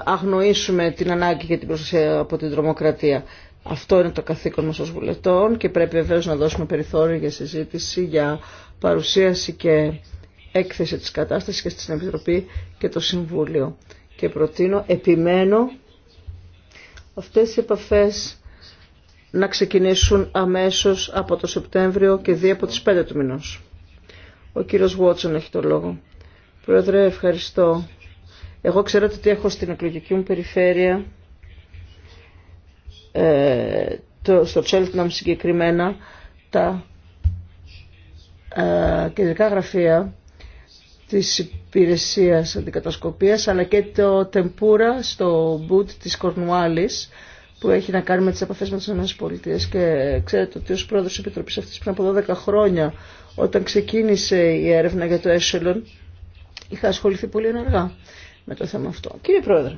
Speaker 1: αγνοήσουμε την ανάγκη για την προστασία από την τρομοκρατία. Αυτό είναι το καθήκον μας ως βουλευτών και πρέπει βεβαίως να δώσουμε περιθώριο για συζήτηση, για παρουσίαση και έκθεση της κατάστασης και στην Επιτροπή και το Συμβούλιο. Και προτείνω, επιμένω, αυτές οι επαφές να ξεκινήσουν αμέσως από το Σεπτέμβριο και δύο από τις 5 του μηνός. Ο κύριος Βότσον έχει το λόγο. Πρόεδρε, ευχαριστώ. Εγώ ξέρω ότι έχω στην εκλογική μου περιφέρεια, ε, το, στο Τσέλτναμ συγκεκριμένα, τα ε, κεντρικά γραφεία της υπηρεσίας αντικατασκοπίας, αλλά και το τεμπούρα στο μπουτ της Κορνουάλης, που έχει να κάνει με τι επαφέ με τι ΗΠΑ και ξέρετε ότι ως πρόεδρος της Επιτροπής αυτής πριν από 12 χρόνια όταν ξεκίνησε η έρευνα για το Echelon είχα ασχοληθεί πολύ ενεργά με το θέμα αυτό. Κύριε Πρόεδρε,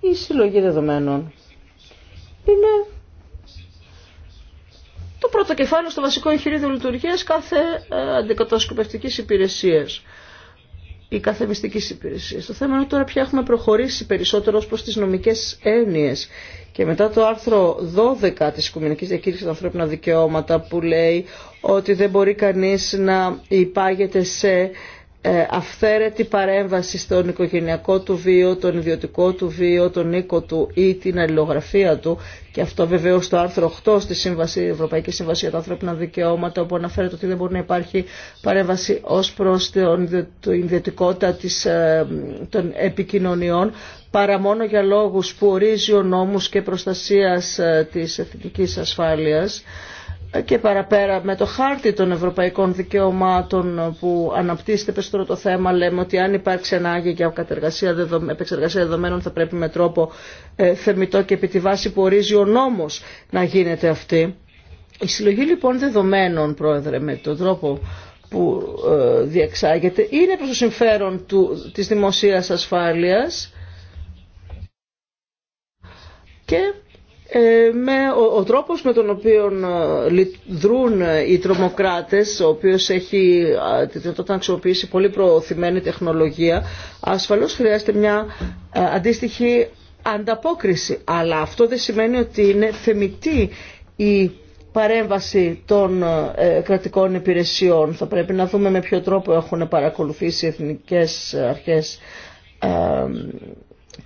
Speaker 1: η συλλογή δεδομένων είναι το πρώτο κεφάλαιο στο βασικό εγχειρίδιο λειτουργία κάθε ε, αντικατασκοπευτική υπηρεσία κάθε καθεμιστικές υπηρεσίες. Το θέμα είναι τώρα πια έχουμε προχωρήσει περισσότερο ως προς τις νομικές έννοιες. Και μετά το άρθρο 12 της Οικουμενικής Διακήρυξης των Ανθρώπινων Δικαιώματα που λέει ότι δεν μπορεί κανείς να υπάγεται σε ε, αυθαίρετη παρέμβαση στον οικογενειακό του βίο, τον ιδιωτικό του βίο, τον οίκο του ή την αλληλογραφία του και αυτό βεβαίω στο άρθρο 8 στη Σύμβαση, Ευρωπαϊκή Σύμβαση για τα Ανθρώπινα Δικαιώματα όπου αναφέρεται ότι δεν μπορεί να υπάρχει παρέμβαση ως προς την ιδιωτικότητα της, ε, των επικοινωνιών παρά μόνο για λόγους που ορίζει ο νόμος και προστασίας ε, της εθνικής ασφάλειας και παραπέρα με το χάρτη των ευρωπαϊκών δικαιωμάτων που αναπτύσσεται περισσότερο το θέμα λέμε ότι αν υπάρξει ανάγκη για επεξεργασία δεδομένων θα πρέπει με τρόπο ε, θεμητό και επί τη βάση που ορίζει ο νόμος να γίνεται αυτή. Η συλλογή λοιπόν δεδομένων, Πρόεδρε, με τον τρόπο που ε, διεξάγεται είναι προς το συμφέρον του, της δημοσίας ασφάλειας και ε, με, ο, τρόπος με τον οποίο ε, λειτουργούν ε, οι τρομοκράτες, ο οποίος έχει τη δυνατότητα να αξιοποιήσει πολύ προωθημένη τεχνολογία, ασφαλώς χρειάζεται μια αντίστοιχη ανταπόκριση. Αλλά αυτό δεν σημαίνει ότι είναι θεμητή η παρέμβαση των κρατικών υπηρεσιών. Θα πρέπει να δούμε με ποιο τρόπο έχουν παρακολουθήσει οι εθνικές αρχές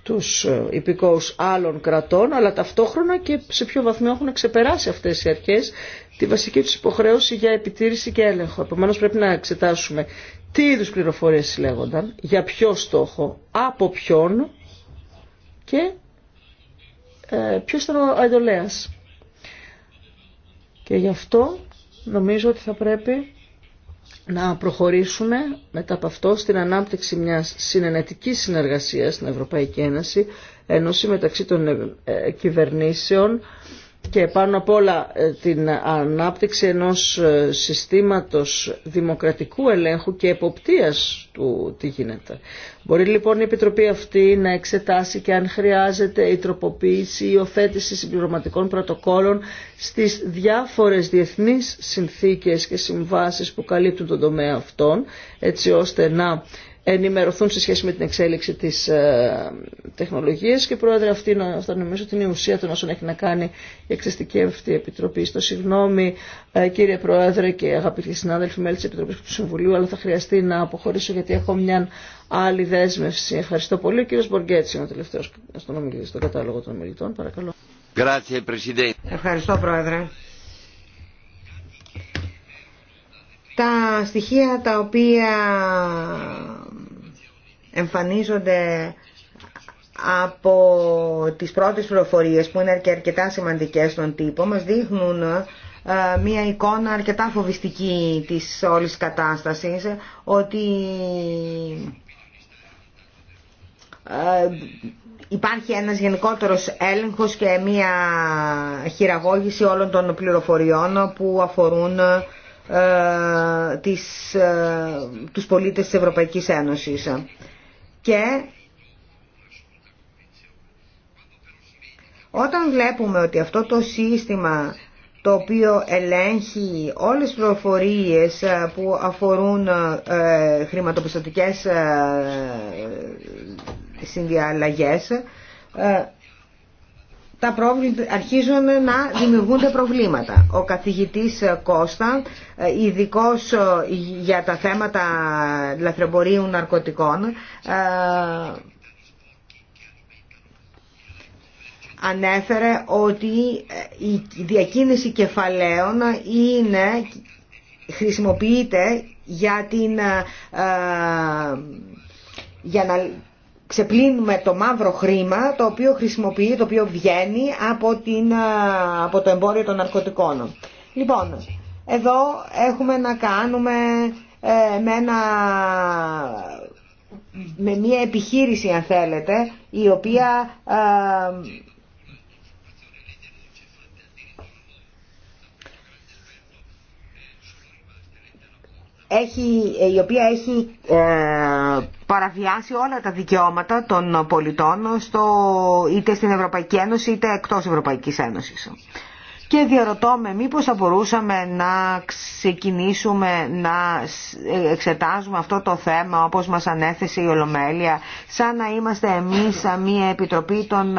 Speaker 1: τους ε, υπηκόους άλλων κρατών, αλλά ταυτόχρονα και σε ποιο βαθμό έχουν ξεπεράσει αυτές οι αρχές τη βασική τους υποχρέωση για επιτήρηση και έλεγχο. Επομένω πρέπει να εξετάσουμε τι είδους πληροφορίες συλλέγονταν, για ποιο στόχο, από ποιον και ε, ποιος ήταν ο εντολέας. Και γι' αυτό νομίζω ότι θα πρέπει να προχωρήσουμε μετά από αυτό στην ανάπτυξη μιας συνενετικής συνεργασίας στην Ευρωπαϊκή Ένωση, Ένωση μεταξύ των ε, κυβερνήσεων, και πάνω απ' όλα ε, την ανάπτυξη ενός ε, συστήματος δημοκρατικού ελέγχου και εποπτείας του τι γίνεται. Μπορεί λοιπόν η Επιτροπή αυτή να εξετάσει και αν χρειάζεται η τροποποίηση ή οθέτηση συμπληρωματικών πρωτοκόλων στις διάφορες διεθνείς συνθήκες και συμβάσεις που καλύπτουν τον τομέα αυτών, έτσι ώστε να ενημερωθούν σε σχέση με την εξέλιξη της ε, τεχνολογίας και πρόεδρε αυτή, νομίζω ότι είναι η ουσία των όσων έχει να κάνει η εξαιστική αυτή επιτροπή. Στο συγγνώμη ε, κύριε πρόεδρε και αγαπητοί συνάδελφοι μέλη της Επιτροπής του Συμβουλίου αλλά θα χρειαστεί να αποχωρήσω γιατί έχω μια άλλη δέσμευση. Ευχαριστώ πολύ. Ο κύριος Μποργκέτσι είναι ο τελευταίος στον, στο κατάλογο των ομιλητών. Παρακαλώ. Ευχαριστώ πρόεδρε.
Speaker 2: Τα στοιχεία τα οποία εμφανίζονται από τις πρώτες πληροφορίες που είναι αρκετά σημαντικές στον τύπο μας δείχνουν ε, μία εικόνα αρκετά φοβιστική της όλης κατάστασης ότι ε, υπάρχει ένας γενικότερος έλεγχος και μία χειραγώγηση όλων των πληροφοριών που αφορούν ε, τις, τους πολίτες της Ευρωπαϊκής Ένωσης και όταν βλέπουμε ότι αυτό το σύστημα το οποίο ελέγχει όλες τις προφορίες ε, που αφορούν ε, χρηματοπιστωτικές ε, συνδιαλλαγές τα αρχίζουν να δημιουργούνται προβλήματα. Ο καθηγητής ε, Κώστα, ε, ειδικό ε, για τα θέματα λαθρεμπορίου ναρκωτικών, ανέφερε ότι η διακίνηση κεφαλαίων είναι, χρησιμοποιείται για την για να ξεπλύνουμε το μαύρο χρήμα το οποίο χρησιμοποιεί, το οποίο βγαίνει από, την, από το εμπόριο των ναρκωτικών. Λοιπόν, εδώ έχουμε να κάνουμε ε, με, μια επιχείρηση αν θέλετε η οποία ε, έχει, η οποία έχει ε, παραβιάσει όλα τα δικαιώματα των πολιτών στο, είτε στην Ευρωπαϊκή Ένωση είτε εκτός Ευρωπαϊκής Ένωσης και διαρωτώ με μήπως θα μπορούσαμε να ξεκινήσουμε να εξετάζουμε αυτό το θέμα όπως μας ανέθεσε η Ολομέλεια σαν να είμαστε εμείς μια επιτροπή των,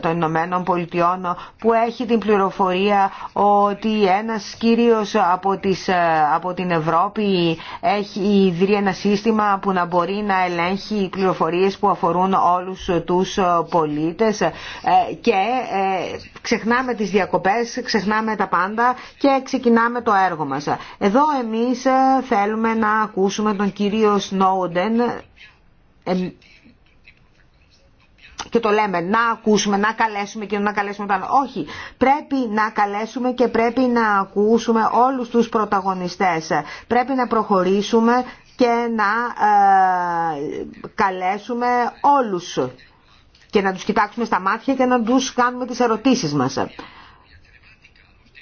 Speaker 2: των Ηνωμένων Πολιτειών που έχει την πληροφορία ότι ένας κύριος από, τις, από την Ευρώπη έχει ιδρύει ένα σύστημα που να μπορεί να ελέγχει πληροφορίες που αφορούν όλους τους πολίτες ε, και ε, ξεχνάμε τις διακοπές, ξεχνάμε τα πάντα και ξεκινάμε το έργο μας. Εδώ εμείς ε, θέλουμε να ακούσουμε τον κύριο Σνόουντεν και το λέμε να ακούσουμε, να καλέσουμε και να καλέσουμε ταν Όχι, πρέπει να καλέσουμε και πρέπει να ακούσουμε όλους τους πρωταγωνιστές. Πρέπει να προχωρήσουμε και να ε, καλέσουμε όλους και να τους κοιτάξουμε στα μάτια και να τους κάνουμε τις ερωτήσεις μας.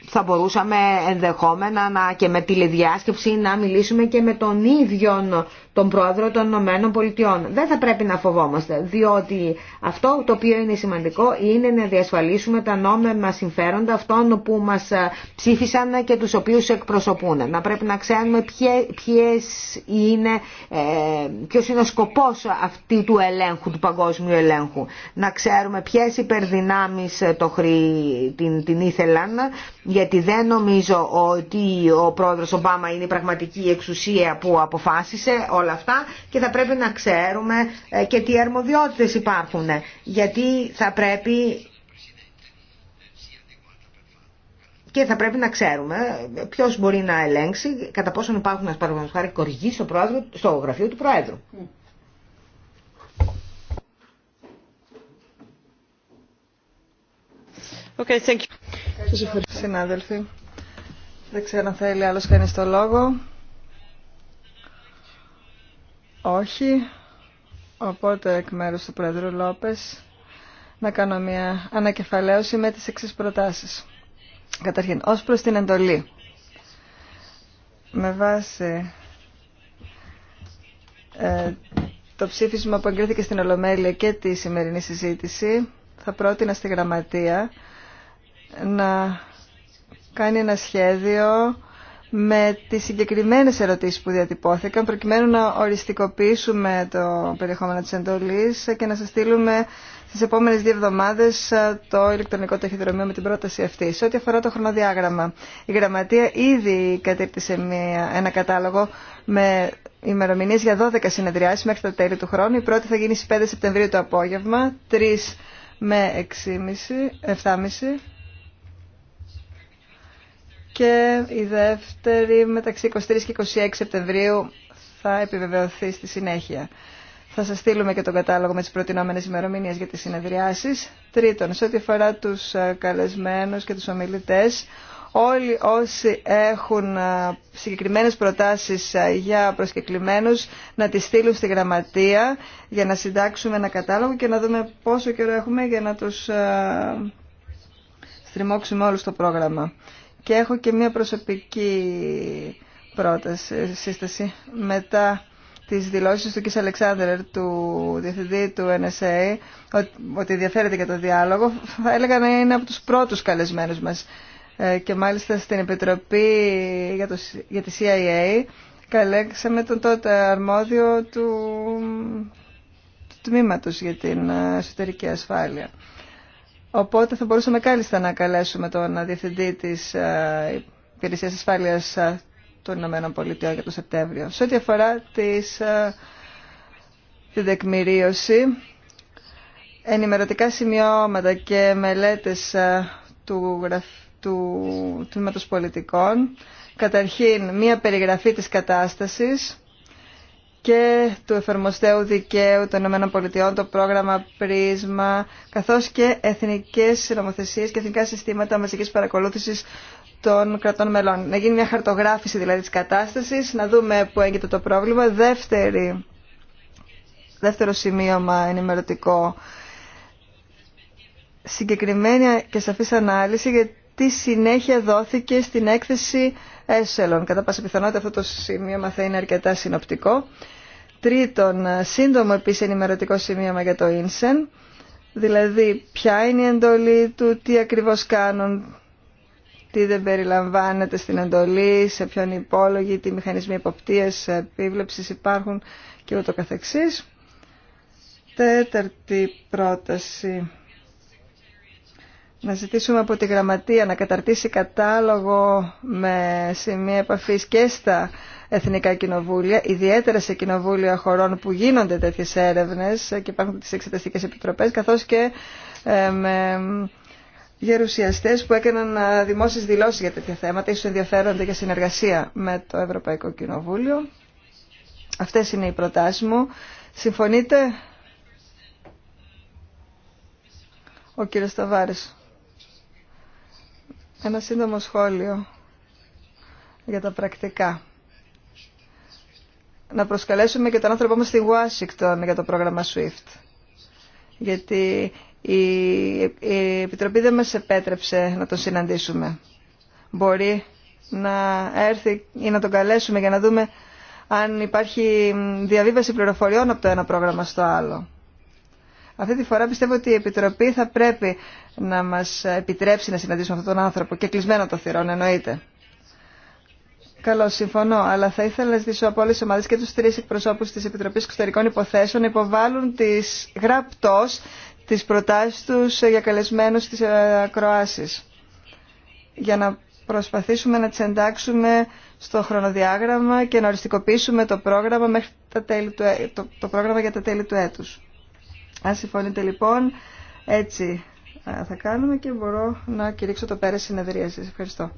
Speaker 2: Θα μπορούσαμε ενδεχόμενα να, και με τηλεδιάσκεψη να μιλήσουμε και με τον ίδιο τον πρόεδρο των Ηνωμένων Πολιτειών. Δεν θα πρέπει να φοβόμαστε, διότι αυτό το οποίο είναι σημαντικό είναι να διασφαλίσουμε τα νόμιμα συμφέροντα αυτών που μας ε, ψήφισαν και τους οποίους εκπροσωπούν. Να πρέπει να ξέρουμε ποιες είναι, ε, ποιος είναι ο σκοπός αυτή του ελέγχου, του παγκόσμιου ελέγχου. Να ξέρουμε ποιες υπερδυνάμεις ε, το την, την ήθελαν, γιατί δεν νομίζω ότι ο πρόεδρος Ομπάμα είναι η πραγματική εξουσία που αποφάσισε όλα αυτά και θα πρέπει να ξέρουμε ε, και τι αρμοδιότητες υπάρχουν. Γιατί θα πρέπει και θα πρέπει να ξέρουμε ε, ποιο μπορεί να ελέγξει κατά πόσον υπάρχουν, α παραδείγματο χάρη, στο, πρόεδρο, στο γραφείο του Προέδρου.
Speaker 3: Okay, thank you. Σας ευχαριστώ, συνάδελφοι. Δεν ξέρω αν θέλει άλλος κανείς το λόγο. Όχι. Οπότε εκ μέρου του Πρόεδρου Λόπε να κάνω μια ανακεφαλαίωση με τις εξή προτάσεις. Καταρχήν, Ω προ την εντολή. Με βάση ε, το ψήφισμα που εγκρίθηκε στην Ολομέλεια και τη σημερινή συζήτηση, θα πρότεινα στη Γραμματεία να κάνει ένα σχέδιο με τις συγκεκριμένες ερωτήσεις που διατυπώθηκαν προκειμένου να οριστικοποιήσουμε το περιεχόμενο της εντολής και να σας στείλουμε στις επόμενες δύο εβδομάδες ε, το ηλεκτρονικό ταχυδρομείο με την πρόταση αυτή. Σε ό,τι αφορά το χρονοδιάγραμμα, η Γραμματεία ήδη κατήρτισε ένα κατάλογο με ημερομηνίε για 12 συνεδριάσεις μέχρι τα τέλη του χρόνου. Η πρώτη θα γίνει στις 5 Σεπτεμβρίου το απόγευμα, 3 με 6,5, 7.30 και η δεύτερη μεταξύ 23 και 26 Σεπτεμβρίου θα επιβεβαιωθεί στη συνέχεια. Θα σας στείλουμε και τον κατάλογο με τις προτινόμενες ημερομηνίες για τις συνεδριάσεις. Τρίτον, σε ό,τι αφορά τους ε, καλεσμένους και τους ομιλητές, όλοι όσοι έχουν ε, συγκεκριμένες προτάσεις ε, για προσκεκλημένους να τις στείλουν στη γραμματεία για να συντάξουμε ένα κατάλογο και να δούμε πόσο καιρό έχουμε για να τους στριμώξουμε όλους το πρόγραμμα. Και έχω και μία προσωπική πρόταση, σύσταση. Μετά τις δηλώσεις του Κις Αλεξάνδρερ, του διευθυντή του NSA, ότι ενδιαφέρεται για το διάλογο, θα έλεγα να είναι από τους πρώτους καλεσμένους μας. Ε, και μάλιστα στην Επιτροπή για, το, για τη CIA καλέξαμε τον τότε αρμόδιο του, του τμήματος για την ε, εσωτερική ασφάλεια. Οπότε θα μπορούσαμε κάλλιστα να καλέσουμε τον Διευθυντή της ε, Υπηρεσίας Ασφάλειας ε, των Ηνωμένων Πολιτειών για τον Σεπτέμβριο. Σε ό,τι αφορά τις, ε, την τεκμηρίωση, ενημερωτικά σημειώματα και μελέτες του, του Τμήματος Πολιτικών, καταρχήν μία περιγραφή της κατάστασης, και του εφαρμοστέου δικαίου των ΗΠΑ, το πρόγραμμα Πρίσμα, καθώς και εθνικές νομοθεσίε και εθνικά συστήματα μαζικής παρακολούθησης των κρατών μελών. Να γίνει μια χαρτογράφηση δηλαδή της κατάστασης, να δούμε που έγινε το πρόβλημα. δεύτερο σημείωμα ενημερωτικό, συγκεκριμένη και σαφής ανάλυση για τι συνέχεια δόθηκε στην έκθεση έσελον. Κατά πάσα πιθανότητα αυτό το σημείωμα θα είναι αρκετά συνοπτικό. Τρίτον, σύντομο επίσης ενημερωτικό σημείωμα για το Ίνσεν, δηλαδή ποια είναι η εντολή του, τι ακριβώς κάνουν, τι δεν περιλαμβάνεται στην εντολή, σε ποιον υπόλογη, τι μηχανισμοί εποπτείας, επίβλεψης υπάρχουν και ούτω καθεξής. Τέταρτη πρόταση να ζητήσουμε από τη Γραμματεία να καταρτήσει κατάλογο με σημεία επαφή και στα Εθνικά Κοινοβούλια, ιδιαίτερα σε κοινοβούλια χωρών που γίνονται τέτοιε έρευνε και υπάρχουν τις εξεταστικές επιτροπές, καθώς και ε, με γερουσιαστές που έκαναν ε, δημόσιες δηλώσεις για τέτοια θέματα, ίσω ενδιαφέρονται για συνεργασία με το Ευρωπαϊκό Κοινοβούλιο. Αυτέ είναι οι προτάσει μου. Συμφωνείτε? Ο κύριος Σταβάρης. Ένα σύντομο σχόλιο για τα πρακτικά. Να προσκαλέσουμε και τον άνθρωπό μας στη Washington για το πρόγραμμα SWIFT. Γιατί η, η Επιτροπή δεν μας επέτρεψε να τον συναντήσουμε. Μπορεί να έρθει ή να τον καλέσουμε για να δούμε αν υπάρχει διαβίβαση πληροφοριών από το ένα πρόγραμμα στο άλλο. Αυτή τη φορά πιστεύω ότι η Επιτροπή θα πρέπει να μας επιτρέψει να συναντήσουμε αυτόν τον άνθρωπο και κλεισμένο το θυρών εννοείται. Καλώ, συμφωνώ. Αλλά θα ήθελα να ζητήσω από όλε τι ομάδε και του τρει εκπροσώπου τη Επιτροπή Εξωτερικών Υποθέσεων να υποβάλουν τι γραπτό τι προτάσει του για καλεσμένου στι ε, ακροάσει. Για να προσπαθήσουμε να τι εντάξουμε στο χρονοδιάγραμμα και να οριστικοποιήσουμε το πρόγραμμα, μέχρι τα τέλη ε, το πρόγραμμα για τα τέλη του έτους. Αν συμφωνείτε λοιπόν, έτσι θα κάνουμε και μπορώ να κηρύξω το πέρα συνεδρίασης. Ευχαριστώ.